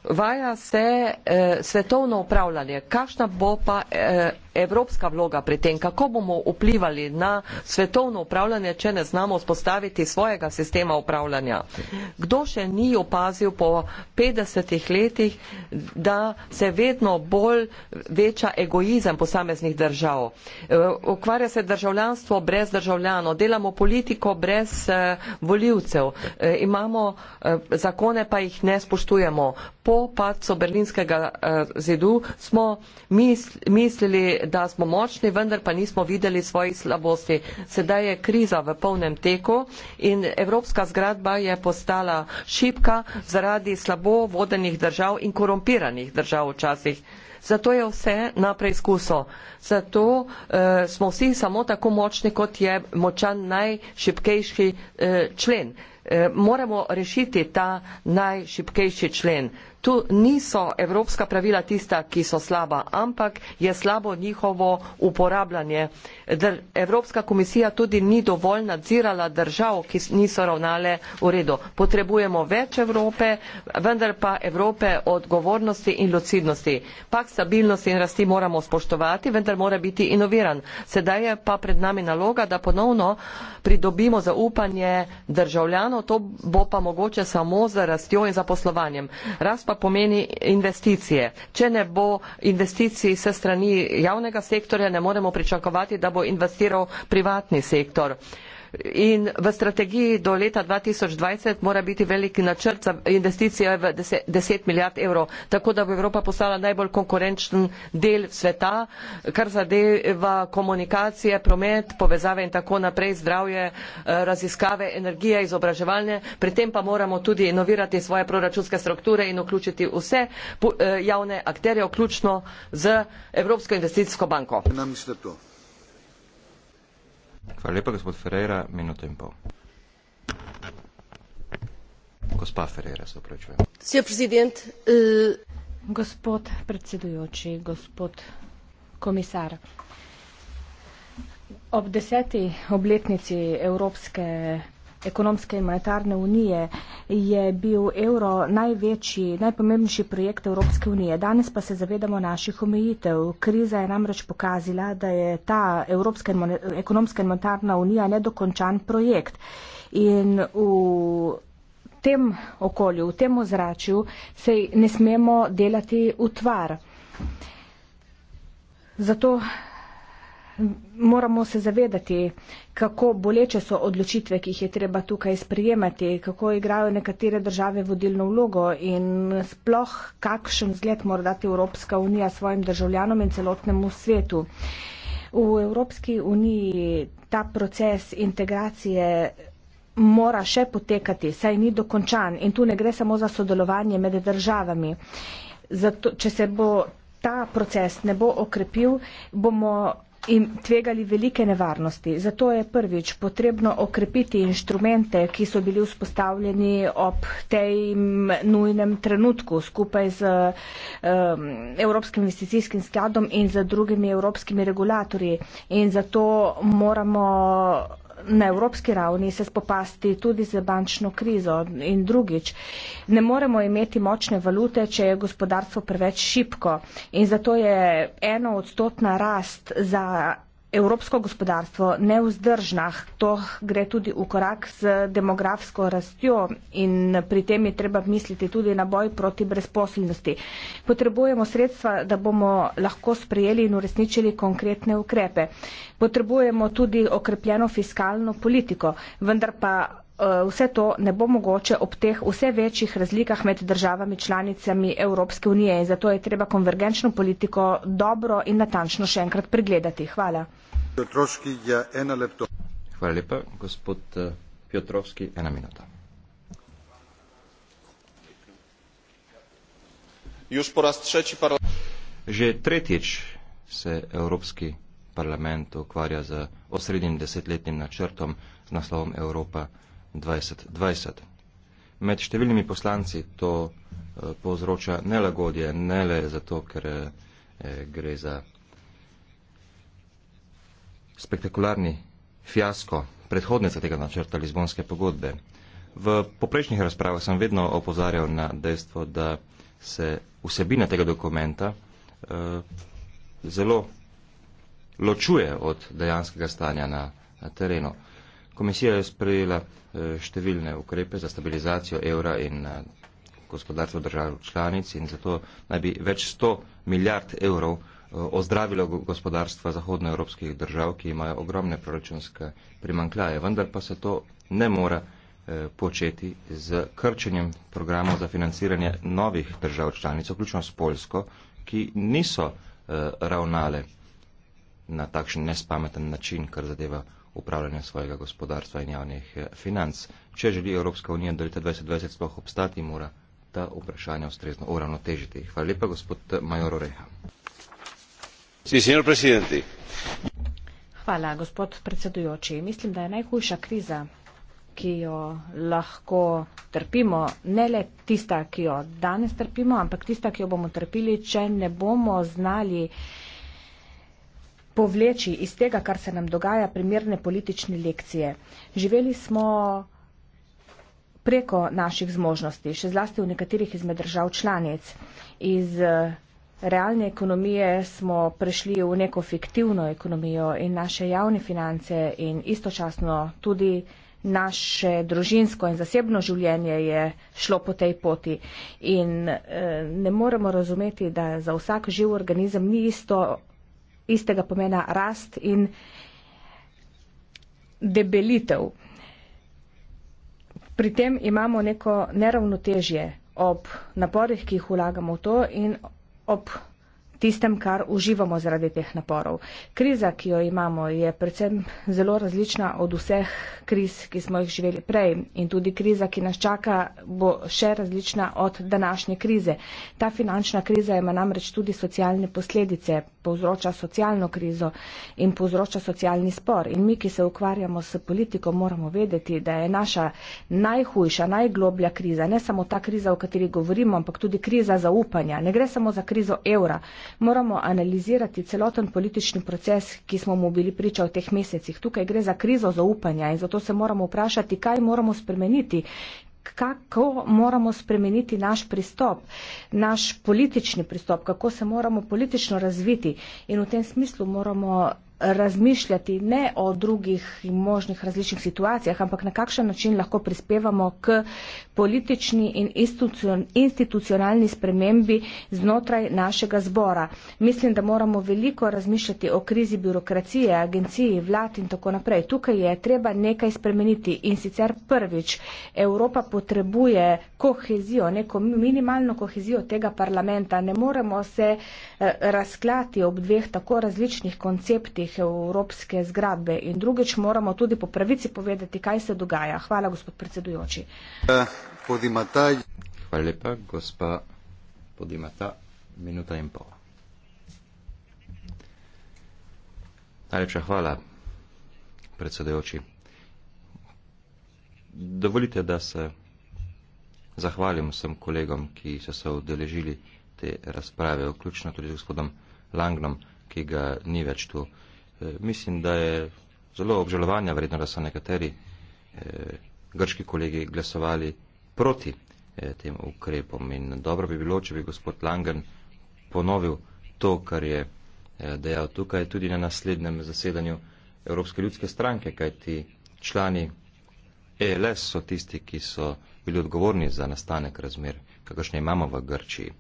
Vaja se e, svetovno upravljanje. Kakšna bo pa e, evropska vloga pri tem, kako bomo vplivali na svetovno upravljanje, če ne znamo vzpostaviti svojega sistema upravljanja. Kdo še ni opazil po 50 letih, da se vedno bolj veča egoizem posameznih držav. Okvarja e, se državljanstvo brez državljano, delamo politiko brez e, voljivcev, e, imamo zakone, pa jih ne spoštujemo. Po padcu berlinskega zidu smo mislili, da smo močni, vendar pa nismo videli svojih slabosti. Sedaj je kriza v polnem teku in evropska zgradba je postala šipka zaradi slabo vodenih držav in korumpiranih držav včasih. Zato je vse na preizkusu. Zato eh, smo vsi samo tako močni, kot je močan najšipkejši eh, člen. Eh, moramo rešiti ta najšipkejši člen tu niso evropska pravila tista, ki so slaba, ampak je slabo njihovo uporabljanje. Dr Evropska komisija tudi ni dovolj nadzirala držav, ki niso ravnale v redu. Potrebujemo več Evrope, vendar pa Evrope odgovornosti in lucidnosti. Pak stabilnosti in rasti moramo spoštovati, vendar mora biti inoviran. Sedaj je pa pred nami naloga, da ponovno pridobimo zaupanje državljanov, to bo pa mogoče samo za rastjo in zaposlovanjem. Rast pa pomeni investicije. Če ne bo investicij se strani javnega sektorja, ne moremo pričakovati, da bo investiral privatni sektor in v strategiji do leta 2020 mora biti veliki načrt za investicije v 10 milijard evrov, tako da bo Evropa postala najbolj konkurenčen del sveta, kar zadeva komunikacije, promet, povezave in tako naprej, zdravje, eh, raziskave, energije, izobraževanje. Pri tem pa moramo tudi inovirati svoje proračunske strukture in vključiti vse eh, javne akterje, vključno z Evropsko investicijsko banko. Na mislitu. Hvala lepa, gospod Ferreira, minuto in pol. Gospa Ferreira, se opravičujem. Sijo prezident. Eh, gospod predsedujoči, gospod komisar. Ob deseti obletnici Evropske ekonomske in monetarne unije, je bil evro največji, najpomembnejši projekt Evropske unije. Danes pa se zavedamo naših omejitev. Kriza je namreč pokazala, da je ta Evropska in ekonomska in monetarna unija nedokončan projekt. In v tem okolju, v tem ozračju se ne smemo delati utvar. Zato moramo se zavedati, kako boleče so odločitve, ki jih je treba tukaj sprejemati, kako igrajo nekatere države vodilno vlogo in sploh kakšen zgled mora dati Evropska unija svojim državljanom in celotnemu svetu. V Evropski uniji ta proces integracije mora še potekati, saj ni dokončan in tu ne gre samo za sodelovanje med državami. Zato, če se bo ta proces ne bo okrepil, bomo in tvegali velike nevarnosti. Zato je prvič potrebno okrepiti inštrumente, ki so bili vzpostavljeni ob tej nujnem trenutku skupaj z um, Evropskim investicijskim skladom in z drugimi evropskimi regulatorji. In zato moramo na evropski ravni se spopasti tudi z bančno krizo in drugič. Ne moremo imeti močne valute, če je gospodarstvo preveč šipko in zato je eno odstotna rast za evropsko gospodarstvo neuzdržna. To gre tudi v korak z demografsko rastjo in pri tem je treba misliti tudi na boj proti brezposelnosti. Potrebujemo sredstva, da bomo lahko sprejeli in uresničili konkretne ukrepe. Potrebujemo tudi okrepljeno fiskalno politiko, vendar pa. Eh, vse to ne bo mogoče ob teh vse večjih razlikah med državami članicami Evropske unije in zato je treba konvergenčno politiko dobro in natančno še enkrat pregledati. Hvala. Ja, eh, že tretjič se evropski parlament ukvarja z osrednjim desetletnim načrtom z naslovom Evropa 2020. Med številnimi poslanci to eh, povzroča nelagodje, ne le zato, ker eh, gre za spektakularni fiasko predhodnica tega načrta Lizbonske pogodbe. V poprejšnjih razpravah sem vedno opozarjal na dejstvo, da se vsebina tega dokumenta eh, zelo ločuje od dejanskega stanja na, na terenu. Komisija je sprejela eh, številne ukrepe za stabilizacijo evra in eh, gospodarstvo držav članic in zato naj bi več sto milijard evrov eh, ozdravilo gospodarstva zahodnoevropskih držav, ki imajo ogromne proračunske primankljaje. Vendar pa se to ne more eh, početi z krčenjem programov za financiranje novih držav članic, vključno s Poljsko, ki niso eh, ravnale na takšen nespameten način, kar zadeva upravljanje svojega gospodarstva in javnih eh, financ. Če želi Evropska unija do leta 2020 sploh obstati, mora ta vprašanja ustrezno uravnotežiti. Hvala lepa, gospod Major Oreha. Señor presidente. Hvala, gospod predsedujoči. Mislim, da je najhujša kriza, ki jo lahko trpimo, ne le tista, ki jo danes trpimo, ampak tista, ki jo bomo trpili, če ne bomo znali povleči iz tega, kar se nam dogaja, primerne politične lekcije. Živeli smo preko naših zmožnosti, še zlasti v nekaterih izmed držav članic. Iz realne ekonomije smo prešli v neko fiktivno ekonomijo in naše javne finance in istočasno tudi naše družinsko in zasebno življenje je šlo po tej poti. In e, ne moremo razumeti, da za vsak živ organizem ni isto, istega pomena rast in debelitev. Pri tem imamo neko neravnotežje ob naporih, ki jih vlagamo v to in ob tistem, kar uživamo zaradi teh naporov. Kriza, ki jo imamo, je predvsem zelo različna od vseh kriz, ki smo jih živeli prej in tudi kriza, ki nas čaka, bo še različna od današnje krize. Ta finančna kriza ima namreč tudi socialne posledice, povzroča socialno krizo in povzroča socialni spor. In mi, ki se ukvarjamo s politiko, moramo vedeti, da je naša najhujša, najgloblja kriza, ne samo ta kriza, o kateri govorimo, ampak tudi kriza zaupanja. Ne gre samo za krizo evra moramo analizirati celoten politični proces, ki smo mu bili priča v teh mesecih. Tukaj gre za krizo zaupanja in zato se moramo vprašati, kaj moramo spremeniti kako moramo spremeniti naš pristop, naš politični pristop, kako se moramo politično razviti in v tem smislu moramo razmišljati ne o drugih in možnih različnih situacijah, ampak na kakšen način lahko prispevamo k politični in institucionalni spremembi znotraj našega zbora. Mislim, da moramo veliko razmišljati o krizi birokracije, agenciji, vlad in tako naprej. Tukaj je treba nekaj spremeniti in sicer prvič, Evropa potrebuje kohezijo, neko minimalno kohezijo tega parlamenta. Ne moremo se eh, razklati ob dveh tako različnih konceptih ostalih evropske zgradbe. In drugič moramo tudi po pravici povedati, kaj se dogaja. Hvala, gospod predsedujoči. Hvala lepa, gospa Podimata. Minuta in pol. Najlepša hvala, predsedujoči. Dovolite, da se zahvalim vsem kolegom, ki so se odeležili te razprave, vključno tudi z gospodom Langnom, ki ga ni več tu. Eh, mislim, da je zelo obžalovanja vredno, da so nekateri eh, grški kolegi glasovali proti eh, tem ukrepom. In dobro bi bilo, če bi gospod Langen ponovil to, kar je dejal tukaj tudi na naslednjem zasedanju Evropske ljudske stranke, kajti člani ELS so tisti, ki so bili odgovorni za nastanek razmer, kakršne imamo v Grčiji.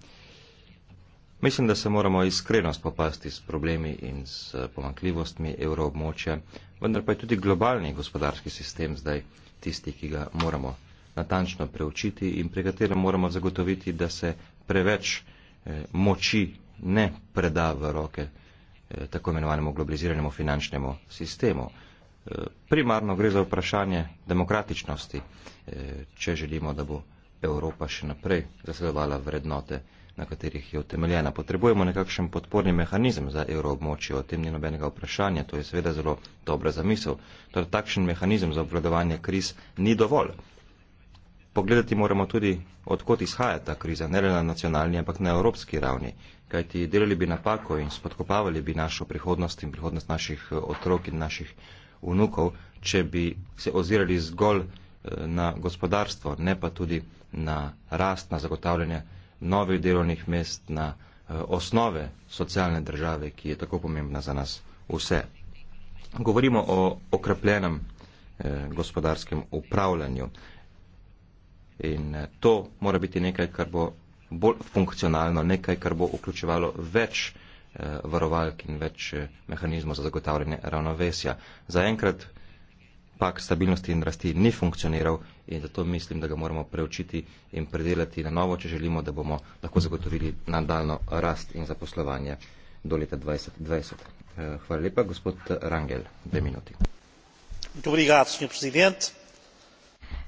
Mislim, da se moramo iskreno spopasti s problemi in s pomankljivostmi evroobmočja, vendar pa je tudi globalni gospodarski sistem zdaj tisti, ki ga moramo natančno preučiti in pri katerem moramo zagotoviti, da se preveč eh, moči ne preda v roke eh, tako imenovanemu globaliziranemu finančnemu sistemu. Eh, primarno gre za vprašanje demokratičnosti, eh, če želimo, da bo Evropa še naprej zasledovala vrednote na katerih je utemeljena. Potrebujemo nekakšen podporni mehanizem za evroobmočje, o tem ni nobenega vprašanja, to je seveda zelo dobra zamisel. Torej, takšen mehanizem za obvladovanje kriz ni dovolj. Pogledati moramo tudi, odkot izhaja ta kriza, ne le na nacionalni, ampak na evropski ravni. Kajti delali bi napako in spodkopavali bi našo prihodnost in prihodnost naših eh, otrok in naših vnukov, če bi se ozirali zgolj eh, na gospodarstvo, ne pa tudi na rast, na zagotavljanje novih delovnih mest, na eh, osnove socialne države, ki je tako pomembna za nas vse. Govorimo o okrepljenem eh, gospodarskem upravljanju in eh, to mora biti nekaj, kar bo bolj funkcionalno, nekaj, kar bo vključevalo več varovalk in več mehanizmov za zagotavljanje ravnovesja. Zaenkrat pak stabilnosti in rasti ni funkcioniral in zato mislim, da ga moramo preučiti in predelati na novo, če želimo, da bomo lahko zagotovili nadaljno rast in zaposlovanje do leta 2020. Eh, hvala lepa, gospod Rangel. Dve minuti. Dobri ga, gospod predsednik.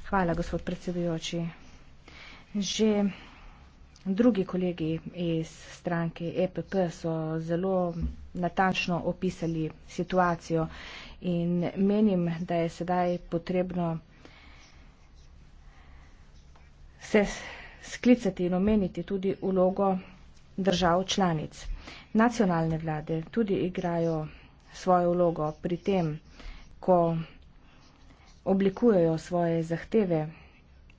Hvala, gospod predsedujoči. Že drugi kolegi iz stranke EPP so zelo natančno opisali situacijo in menim, da je sedaj potrebno se sklicati in omeniti tudi ulogo držav članic. Nacionalne vlade tudi igrajo svojo vlogo pri tem, ko oblikujejo svoje zahteve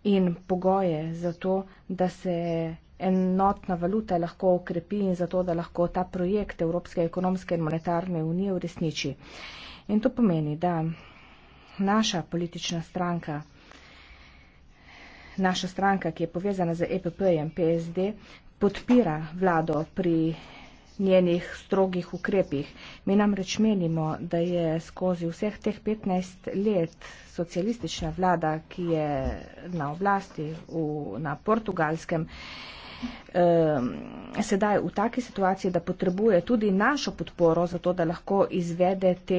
in pogoje za to, da se enotna valuta lahko ukrepi in zato, da lahko ta projekt Evropske ekonomske in monetarne unije uresniči. In to pomeni, da naša politična stranka, naša stranka, ki je povezana z EPP in PSD, podpira vlado pri njenih strogih ukrepih. Mi namreč menimo, da je skozi vseh teh 15 let socialistična vlada, ki je na oblasti v, na portugalskem, sedaj v taki situaciji, da potrebuje tudi našo podporo za to, da lahko izvede te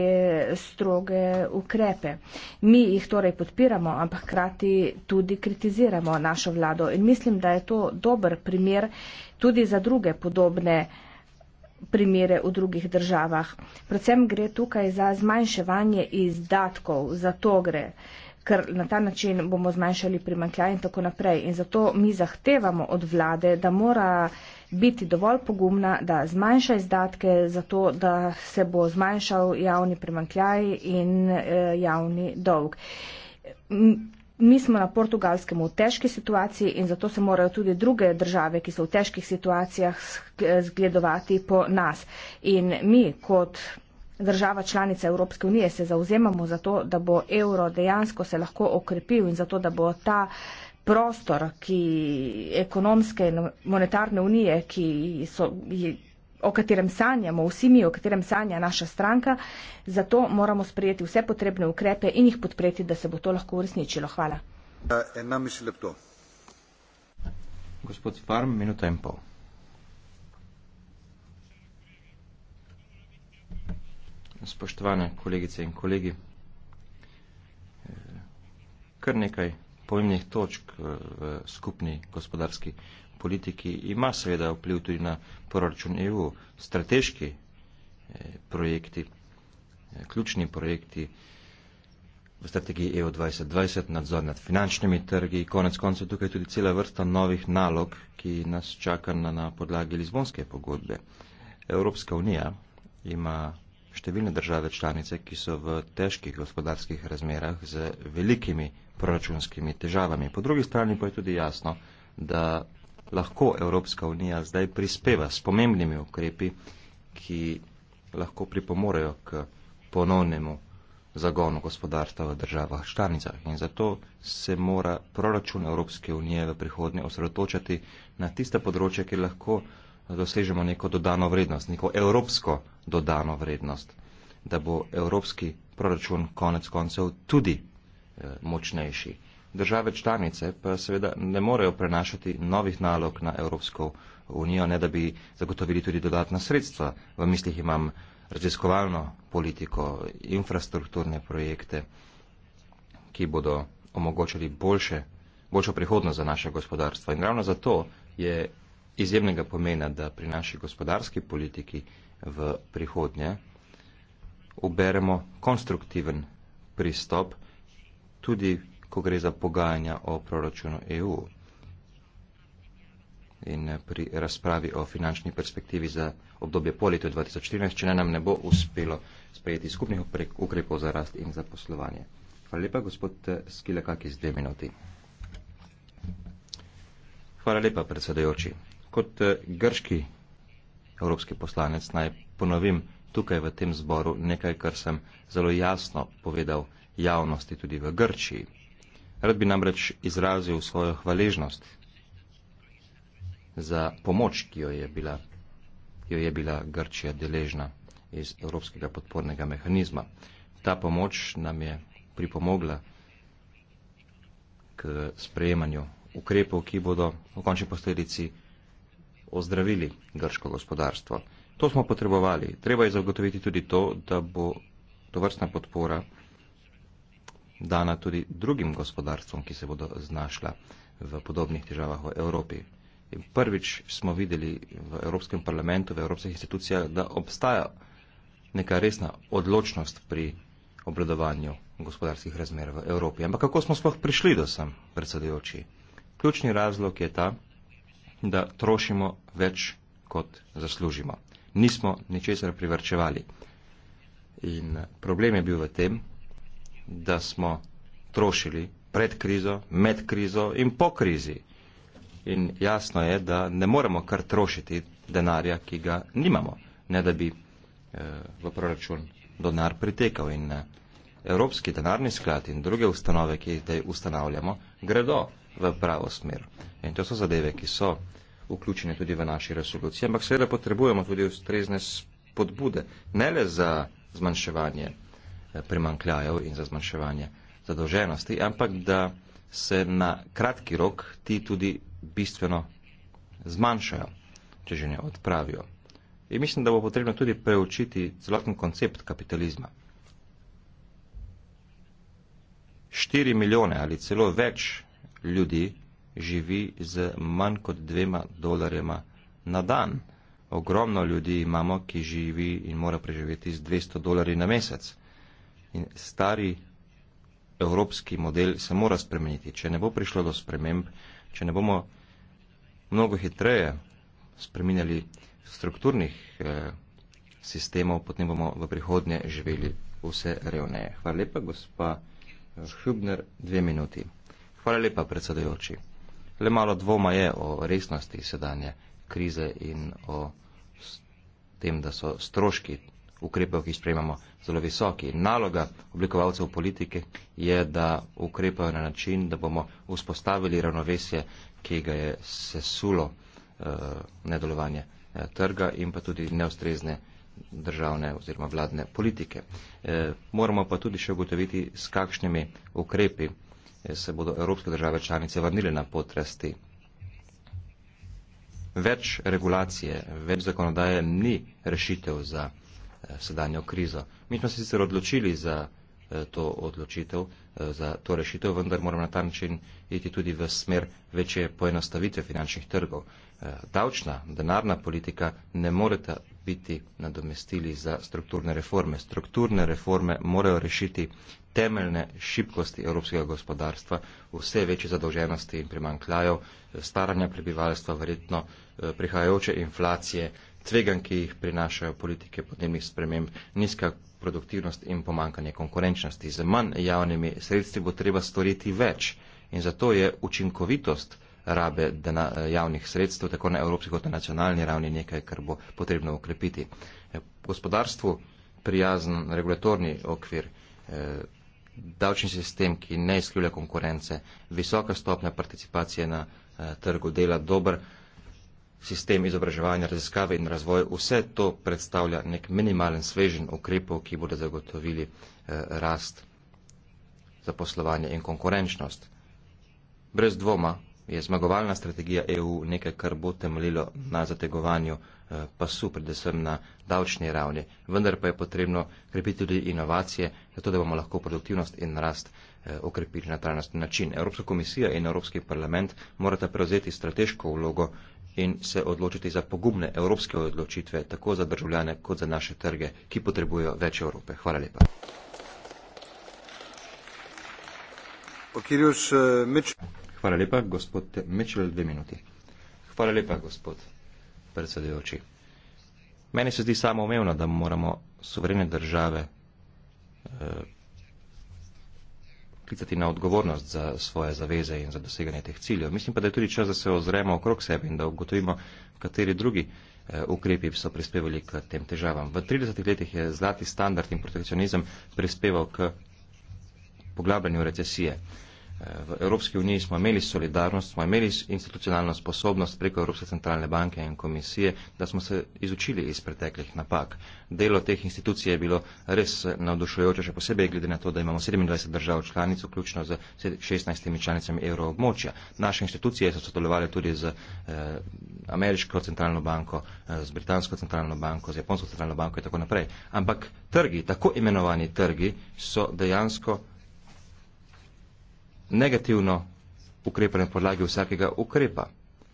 stroge ukrepe. Mi jih torej podpiramo, ampak hkrati tudi kritiziramo našo vlado in mislim, da je to dober primer tudi za druge podobne primere v drugih državah. Predvsem gre tukaj za zmanjševanje izdatkov, za to gre. Uh, ker na ta način bomo zmanjšali primankljaj in tako naprej. In zato mi zahtevamo od vlade, da mora biti dovolj pogumna, da zmanjša izdatke za to, da se bo zmanjšal javni primankljaj in eh, javni dolg. Mi smo na portugalskem v težki situaciji in zato se morajo tudi druge države, ki so v težkih situacijah, zgledovati po nas. In mi kot država članica Evropske unije se zauzemamo za to, da bo evro dejansko se lahko okrepil in za to, da bo ta prostor, ki ekonomske in monetarne unije, ki so, o katerem sanjamo, vsi mi, o katerem sanja naša stranka, zato moramo sprejeti vse potrebne ukrepe in jih podpreti, da se bo to lahko uresničilo. Hvala. Gospod Farm, minuta in pol. spoštovane kolegice in kolegi. Eh, kar nekaj pomembnih točk eh, v skupni gospodarski politiki ima seveda vpliv tudi na proračun EU. Strateški eh, projekti, ključni projekti v strategiji EU 2020, nadzor nad finančnimi trgi, konec konca tukaj tudi cela vrsta novih nalog, ki nas čaka na, na podlagi Lizbonske pogodbe. Evropska unija ima številne države članice, ki so v težkih gospodarskih razmerah z velikimi proračunskimi težavami. Po drugi strani pa je tudi jasno, da lahko Evropska unija zdaj prispeva s pomembnimi ukrepi, ki lahko pripomorejo k ponovnemu zagonu gospodarstva v državah članicah. In zato se mora proračun Evropske unije v prihodnje osredotočati na tiste področje, ki lahko dosežemo neko dodano vrednost, neko evropsko dodano vrednost, da bo evropski proračun konec koncev tudi eh, močnejši. Države članice pa seveda ne morejo prenašati novih nalog na Evropsko unijo, ne da bi zagotovili tudi dodatna sredstva. V mislih imam raziskovalno politiko, infrastrukturne projekte, ki bodo omogočili boljše, boljšo prihodnost za naše gospodarstvo. In ravno zato je izjemnega pomena, da pri naši gospodarski politiki v prihodnje uberemo konstruktiven pristop, tudi ko gre za pogajanja o proračunu EU in eh, pri razpravi o finančni perspektivi za obdobje po letu 2014, če ne nam ne bo uspelo sprejeti skupnih ukrepov za rast in za poslovanje. Hvala lepa, gospod eh, Skilekak iz dve minuti. Hvala lepa, predsedajoči kot eh, grški evropski poslanec naj ponovim tukaj v tem zboru nekaj, kar sem zelo jasno povedal javnosti tudi v Grčiji. Rad bi namreč izrazil svojo hvaležnost za pomoč, ki jo je bila, jo je bila Grčija deležna iz Evropskega podpornega mehanizma. Ta pomoč nam je pripomogla k sprejemanju ukrepov, ki bodo v končni posledici ozdravili grško gospodarstvo. To smo potrebovali. Treba je zagotoviti tudi to, da bo tovrstna podpora dana tudi drugim gospodarstvom, ki se bodo znašla v podobnih težavah v Evropi. In prvič smo videli v Evropskem parlamentu, v Evropskih institucijah, da obstaja neka resna odločnost pri obladovanju gospodarskih razmer v Evropi. Ampak kako smo sploh prišli do sem, predsedujoči? Ključni razlog je ta, da trošimo več, kot zaslužimo. Nismo ničesar privrčevali. In problem je bil v tem, da smo trošili pred krizo, med krizo in po krizi. In jasno je, da ne moremo kar trošiti denarja, ki ga nimamo, ne da bi eh, v proračun denar pritekal. In eh, Evropski denarni sklad in druge ustanove, ki jih zdaj ustanavljamo, gredo v pravo smer. In to so zadeve, ki so vključene tudi v naši resoluciji, ampak seveda potrebujemo tudi ustrezne spodbude, ne le za zmanjševanje eh, primankljajev in za zmanjševanje zadolženosti, ampak da se na kratki rok ti tudi bistveno zmanjšajo, če že ne odpravijo. In mislim, da bo potrebno tudi preučiti celoten koncept kapitalizma. 4 milijone ali celo več ljudi živi z manj kot dvema dolarjema na dan. Ogromno ljudi imamo, ki živi in mora preživeti z 200 dolarji na mesec. In stari evropski model se mora spremeniti. Če ne bo prišlo do sprememb, če ne bomo mnogo hitreje spreminjali strukturnih eh, sistemov, potem bomo v prihodnje živeli vse revneje. Hvala lepa, gospa Hübner, dve minuti. Hvala lepa, predsedajoči. Le malo dvoma je o resnosti sedanje krize in o tem, da so stroški ukrepov, ki jih sprejemamo, zelo visoki. Naloga oblikovalcev politike je, da ukrepajo na način, da bomo vzpostavili ravnovesje, ki ga je sesulo eh, nedelovanje eh, trga in pa tudi neustrezne državne oziroma vladne politike. Eh, moramo pa tudi še ugotoviti, s kakšnimi ukrepi se bodo evropske države članice vrnile na potrasti. Več regulacije, več zakonodaje ni rešitev za eh, sedanjo krizo. Mi smo se sicer odločili za eh, to odločitev, eh, za to rešitev, vendar moramo na ta način iti tudi v smer večje poenostavitve finančnih trgov. Davčna, denarna politika ne moreta biti nadomestili za strukturne reforme. Strukturne reforme morajo rešiti temeljne šibkosti evropskega gospodarstva, vse večje zadolženosti in primankljajev, staranja prebivalstva, verjetno eh, prihajajoče inflacije, tvegan, ki jih prinašajo politike podnebnih sprememb, nizka produktivnost in pomankanje konkurenčnosti. Z manj javnimi sredstvi bo treba storiti več in zato je učinkovitost rabe dena, eh, javnih sredstev, tako na evropski kot na nacionalni ravni, nekaj, kar bo potrebno ukrepiti. Eh, gospodarstvu prijazen regulatorni okvir, davčni sistem, ki ne izkljuje konkurence, visoka stopnja participacije na eh, trgu dela, dober sistem izobraževanja, raziskave in razvoja, vse to predstavlja nek minimalen svežen ukrepov, ki bodo zagotovili eh, rast zaposlovanja in konkurenčnost. Brez dvoma je zmagovalna strategija EU nekaj, kar bo temeljilo na zategovanju Eh, pasu, predvsem na davčni ravni. Vendar pa je potrebno krepiti tudi inovacije, zato da bomo lahko produktivnost in rast eh, okrepili na trajnostni način. Evropska komisija in Evropski parlament morata prevzeti strateško vlogo in se odločiti za pogumne evropske odločitve, tako za državljane kot za naše trge, ki potrebujejo več Evrope. Hvala lepa. Eh, Hvala lepa, gospod Mečel, dve minuti. Hvala lepa, gospod predsedujoči. Meni se zdi samo umevno, da moramo suverene države eh, klicati na odgovornost za svoje zaveze in za doseganje teh ciljev. Mislim pa, da je tudi čas, da se ozremo okrog sebe in da ugotovimo, kateri drugi eh, ukrepi so prispevali k tem težavam. V 30 letih je zlati standard in protekcionizem prispeval k poglabljanju recesije. Eh, V Evropski uniji smo imeli solidarnost, smo imeli institucionalno sposobnost preko Evropske centralne banke in komisije, da smo se izučili iz preteklih napak. Delo teh institucij je bilo res navdušujoče, še posebej glede na to, da imamo 27 držav članic, vključno z 16 članicami evroobmočja. Naše institucije so sodelovali tudi z eh, Ameriško centralno banko, eh, z Britansko centralno banko, z Japonsko centralno banko in tako naprej. Ampak trgi, tako imenovani trgi, so dejansko negativno ukrepa na podlagi vsakega ukrepa.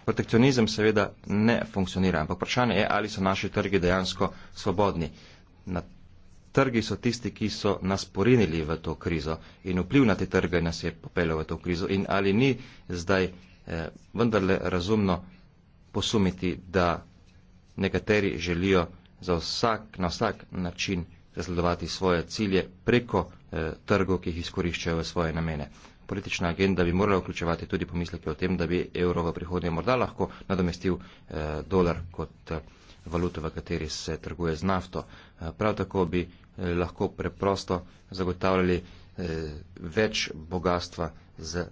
Protekcionizem seveda ne funkcionira, ampak vprašanje je, ali so naši trgi dejansko svobodni. Na trgi so tisti, ki so nas porinili v to krizo in vpliv na te trge nas je popeljal v to krizo in ali ni zdaj eh, vendarle razumno posumiti, da nekateri želijo za vsak, na vsak način zasledovati svoje cilje preko eh, trgov, ki jih izkoriščajo v svoje namene politična agenda bi morala vključevati tudi pomisleke o tem, da bi evro v prihodnje morda lahko nadomestil eh, dolar kot eh, valuto, v kateri se trguje z nafto. Eh, prav tako bi eh, lahko preprosto zagotavljali eh, več bogatstva z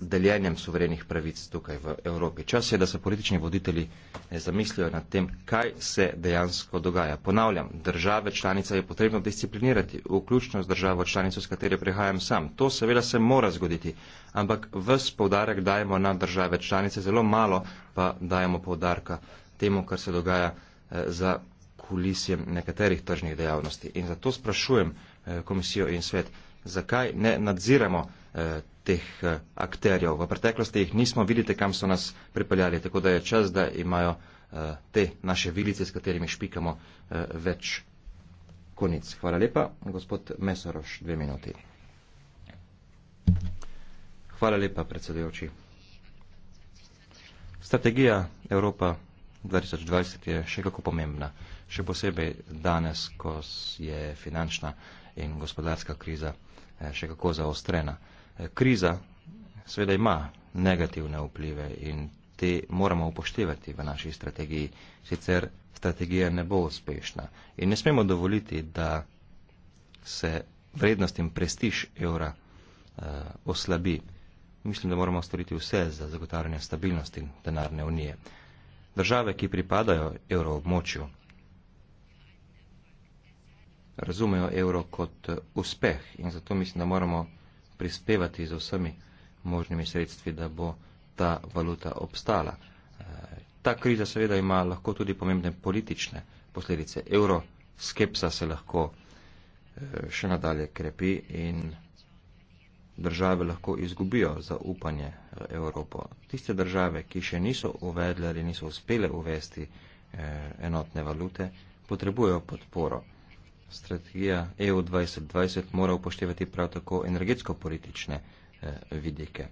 deljenjem suverenih pravic tukaj v Evropi. Čas je, da se politični voditelji zamislijo nad tem, kaj se dejansko dogaja. Ponavljam, države članica je potrebno disciplinirati, vključno z državo članico, s katero prihajam sam. To seveda se mora zgoditi, ampak ves povdarek dajemo na države članice, zelo malo pa dajemo povdarka temu, kar se dogaja eh, za kulisjem nekaterih tržnih dejavnosti. In zato sprašujem eh, komisijo in svet, zakaj ne nadziramo eh, teh eh, akterjev. V preteklosti jih nismo videli, kam so nas pripeljali, tako da je čas, da imajo eh, te naše vilice, s katerimi špikamo eh, več konic. Hvala lepa, gospod Mesoroš, dve minuti. Hvala lepa, predsedujoči. Strategija Evropa 2020 je še kako pomembna, še posebej danes, ko je finančna in gospodarska kriza še kako zaostrena kriza sveda ima negativne vplive in te moramo upoštevati v naši strategiji, sicer strategija ne bo uspešna. In ne smemo dovoliti, da se vrednost in prestiž evra eh, oslabi. Mislim, da moramo storiti vse za zagotavljanje stabilnosti denarne unije. Države, ki pripadajo evroobmočju, razumejo evro kot uspeh in zato mislim, da moramo prispevati z vsemi možnimi sredstvi, da bo ta valuta obstala. Eh, ta kriza seveda ima lahko tudi pomembne politične posledice. Euro skepsa se lahko eh, še nadalje krepi in države lahko izgubijo zaupanje v Evropo. Tiste države, ki še niso uvedle ali niso uspele uvesti eh, enotne valute, potrebujejo podporo strategija EU 2020 mora upoštevati prav tako energetsko-politične eh, vidike.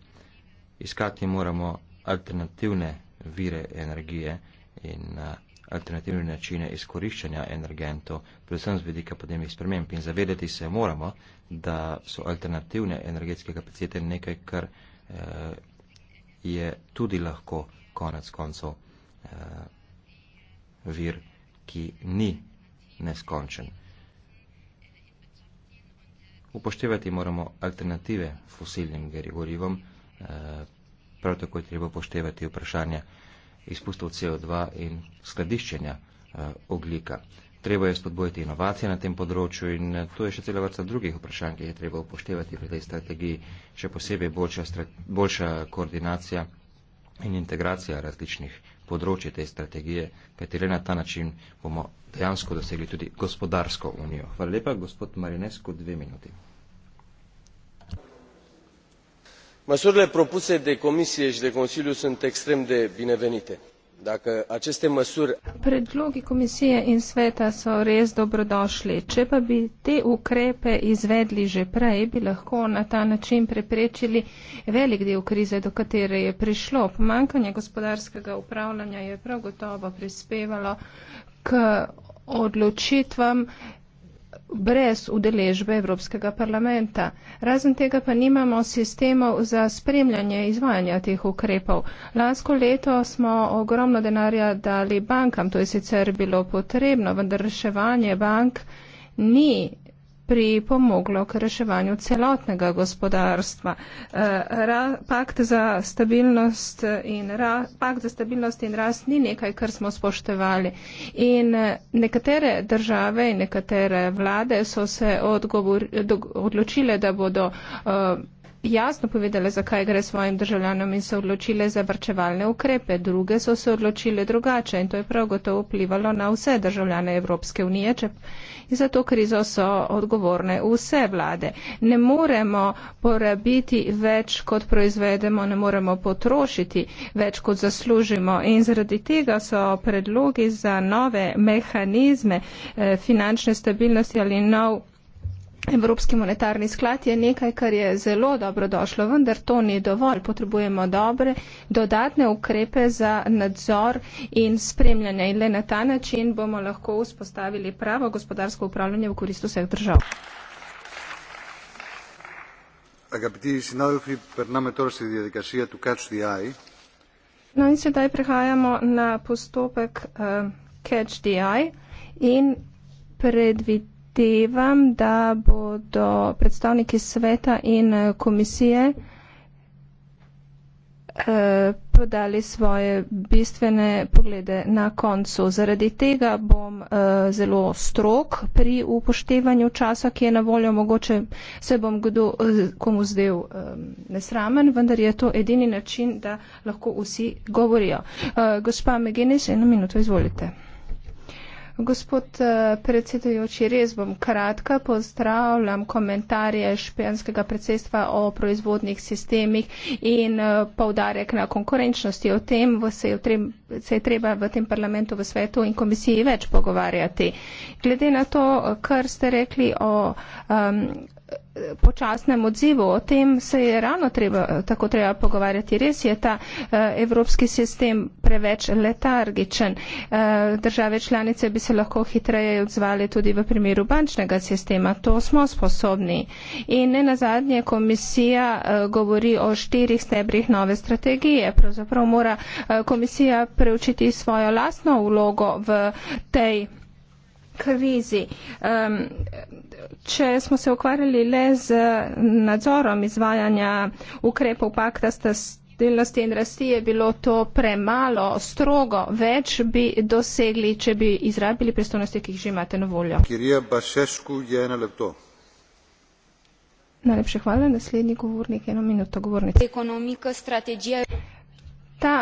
Iskati moramo alternativne vire energije in eh, alternativne načine izkoriščanja energentov, predvsem z vidika podnebnih sprememb. In zavedati se moramo, da so alternativne energetske kapacitete nekaj, kar eh, je tudi lahko konec koncev eh, vir, ki ni neskončen upoštevati moramo alternative fosilnim gorivom, eh, prav tako je treba upoštevati vprašanje izpustov CO2 in skladiščenja eh, oglika. Treba je spodbojiti inovacije na tem področju in eh, to je še cela vrsta drugih vprašanj, ki je treba upoštevati pri tej strategiji, še posebej boljša, boljša koordinacija in integracija različnih področje te strategije, kajti le na ta način bomo dejansko dosegli tudi gospodarsko unijo. Hvala lepa, gospod Marinesko, dve minuti. Măsurile propuse de Comisie și de Consiliu sunt extrem de binevenite. Predlogi komisije in sveta so res dobrodošli. Če pa bi te ukrepe izvedli že prej, bi lahko na ta način preprečili velik del krize, do katere je prišlo. Pomankanje gospodarskega upravljanja je prav gotovo prispevalo k odločitvam, brez udeležbe Evropskega parlamenta. Razen tega pa nimamo sistemov za spremljanje izvajanja teh ukrepov. Lansko leto smo ogromno denarja dali bankam, to je sicer bilo potrebno, vendar reševanje bank ni pripomoglo k reševanju celotnega gospodarstva. Eh, ra, pakt, za ra, pakt za stabilnost in rast ni nekaj, kar smo spoštevali. In eh, nekatere države in nekatere vlade so se odgovor, odločile, da bodo uh, jasno povedale, zakaj gre svojim državljanom in se odločile za vrčevalne ukrepe. Druge so se odločile drugače in to je prav gotovo vplivalo na vse državljane Evropske unije. In za to krizo so odgovorne vse vlade. Ne moremo porabiti več, kot proizvedemo, ne moremo potrošiti več, kot zaslužimo. In zaradi tega so predlogi za nove mehanizme eh, finančne stabilnosti ali nov Evropski monetarni sklad je nekaj, kar je zelo dobro došlo, vendar to ni dovolj. Potrebujemo dobre dodatne ukrepe za nadzor in spremljanje in le na ta način bomo lahko vzpostavili pravo gospodarsko upravljanje v korist vseh držav. No in sedaj prehajamo na postopek uh, catch the eye in predvid predvidevam, da bodo predstavniki sveta in eh, komisije eh, podali svoje bistvene poglede na koncu. Zaradi tega bom eh, zelo strok pri upoštevanju časa, ki je na voljo, mogoče se bom kdo, komu zdel nesramen, vendar je to edini način, da lahko vsi govorijo. Gospa Megenis, eno minuto, izvolite. Gospod eh, predsedujoči, res bom kratka. Pozdravljam komentarje Špijanskega predsedstva o proizvodnih sistemih in eh, povdarek na konkurenčnosti. O tem se je, treb, se je treba v tem parlamentu, v svetu in komisiji več pogovarjati. Glede na to, kar ste rekli o. Um, počasnem odzivu. O tem se je ravno treba, tako treba pogovarjati. Res je ta eh, evropski sistem preveč letargičen. Eh, države članice bi se lahko hitreje odzvali tudi v primeru bančnega sistema. To smo sposobni. In ne nazadnje komisija eh, govori o štirih stebrih nove strategije. Pravzaprav mora komisija preučiti svojo lastno vlogo v tej krizi. Um, če smo se ukvarjali le z nadzorom izvajanja ukrepov pakta stabilnosti in rasti, je bilo to premalo, strogo, več bi dosegli, če bi izrabili pristojnosti, ki jih že imate na voljo. Najlepša hvala. Naslednji govornik, eno minuto govornice. Ta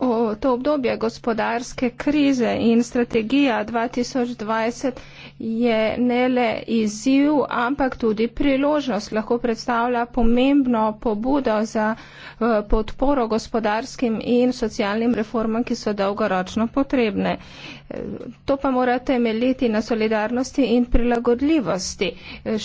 o, to obdobje gospodarske krize in strategija 2020 je ne le izziv, ampak tudi priložnost. Lahko predstavlja pomembno pobudo za v, eh, podporo gospodarskim in socialnim reformam, ki so dolgoročno potrebne. To pa mora temeljiti na solidarnosti in prilagodljivosti.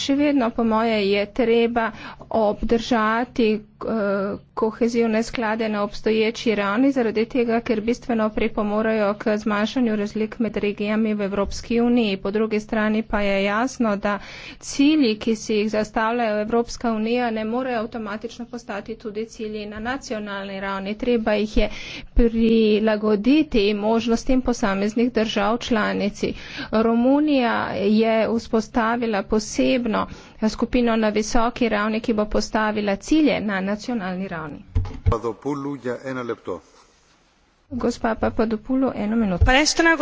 Še vedno, po moje, je treba obdržati eh, kohezivne sklade na obstoječi ravni, zaradi tega, ker bistveno pripomorajo k zmanjšanju razlik med regijami v Evropski uniji. Po drugi strani pa je jasno, da cilji, ki si jih zastavlja Evropska unija, ne morejo avtomatično postati tudi cilji na nacionalni ravni. Treba jih je prilagoditi možnostim posameznih držav članici. Romunija je vzpostavila posebno skupino na visoki ravni, ki bo postavila cilje na nacionalni ravni. Ja, Gospa Papadopulu, eno minuto. No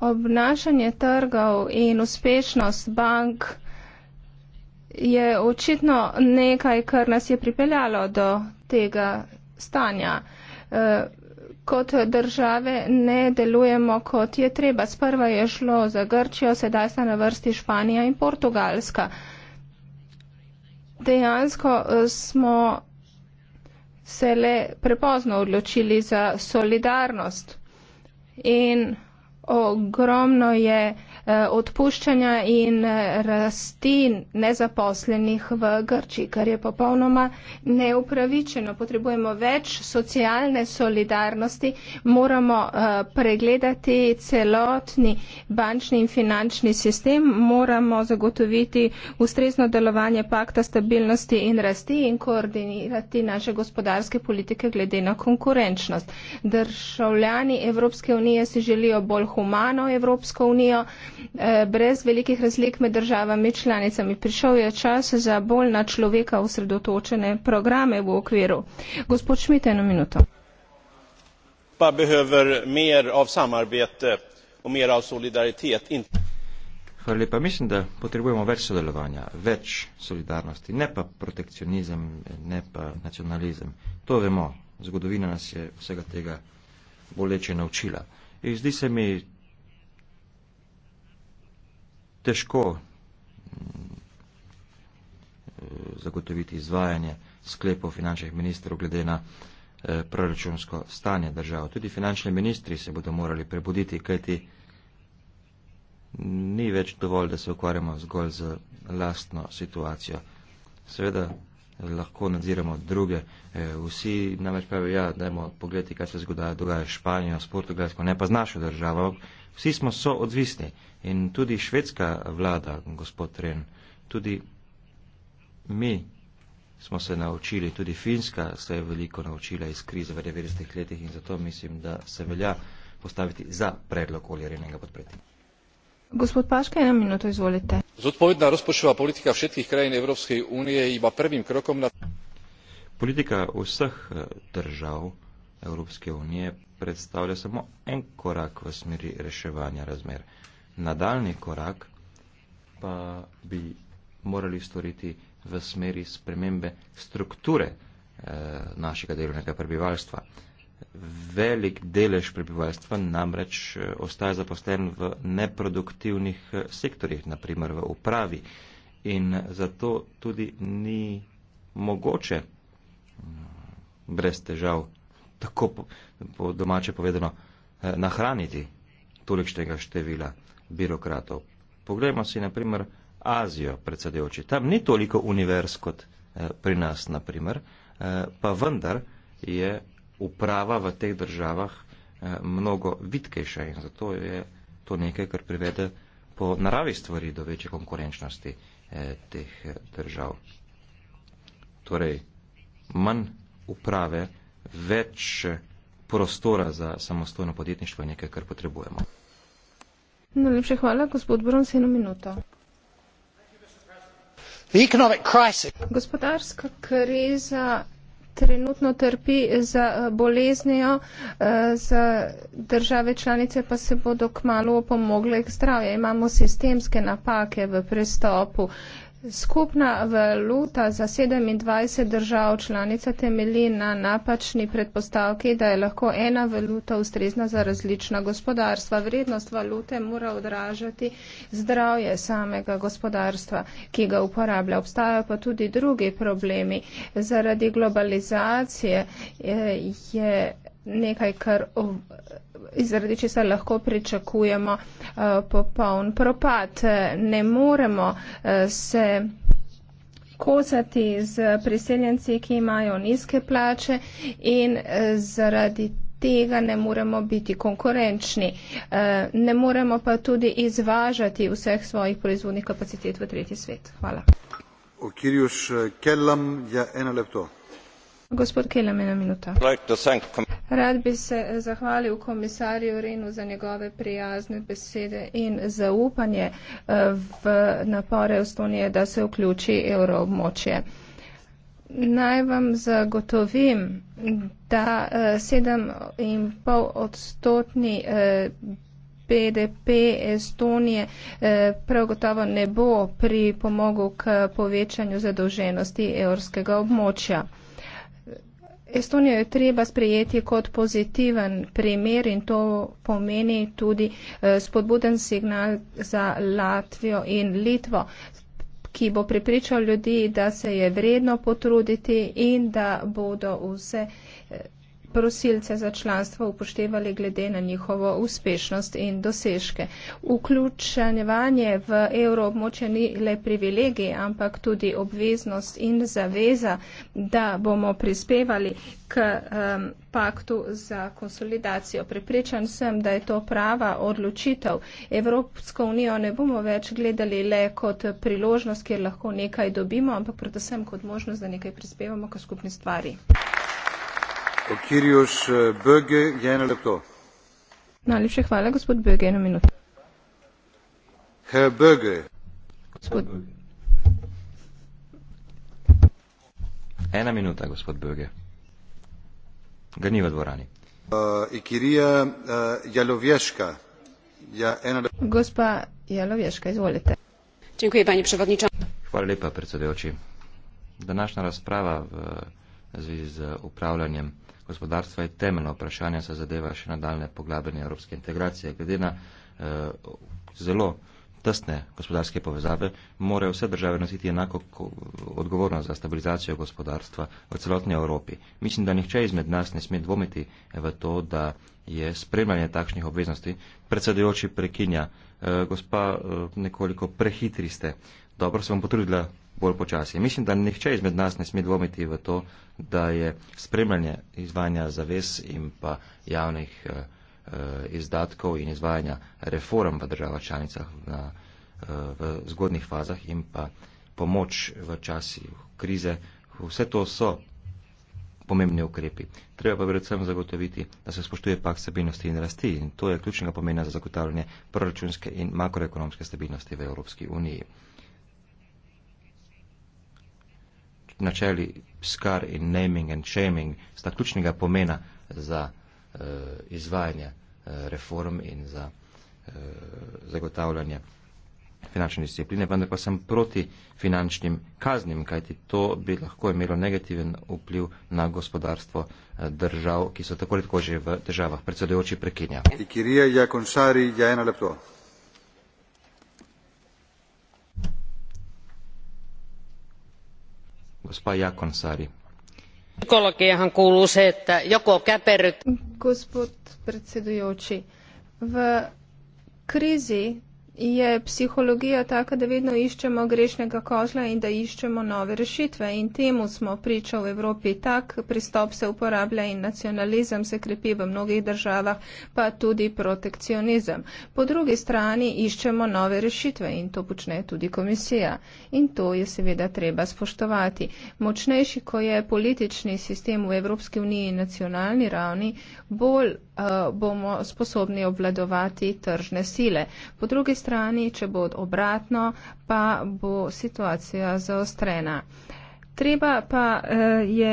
Obnašanje trgov in uspešnost bank je očitno nekaj, kar nas je pripeljalo do tega stanja. Eh, kot države ne delujemo, kot je treba. Sprva je šlo za Grčijo, sedaj sta na vrsti Španija in Portugalska. Dejansko eh, smo se le prepozno odločili za solidarnost in ogromno je Eh, odpuščanja in eh, rasti nezaposlenih v Grči, kar je popolnoma neupravičeno. Potrebujemo več socialne solidarnosti, moramo eh, pregledati celotni bančni in finančni sistem, moramo zagotoviti ustrezno delovanje pakta stabilnosti in rasti in koordinirati naše gospodarske politike glede na konkurenčnost. Državljani Evropske unije si želijo bolj humano Evropsko unijo. Eh, brez velikih razlik med državami članicami. Prišel je čas za bolj na človeka usredotočene programe v okviru. Gospod Šmit, eno minuto. Hvala lepa. Mislim, da potrebujemo več sodelovanja, več solidarnosti, ne pa protekcionizem, ne pa nacionalizem. To vemo. Zgodovina nas je vsega tega boleče naučila. In zdi se mi, težko mm, eh, zagotoviti izvajanje sklepov finančnih ministrov glede na eh, proračunsko stanje držav. Tudi finančni ministri se bodo morali prebuditi, kajti ni več dovolj, da se ukvarjamo zgolj z lastno situacijo. Seveda eh, lahko nadziramo druge. Vsi namreč pravijo, ja, dajmo pogledati, kaj se zgodaja, dogaja s Španijo, s Portugalsko, ne pa z našo državo. Vsi smo soodvisni. odvisni. In tudi švedska vlada, gospod Ren, tudi mi smo se naučili, tudi Finska se je veliko naučila iz krize v 90. letih in zato mislim, da se velja postaviti za predlog olje Renega podpreti. Gospod Paška, eno minuto izvolite. Zodpovedna razpočeva politika všetkih krajin Evropske unije ima prvim krokom na... Politika vseh eh, držav Evropske unije predstavlja samo en korak v smeri reševanja razmer nadaljni korak pa bi morali storiti v smeri spremembe strukture eh, našega delovnega prebivalstva. Velik delež prebivalstva namreč eh, ostaja zaposlen v neproduktivnih eh, sektorjih, naprimer v upravi. In zato tudi ni mogoče mm, brez težav, tako po, po domače povedano, eh, nahraniti tolikšnega števila birokratov. Poglejmo si naprimer Azijo, predsedujoči. Tam ni toliko univerz kot eh, pri nas, naprimer, eh, pa vendar je uprava v teh državah eh, mnogo vitkejša in zato je to nekaj, kar privede po naravi stvari do večje konkurenčnosti teh držav. Torej, manj uprave, več prostora za samostojno podjetništvo je nekaj, kar potrebujemo. Najlepša hvala, gospod Brons, eno minuto. Gospodarska kriza trenutno trpi za eh, boleznijo, eh, za države članice pa se bodo kmalo opomogle k zdravju. Imamo sistemske napake v prestopu. Skupna valuta za 27 držav članica temelji na napačni predpostavki, da je lahko ena valuta ustrezna za različna gospodarstva. Vrednost valute mora odražati zdravje samega gospodarstva, ki ga uporablja. Obstajajo pa tudi drugi problemi. Zaradi globalizacije eh, je nekaj, kar izradi česar lahko pričakujemo eh, popoln propad. Ne moremo eh, se kosati z priseljenci, ki imajo nizke plače in eh, zaradi tega ne moremo biti konkurenčni. Ne moremo pa tudi izvažati vseh svojih proizvodnih kapacitet v tretji svet. Hvala. O Kirjuš Kellam je ja, ena lepto. Rad bi se eh, zahvalil komisarju Renu za njegove prijazne besede in zaupanje eh, v napore Estonije, da se vključi evroobmočje. Naj vam zagotovim, da 7,5 eh, odstotni BDP Estonije prav gotovo ne bo pri pomogu k povečanju zadolženosti evropskega območja. Estonijo je treba sprejeti kot pozitiven primer in to pomeni tudi eh, spodbuden signal za Latvijo in Litvo ki bo pripričal ljudi, da se je vredno potruditi in da bodo vse prosilce za članstvo upoštevali glede na njihovo uspešnost in dosežke. Vključevanje v evroobmočje ni le privilegij, ampak tudi obveznost in zaveza, da bomo prispevali k um, paktu za konsolidacijo. Prepričan sem, da je to prava odločitev. Evropsko unijo ne bomo več gledali le kot priložnost, kjer lahko nekaj dobimo, ampak predvsem kot možnost, da nekaj prispevamo k skupni stvari. E, Najlepša hvala, gospod Böge, eno minuto. Gospod... Ena minuta, gospod Böge. Ga ni v dvorani. E, e, ja, Gospa Jalovješka, izvolite. Čekaj, pani predsednica. Hvala lepa, predsedujoči. Današnja razprava v zvezi z upravljanjem gospodarstva je temeljno vprašanje, se zadeva še nadaljne poglabljanje evropske integracije. Glede na uh, zelo tesne gospodarske povezave, morajo vse države nositi enako odgovornost za stabilizacijo gospodarstva v celotni Evropi. Mislim, da nihče izmed nas ne sme dvomiti v to, da je spremljanje takšnih obveznosti predsedujoči prekinja. Uh, gospa, uh, nekoliko prehitri ste. Dobro se bom potrudila bolj počasi. Mislim, da nihče izmed nas ne sme dvomiti v to, da je spremljanje izvajanja zaves in pa javnih eh, eh, izdatkov in izvajanja reform v državah članicah na, eh, v zgodnih fazah in pa pomoč v časi krize, vse to so pomembni ukrepi. Treba pa predvsem zagotoviti, da se spoštuje pak stabilnosti in rasti in to je ključnega pomena za zagotavljanje proračunske in makroekonomske stabilnosti v Evropski uniji. načeli skar in naming and shaming sta ključnega pomena za uh, izvajanje uh, reform in za uh, zagotavljanje finančne discipline, vendar pa sem proti finančnim kaznim, kajti to bi lahko imelo negativen vpliv na gospodarstvo držav, ki so tako ali tako že v težavah. Predsedujoči prekinja. ekologiahan kuuluu se että joko käperryt. v krizi ki jo vidimo v evropi je psihologija taka, da vedno iščemo grešnega kozla in da iščemo nove rešitve. In temu smo priča v Evropi tak, pristop se uporablja in nacionalizem se krepi v mnogih državah, pa tudi protekcionizem. Po drugi strani iščemo nove rešitve in to počne tudi komisija. In to je seveda treba spoštovati. Močnejši, ko je politični sistem v Evropski uniji in nacionalni ravni, bolj Eh, bomo sposobni obvladovati tržne sile. Po drugi strani, če bo obratno, pa bo situacija zaostrena. Treba pa eh, je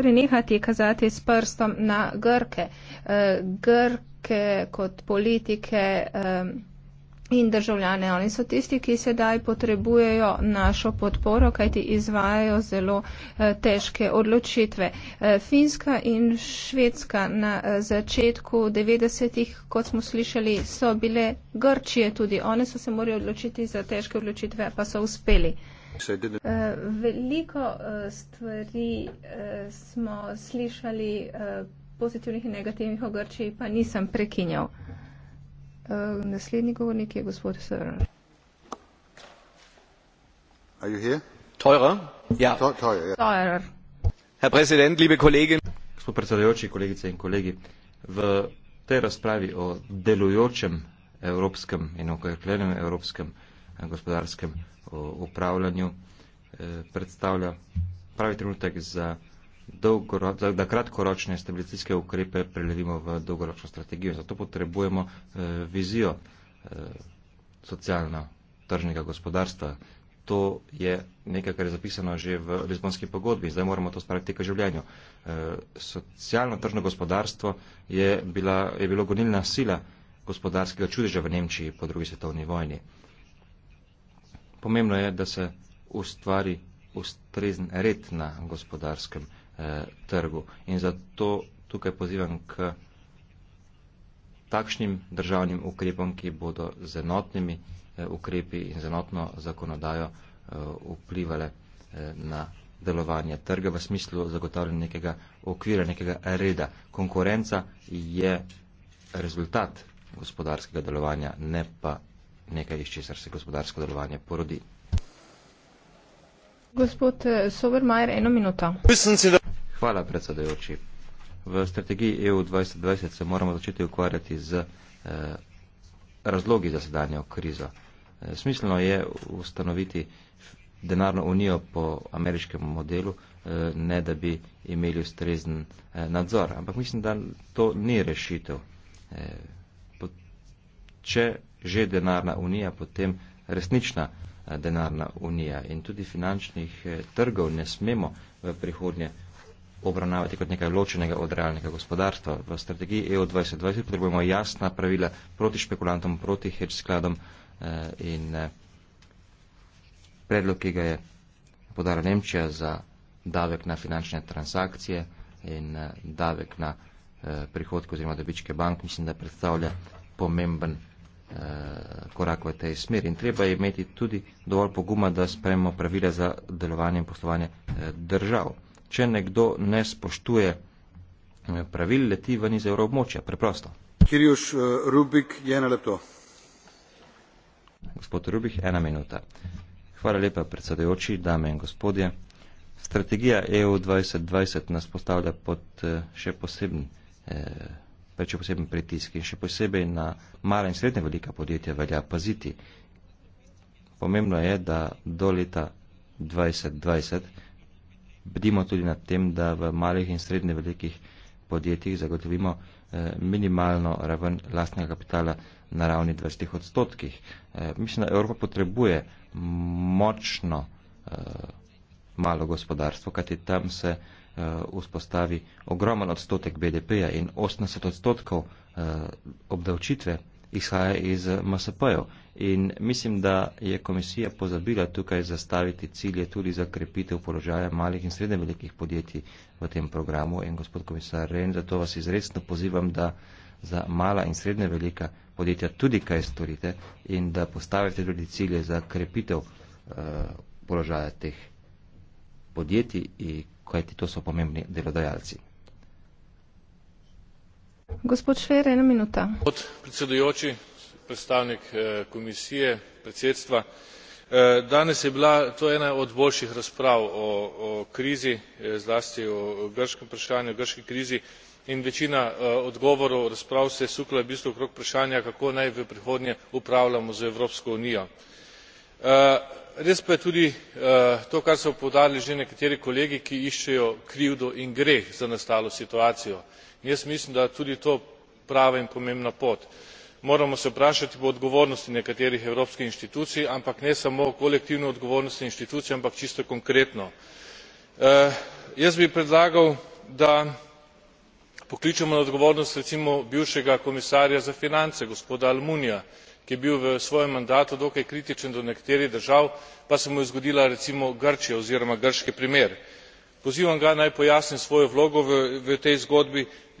prenehati kazati s prstom na Grke. Eh, Grke kot politike in državljane. Oni so tisti, ki sedaj potrebujejo našo podporo, kajti izvajajo zelo eh, težke odločitve. Eh, Finska in Švedska na eh, začetku 90-ih, kot smo slišali, so bile Grčije tudi. One so se morali odločiti za težke odločitve, pa so uspeli. Veliko stvari smo slišali pozitivnih in negativnih o Grčiji, pa nisem prekinjal. Eh, naslednji govornik je gospod Sörer. Are you here? Ja. Teurer? Ja. Teurer. Herr Präsident, liebe Kolleginnen. Gospod predsedujoči, kolegice in kolegi. V tej razpravi o delujočem evropskem in okrepljenem evropskem eh, gospodarskem eh, upravljanju predstavlja pravi trenutek za da kratkoročne stabilizacijske ukrepe prelevimo v dolgoročno strategijo. Zato potrebujemo eh, vizijo eh, socialno-tržnega gospodarstva. To je nekaj, kar je zapisano že v Lizbonski pogodbi. Zdaj moramo to spraviti k življenju. Eh, socialno-tržno gospodarstvo je, bila, je bilo gonilna sila gospodarskega čudeža v Nemčiji po drugi svetovni vojni. Pomembno je, da se ustvari ustrezen red na gospodarskem eh, trgu. In zato tukaj pozivam k takšnim državnim ukrepom, ki bodo z enotnimi eh, ukrepi in z enotno zakonodajo eh, vplivali eh, na delovanje trga v smislu zagotavljanja nekega okvira, nekega reda. Konkurenca je rezultat gospodarskega delovanja, ne pa nekaj, iz česar se gospodarsko delovanje porodi. Gospod eh, Sobermajer, eno minuto. Hvala, predsedajoči. V strategiji EU 2020 se moramo začeti ukvarjati z eh, razlogi za sedanjo krizo. Eh, smiselno je ustanoviti denarno unijo po ameriškem modelu, eh, ne da bi imeli ustrezen eh, nadzor. Ampak mislim, da to ni rešitev. Eh, če že denarna unija, potem resnična eh, denarna unija in tudi finančnih eh, trgov ne smemo v prihodnje obravnavati kot nekaj ločenega od realnega gospodarstva. V strategiji EU 2020 potrebujemo jasna pravila proti špekulantom, proti hedge skladom eh, in eh, predlog, ki ga je podala Nemčija za davek na finančne transakcije in eh, davek na eh, prihodke oziroma dobičke bank, mislim, da predstavlja pomemben eh, korak v tej smeri in treba imeti tudi dovolj poguma, da sprememo pravila za delovanje in poslovanje eh, držav če nekdo ne spoštuje eh, pravil, leti ven iz evroobmočja. Preprosto. Kirjuš eh, Rubik, ena leto. Gospod Rubik, ena minuta. Hvala lepa, predsedajoči, dame in gospodje. Strategija EU 2020 nas postavlja pod eh, še poseben, preče poseben pritisk in še posebej na mala in srednje velika podjetja velja paziti. Pomembno je, da do leta 2020 bdimo tudi nad tem, da v malih in srednje velikih podjetjih zagotovimo eh, minimalno raven lastnega kapitala na ravni 20 odstotkih. Eh, mislim, da Evropa potrebuje močno eh, malo gospodarstvo, kajti tam se vzpostavi ogromen odstotek BDP-ja in 80 odstotkov obdavčitve izhaja iz MSP-jev. In mislim, da je komisija pozabila tukaj zastaviti cilje tudi za krepitev položaja malih in srednje velikih podjetij v tem programu. In gospod komisar Ren, zato vas izredno pozivam, da za mala in srednje velika podjetja tudi kaj storite in da postavite tudi cilje za krepitev uh, položaja teh podjetij, kajti to so pomembni delodajalci gospod predsedujoči predstavnik eh, komisije predsedstva eh, danes je bila to ena od boljših razprav o krizi eh, zlasti o grškem vprašanju o grški krizi in večina odgovorov razprav se je sukala v bistvu okrog vprašanja kako naj v prihodnje upravljamo z evropsko unijo. res pa je tudi to kar so poudarili že nekateri kolegi ki iščejo krivdo in greh za nastalo situacijo jaz mislim da je tudi to prava in pomembna pot. moramo se vprašati o odgovornosti nekaterih evropskih inštitucij ampak ne samo o kolektivni odgovornosti inštitucij ampak čisto konkretno. Eh, jaz bi predlagal da pokličemo na odgovornost recimo bivšega komisarja za finance gospoda almunia ki je bil v svojem mandatu dokaj kritičen do nekaterih držav pa se mu je zgodila recimo grčija oziroma grški primer. pozivam ga naj pojasni svojo vlogo v tej zgodbi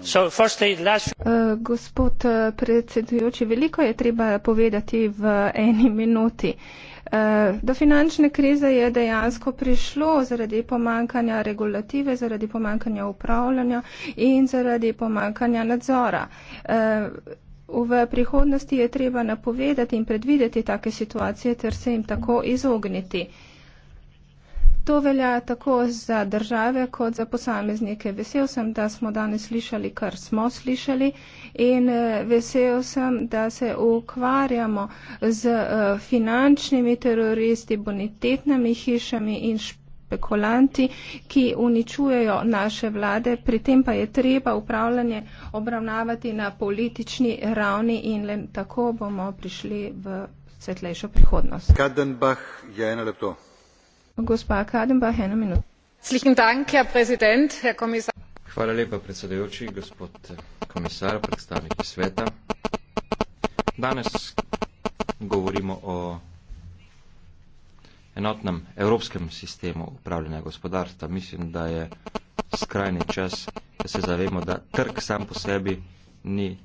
Eh, gospod eh, predsedujoči, veliko je treba povedati v eni minuti. Eh, do finančne krize je dejansko prišlo zaradi pomankanja regulative, zaradi pomankanja upravljanja in zaradi pomankanja nadzora. V prihodnosti je treba napovedati in predvideti take situacije ter se jim tako izogniti. To velja tako za države kot za posameznike. Vesel sem, da smo danes slišali, kar smo slišali in eh, vesel sem, da se ukvarjamo z eh, finančnimi teroristi, bonitetnimi hišami in špekulanti, ki uničujejo naše vlade. Pri tem pa je treba upravljanje obravnavati na politični ravni in len tako bomo prišli v svetlejšo prihodnost. Kadenbach je eno leto herr präsident herr kommissar hvala lepa predsedujoči gospod eh, komisar predstavniki sveta danes govorimo o enotnem evropskem sistemu upravljanja gospodarstva mislim da je skrajni čas da se zavemo da trg sam po sebi ni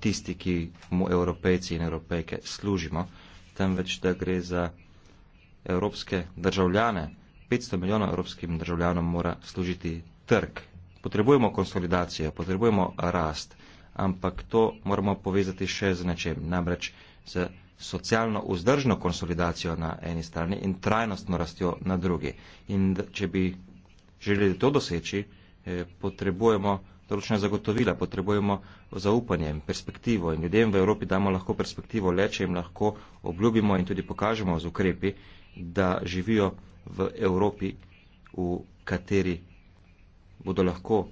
tisti ki mu evropejci in evropejke služimo temveč da gre za evropske državljane, 500 milijonov evropskim državljanom mora služiti trg. Potrebujemo konsolidacijo, potrebujemo rast, ampak to moramo povezati še z nečem, namreč z socialno vzdržno konsolidacijo na eni strani in trajnostno rastjo na drugi. In če bi želeli to doseči, eh, potrebujemo določena zagotovila, potrebujemo zaupanje in perspektivo in ljudem v Evropi damo lahko perspektivo le, če jim lahko obljubimo in tudi pokažemo z ukrepi, da živijo v Evropi, v kateri bodo lahko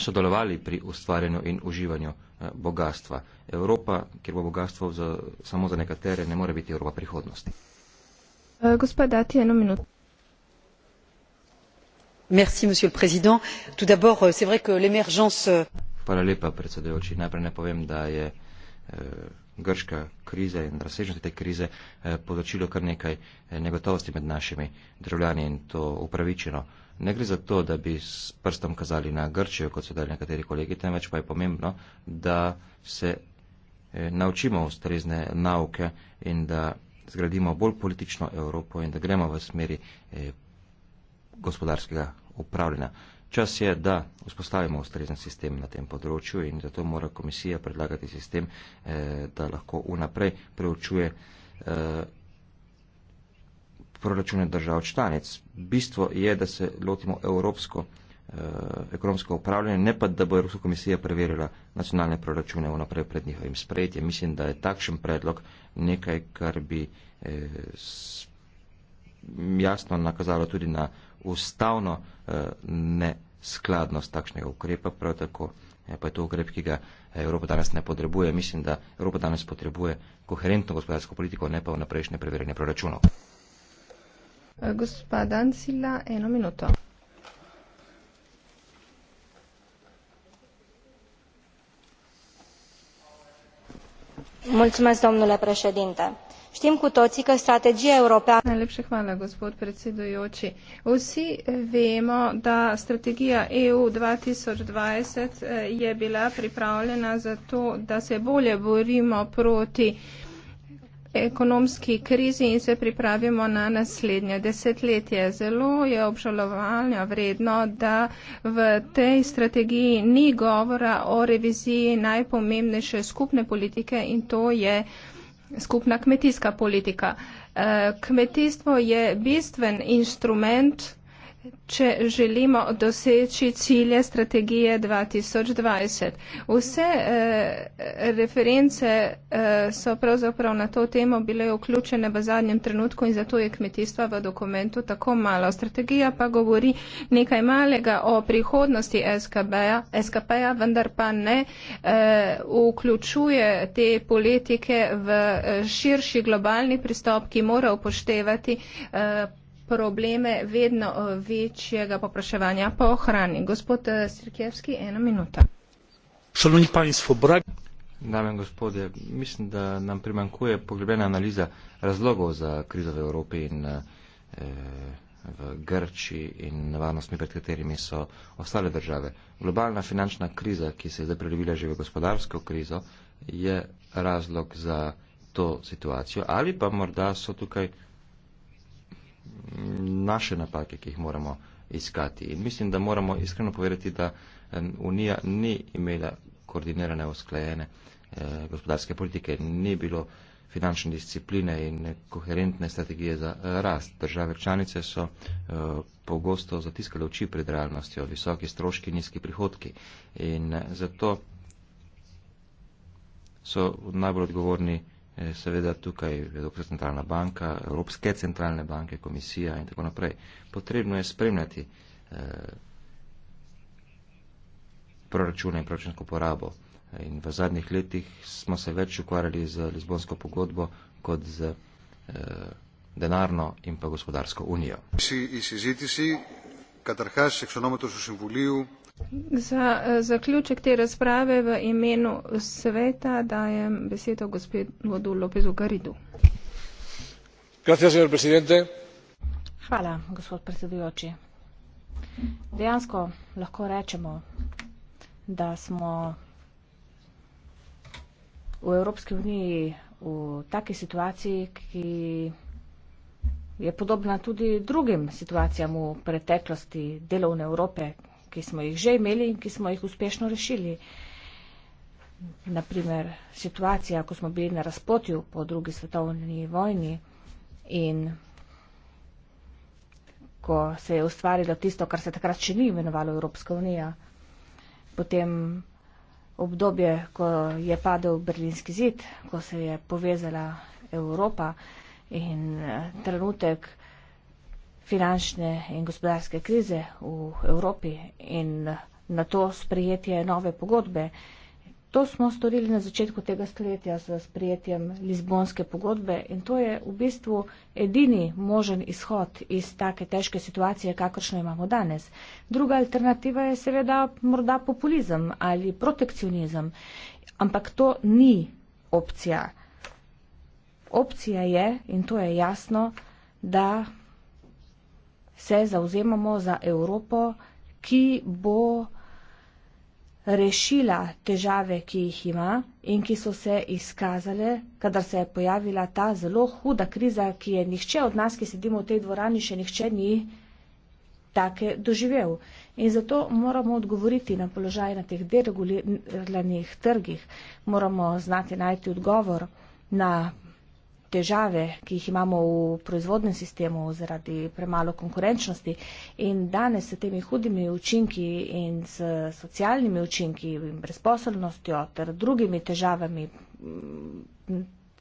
sodelovali pri ustvarjanju in uživanju eh, bogatstva. Evropa, kjer bo bogatstvo za, samo za nekatere, ne more biti Evropa prihodnosti. Eh, Gospod, dati eno minuto. Merci, monsieur le président. Tout d'abord, euh, c'est vrai que l'émergence. Euh, Hvala lepa, predsedujoči. Najprej ne povem, da je. Euh grška kriza in razsežnosti te krize eh, povzročilo kar nekaj eh, negotovosti med našimi državljani in to upravičeno. Ne gre za to, da bi s prstom kazali na Grčijo, kot so dali nekateri kolegi, temveč pa je pomembno, da se eh, naučimo ustrezne nauke in da zgradimo bolj politično Evropo in da gremo v smeri eh, gospodarskega upravljanja. Eh, Čas je, da vzpostavimo ustrezen sistem na tem področju in zato mora komisija predlagati sistem, eh, da lahko unaprej preučuje eh, proračune držav članic. Bistvo je, da se lotimo evropsko eh, ekonomsko upravljanje, ne pa, da bo Evropska komisija preverila nacionalne proračune unaprej pred njihovim sprejetjem. Mislim, da je takšen predlog nekaj, kar bi eh, jasno nakazalo tudi na ustavno eh, neskladnost takšnega ukrepa, prav tako eh, pa je to ukrep, ki ga eh, Evropa danes ne potrebuje. Mislim, da Evropa danes potrebuje koherentno gospodarsko politiko, ne pa vnaprejšnje preverjanje proračunov. Gospa Dancila, eno minuto. Mulțumesc, domnule președinte. Știm cu toții că strategia europeană... Najlepša hvala, gospod predsedujoči. Vsi vemo, da strategija EU 2020 eh, je bila pripravljena za to, da se bolje borimo proti ekonomski krizi in se pripravimo na naslednje desetletje. Zelo je obžalovalno vredno, da v tej strategiji ni govora o reviziji najpomembnejše skupne politike in to je skupna kmetijska politika. Eh, kmetijstvo je bistven inštrument če želimo doseči cilje strategije 2020. Vse e, reference e, so pravzaprav na to temo bile vključene v zadnjem trenutku in zato je kmetijstva v dokumentu tako malo. Strategija pa govori nekaj malega o prihodnosti SKP-ja, SKP vendar pa ne e, vključuje te politike v širši globalni pristop, ki mora upoštevati. E, probleme vedno eh, večjega popraševanja po hrani. Gospod eh, Sirkevski, ena minuta. Šalonji panjstvo, brak. Dame in gospode, mislim, da nam primankuje poglebena analiza razlogov za krizo v Evropi in eh, v Grči in nevarnostmi, pred katerimi so ostale države. Globalna finančna kriza, ki se je zdaj prelevila že v gospodarsko krizo, je razlog za to situacijo. Ali pa morda so tukaj naše napake, ki jih moramo iskati. In mislim, da moramo iskreno povedati, da Unija ni imela koordinirane, usklajene eh, gospodarske politike, ni bilo finančne discipline in koherentne strategije za rast. Države članice so eh, pogosto zatiskale oči pred realnostjo, visoki stroški, nizki prihodki in eh, zato so najbolj odgovorni eh, E, seveda tukaj Evropska centralna banka, Evropske centralne banke, komisija in tako naprej. Potrebno je spremljati e, proračune in proračunsko porabo. In v zadnjih letih smo se več ukvarjali z Lizbonsko pogodbo kot z eh, denarno in pa gospodarsko unijo. Si, si, si, si, katarhaš, Za eh, zaključek te razprave v imenu sveta dajem besedo gospodu Lopezu Garidu. Gracias, señor presidente. Hvala, gospod predsedujoči. Dejansko lahko rečemo, da smo v Evropski uniji v taki situaciji, ki je podobna tudi drugim situacijam v preteklosti delovne Evrope, ki smo jih že imeli in ki smo jih uspešno rešili. Naprimer, situacija, ko smo bili na razpotju po drugi svetovni vojni in ko se je ustvarilo tisto, kar se takrat še ni imenovalo Evropska unija, potem obdobje, ko je padel berlinski zid, ko se je povezala Evropa in eh, trenutek, finančne in gospodarske krize v Evropi in na to sprejetje nove pogodbe. To smo storili na začetku tega stoletja s sprejetjem Lizbonske pogodbe in to je v bistvu edini možen izhod iz take težke situacije, kakršno imamo danes. Druga alternativa je seveda morda populizem ali protekcionizem, ampak to ni opcija. Opcija je, in to je jasno, da se zauzemamo za Evropo, ki bo rešila težave, ki jih ima in ki so se izkazale, kadar se je pojavila ta zelo huda kriza, ki je nihče od nas, ki sedimo v tej dvorani, še nihče ni take doživel. In zato moramo odgovoriti na položaj na teh dereguliranih trgih. Moramo znati najti odgovor na težave, ki jih imamo v proizvodnem sistemu zaradi premalo konkurenčnosti in danes s temi hudimi učinki in s socialnimi učinki in brezposobnostjo ter drugimi težavami,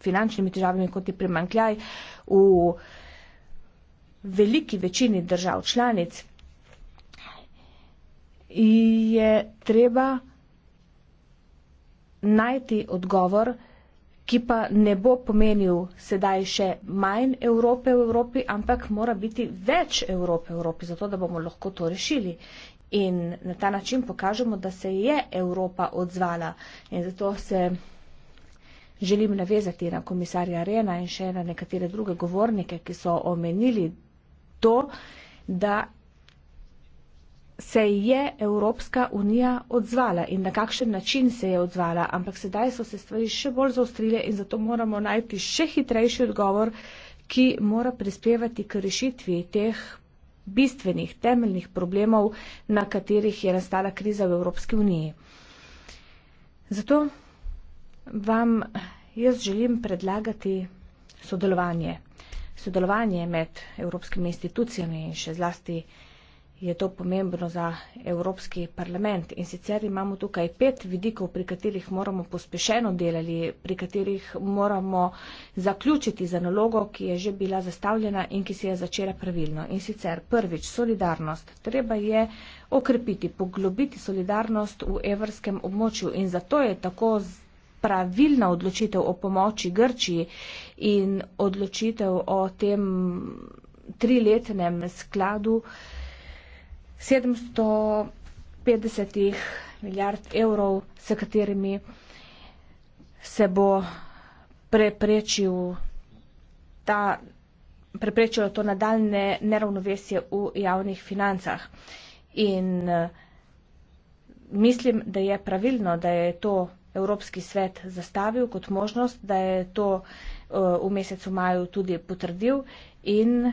finančnimi težavami, kot je primankljaj v veliki večini držav članic, je treba najti odgovor, ki pa ne bo pomenil sedaj še manj Evrope v Evropi, ampak mora biti več Evrope v Evropi, zato da bomo lahko to rešili. In na ta način pokažemo, da se je Evropa odzvala. In zato se želim navezati na komisarja Rena in še na nekatere druge govornike, ki so omenili to, da se je Evropska unija odzvala in na kakšen način se je odzvala, ampak sedaj so se stvari še bolj zaostrile in zato moramo najti še hitrejši odgovor, ki mora prispevati k rešitvi teh bistvenih, temeljnih problemov, na katerih je nastala kriza v Evropski uniji. Zato vam jaz želim predlagati sodelovanje. Sodelovanje med evropskimi institucijami in še zlasti je to pomembno za Evropski parlament. In sicer imamo tukaj pet vidikov, pri katerih moramo pospešeno delali, pri katerih moramo zaključiti za nalogo, ki je že bila zastavljena in ki se je začela pravilno. In sicer prvič, solidarnost. Treba je okrepiti, poglobiti solidarnost v evrskem območju in zato je tako pravilna odločitev o pomoči Grčiji in odločitev o tem triletnem skladu, 750 milijard evrov, s katerimi se bo preprečil ta, preprečilo to nadaljne neravnovesje v javnih financah. In eh, mislim, da je pravilno, da je to Evropski svet zastavil kot možnost, da je to eh, v mesecu maju tudi potrdil in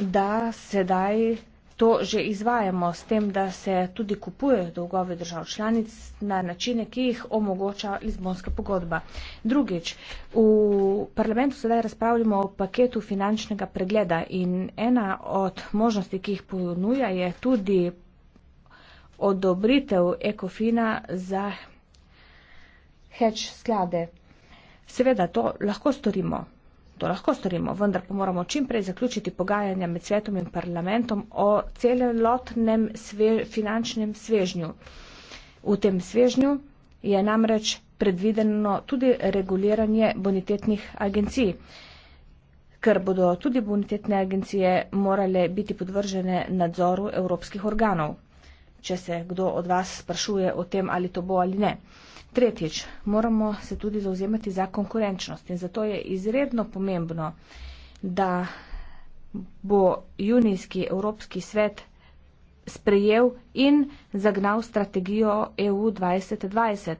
da sedaj to že izvajamo s tem, da se tudi kupujejo dolgove držav članic na načine, ki jih omogoča Lizbonska pogodba. Drugič, v parlamentu sedaj razpravljamo o paketu finančnega pregleda in ena od možnosti, ki jih ponuja, je tudi odobritev ekofina za hedge sklade. Seveda, to lahko storimo. To lahko storimo, vendar pa moramo čim prej zaključiti pogajanja med svetom in parlamentom o celelotnem sve, finančnem svežnju. V tem svežnju je namreč predvideno tudi reguliranje bonitetnih agencij, ker bodo tudi bonitetne agencije morale biti podvržene nadzoru evropskih organov, če se kdo od vas sprašuje o tem, ali to bo ali ne. Tretjič, moramo se tudi zauzemati za konkurenčnost in zato je izredno pomembno, da bo junijski Evropski svet sprejel in zagnal strategijo EU 2020.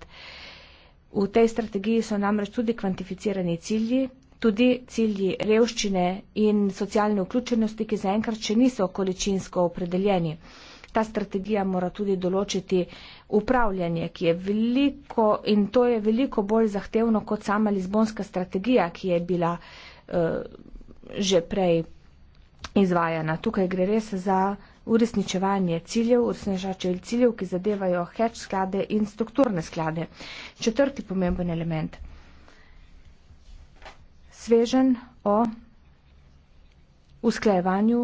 V tej strategiji so namreč tudi kvantificirani cilji, tudi cilji revščine in socialne vključenosti, ki zaenkrat še niso količinsko opredeljeni ta strategija mora tudi določiti upravljanje, ki je veliko in to je veliko bolj zahtevno kot sama Lizbonska strategija, ki je bila uh, že prej izvajana. Tukaj gre res za uresničevanje ciljev, uresničevanje ciljev, ki zadevajo heč sklade in strukturne sklade. Četrti pomemben element. Svežen o usklajevanju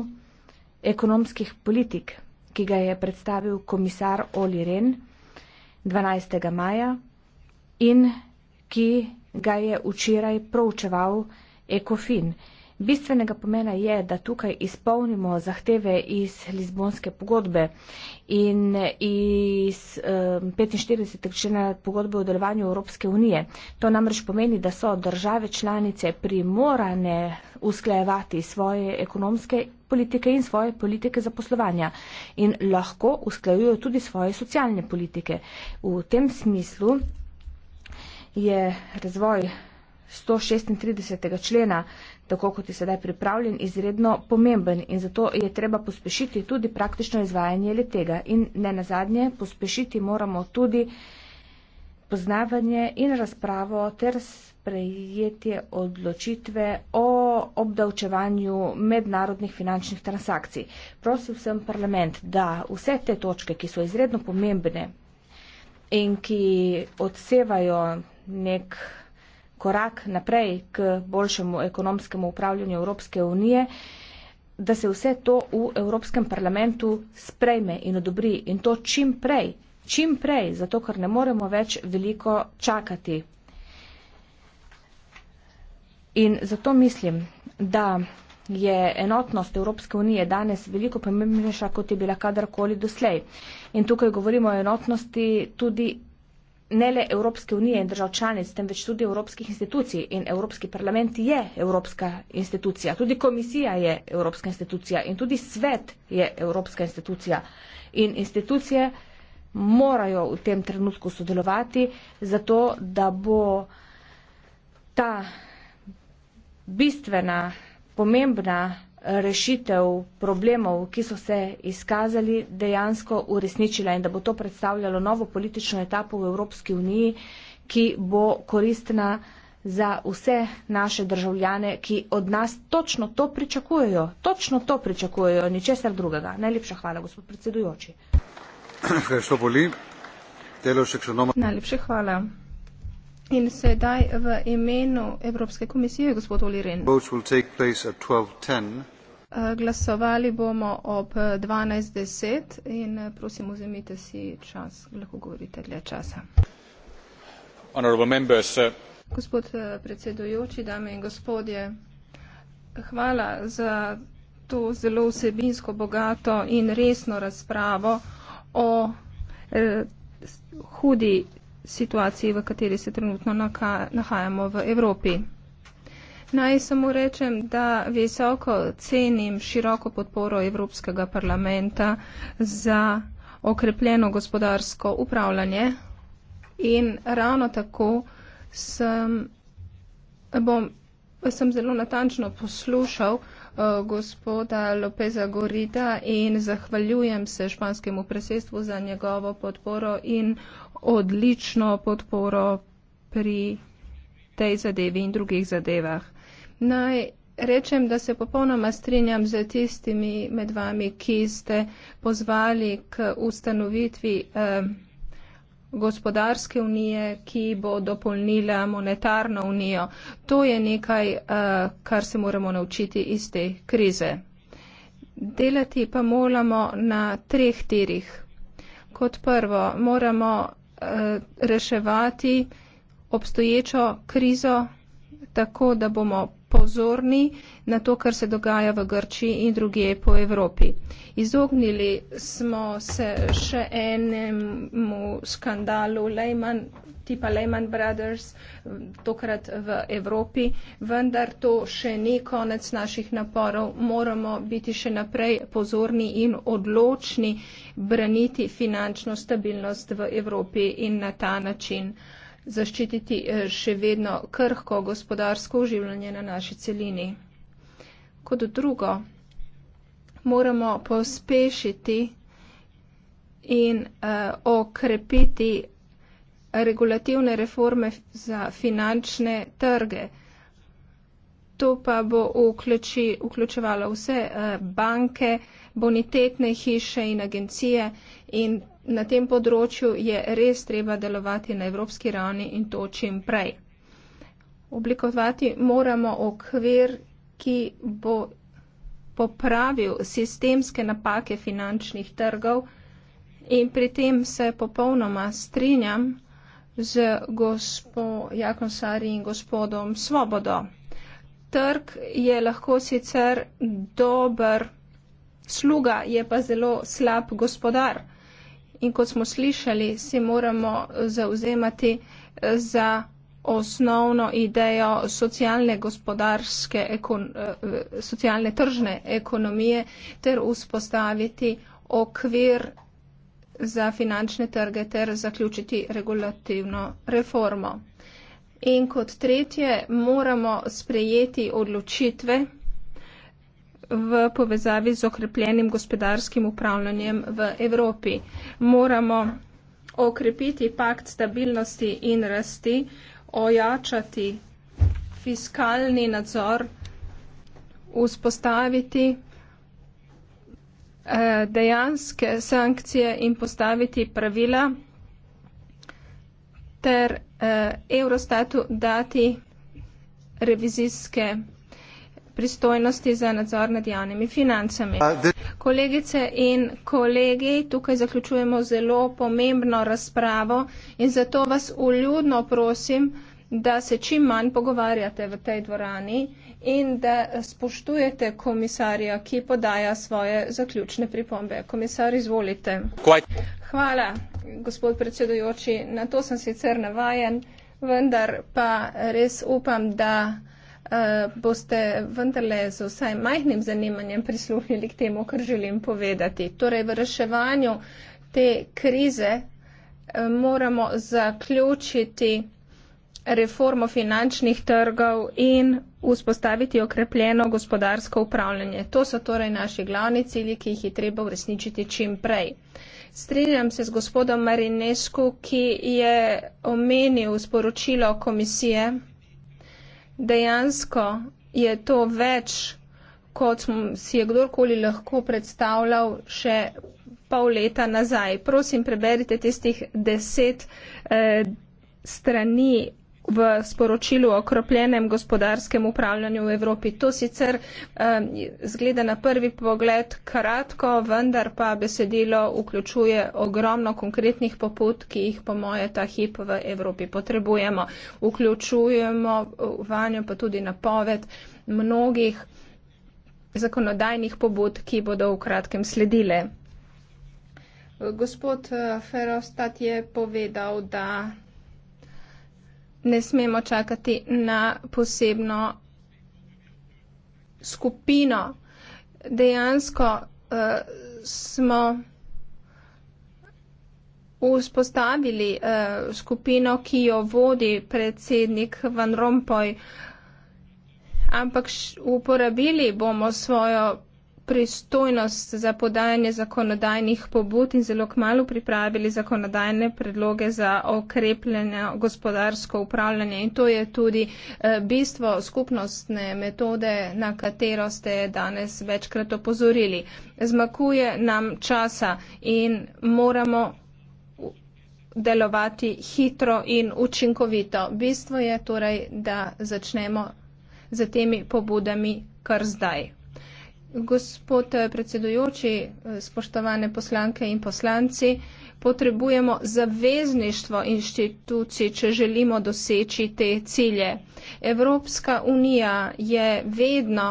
ekonomskih politik ki ga je predstavil komisar Oli Ren 12. maja in ki ga je včeraj proučeval Ekofin. Bistvenega pomena je, da tukaj izpolnimo zahteve iz Lizbonske pogodbe in iz um, ehm, 45. člena pogodbe o delovanju Evropske unije. To namreč pomeni, da so države članice primorane usklajevati svoje ekonomske politike in svoje politike zaposlovanja in lahko usklajujo tudi svoje socialne politike. V tem smislu je razvoj 136. člena, tako kot je sedaj pripravljen, izredno pomemben in zato je treba pospešiti tudi praktično izvajanje le tega. In ne nazadnje, pospešiti moramo tudi poznavanje in razpravo ter sprejetje odločitve o obdavčevanju mednarodnih finančnih transakcij. Prosim sem parlament, da vse te točke, ki so izredno pomembne in ki odsevajo nek korak naprej k boljšemu ekonomskemu upravljanju Evropske unije, da se vse to v Evropskem parlamentu sprejme in odobri in to čim prej, čim prej, zato ker ne moremo več veliko čakati. In zato mislim, da je enotnost Evropske unije danes veliko pomembnejša, kot je bila kadarkoli doslej. In tukaj govorimo o enotnosti tudi ne le Evropske unije in držav članic, temveč tudi evropskih institucij. In Evropski parlament je evropska institucija, tudi komisija je evropska institucija in tudi svet je evropska institucija. In institucije morajo v tem trenutku sodelovati, zato da bo ta bistvena, pomembna rešitev problemov, ki so se izkazali, dejansko uresničila in da bo to predstavljalo novo politično etapo v Evropski uniji, ki bo koristna za vse naše državljane, ki od nas točno to pričakujejo. Točno to pričakujejo, ničesar drugega. Najlepša hvala, gospod predsedujoči. Najlepša hvala. In sedaj v imenu Evropske komisije, gospod Oli Ren. Glasovali bomo ob 12.10 in prosim, vzemite si čas, lahko govorite dlje časa. Uh, Gospod uh, predsedujoči, dame in gospodje, hvala za to zelo vsebinsko bogato in resno razpravo o eh, hudi situaciji, v kateri se trenutno nahajamo v Evropi. Naj samo rečem, da visoko cenim široko podporo Evropskega parlamenta za okrepljeno gospodarsko upravljanje in ravno tako sem, bom, sem zelo natančno poslušal eh, gospoda Lopeza Gorida in zahvaljujem se španskemu presedstvu za njegovo podporo in odlično podporo pri tej zadevi in drugih zadevah naj rečem, da se popolnoma strinjam z tistimi med vami, ki ste pozvali k ustanovitvi eh, gospodarske unije, ki bo dopolnila monetarno unijo. To je nekaj, eh, kar se moramo naučiti iz te krize. Delati pa moramo na treh tirih. Kot prvo, moramo eh, reševati obstoječo krizo, tako da bomo pozorni na to, kar se dogaja v Grčiji in druge po Evropi. Izognili smo se še enemu skandalu Lehman, tipa Lehman Brothers, tokrat v Evropi, vendar to še ni konec naših naporov. Moramo biti še naprej pozorni in odločni braniti finančno stabilnost v Evropi in na ta način zaščititi eh, še vedno krhko gospodarsko oživljanje na naši celini. Kot drugo, moramo pospešiti in uh, okrepiti regulativne reforme za finančne trge. To pa bo vključi, vključevalo vse uh, banke, uh, bonitetne hiše in agencije in na tem področju je res treba delovati na evropski ravni in to čim prej. Oblikovati moramo okvir, ki bo popravil sistemske napake finančnih trgov in pri tem se popolnoma strinjam z gospo Jakonsari in gospodom Svobodo. Trg je lahko sicer dober sluga je pa zelo slab gospodar. In kot smo slišali, se moramo zauzemati eh, za osnovno idejo socialne gospodarske, ekon, eh, socialne tržne ekonomije ter vzpostaviti okvir za finančne trge ter zaključiti regulativno reformo. In kot tretje, moramo sprejeti odločitve, v povezavi z okrepljenim gospodarskim upravljanjem v Evropi. Moramo okrepiti pakt stabilnosti in rasti, ojačati fiskalni nadzor, vzpostaviti eh, dejanske sankcije in postaviti pravila ter eh, Eurostatu dati revizijske pristojnosti za nadzor nad javnimi financami. Kolegice in kolegi, tukaj zaključujemo zelo pomembno razpravo in zato vas uljudno prosim, da se čim manj pogovarjate v tej dvorani in da spoštujete komisarja, ki podaja svoje zaključne pripombe. Komisar, izvolite. Hvala, gospod predsedujoči. Na to sem sicer navajen, vendar pa res upam, da. Eh, boste vendarle z vsaj majhnim zanimanjem prisluhnili k temu, kar želim povedati. Torej, v reševanju te krize eh, moramo zaključiti reformo finančnih trgov in vzpostaviti okrepljeno gospodarsko upravljanje. To so torej naši glavni cilji, ki jih je treba uresničiti čim prej. Strinjam se z gospodom Marinesku, ki je omenil sporočilo komisije dejansko je to več, kot si je kdorkoli lahko predstavljal še pol leta nazaj. Prosim, preberite tistih deset eh, strani v sporočilu o okropljenem gospodarskem upravljanju v Evropi. To sicer eh, zgleda na prvi pogled kratko, vendar pa besedilo vključuje ogromno konkretnih poput, ki jih po moje ta hip v Evropi potrebujemo. Vključujemo vanjo pa tudi napoved mnogih zakonodajnih pobud, ki bodo v kratkem sledile. Gospod eh, Ferostat je povedal, da ne smemo čakati na posebno skupino. Dejansko uh, smo vzpostavili uh, skupino, ki jo vodi predsednik Van Rompuy, ampak uporabili bomo svojo pristojnost za podajanje zakonodajnih pobud in zelo kmalo pripravili zakonodajne predloge za okrepljanje gospodarsko upravljanje. In to je tudi eh, bistvo skupnostne metode, na katero ste danes večkrat opozorili. Zmakuje nam časa in moramo delovati hitro in učinkovito. Bistvo je torej, da začnemo z temi pobudami kar zdaj. Gospod eh, predsedujoči, eh, spoštovane poslanke in poslanci, potrebujemo zavezništvo inštitucij, če želimo doseči te cilje. Evropska unija je vedno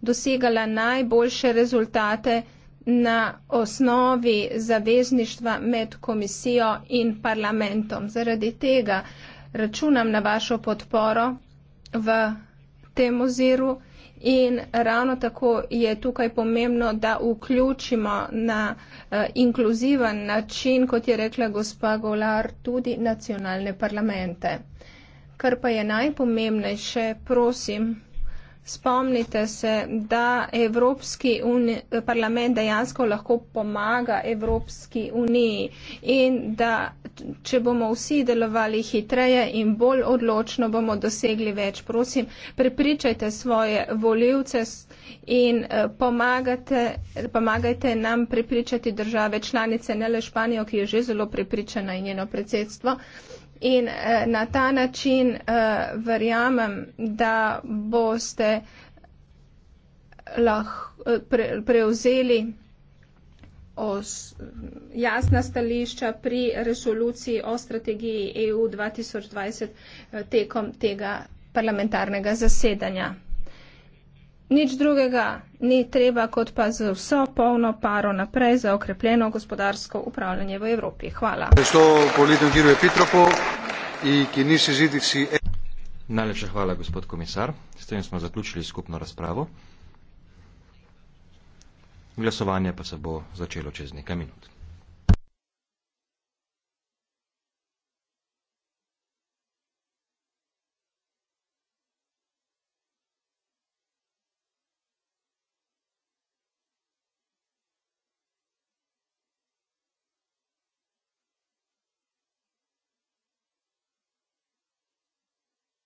dosegala najboljše rezultate na osnovi zavezništva med komisijo in parlamentom. Zaradi tega računam na vašo podporo v tem oziru. In ravno tako je tukaj pomembno, da vključimo na eh, inkluziven način, kot je rekla gospa Golar, tudi nacionalne parlamente. Kar pa je najpomembnejše, prosim, Spomnite se, da Evropski uni, parlament dejansko lahko pomaga Evropski uniji in da če bomo vsi delovali hitreje in bolj odločno, bomo dosegli več. Prosim, prepričajte svoje voljivce in eh, pomagate, pomagajte nam prepričati države članice, ne le Španijo, ki je že zelo prepričana in njeno predsedstvo. In eh, na ta način eh, verjamem, da boste lahko pre, prevzeli os, jasna stališča pri resoluciji o strategiji EU 2020 eh, tekom tega parlamentarnega zasedanja. Nič drugega ni treba, kot pa z vso polno paro naprej za okrepljeno gospodarsko upravljanje v Evropi. Hvala. Najlepša hvala, gospod komisar. S tem smo zaključili skupno razpravo. Glasovanje pa se bo začelo čez nekaj minut.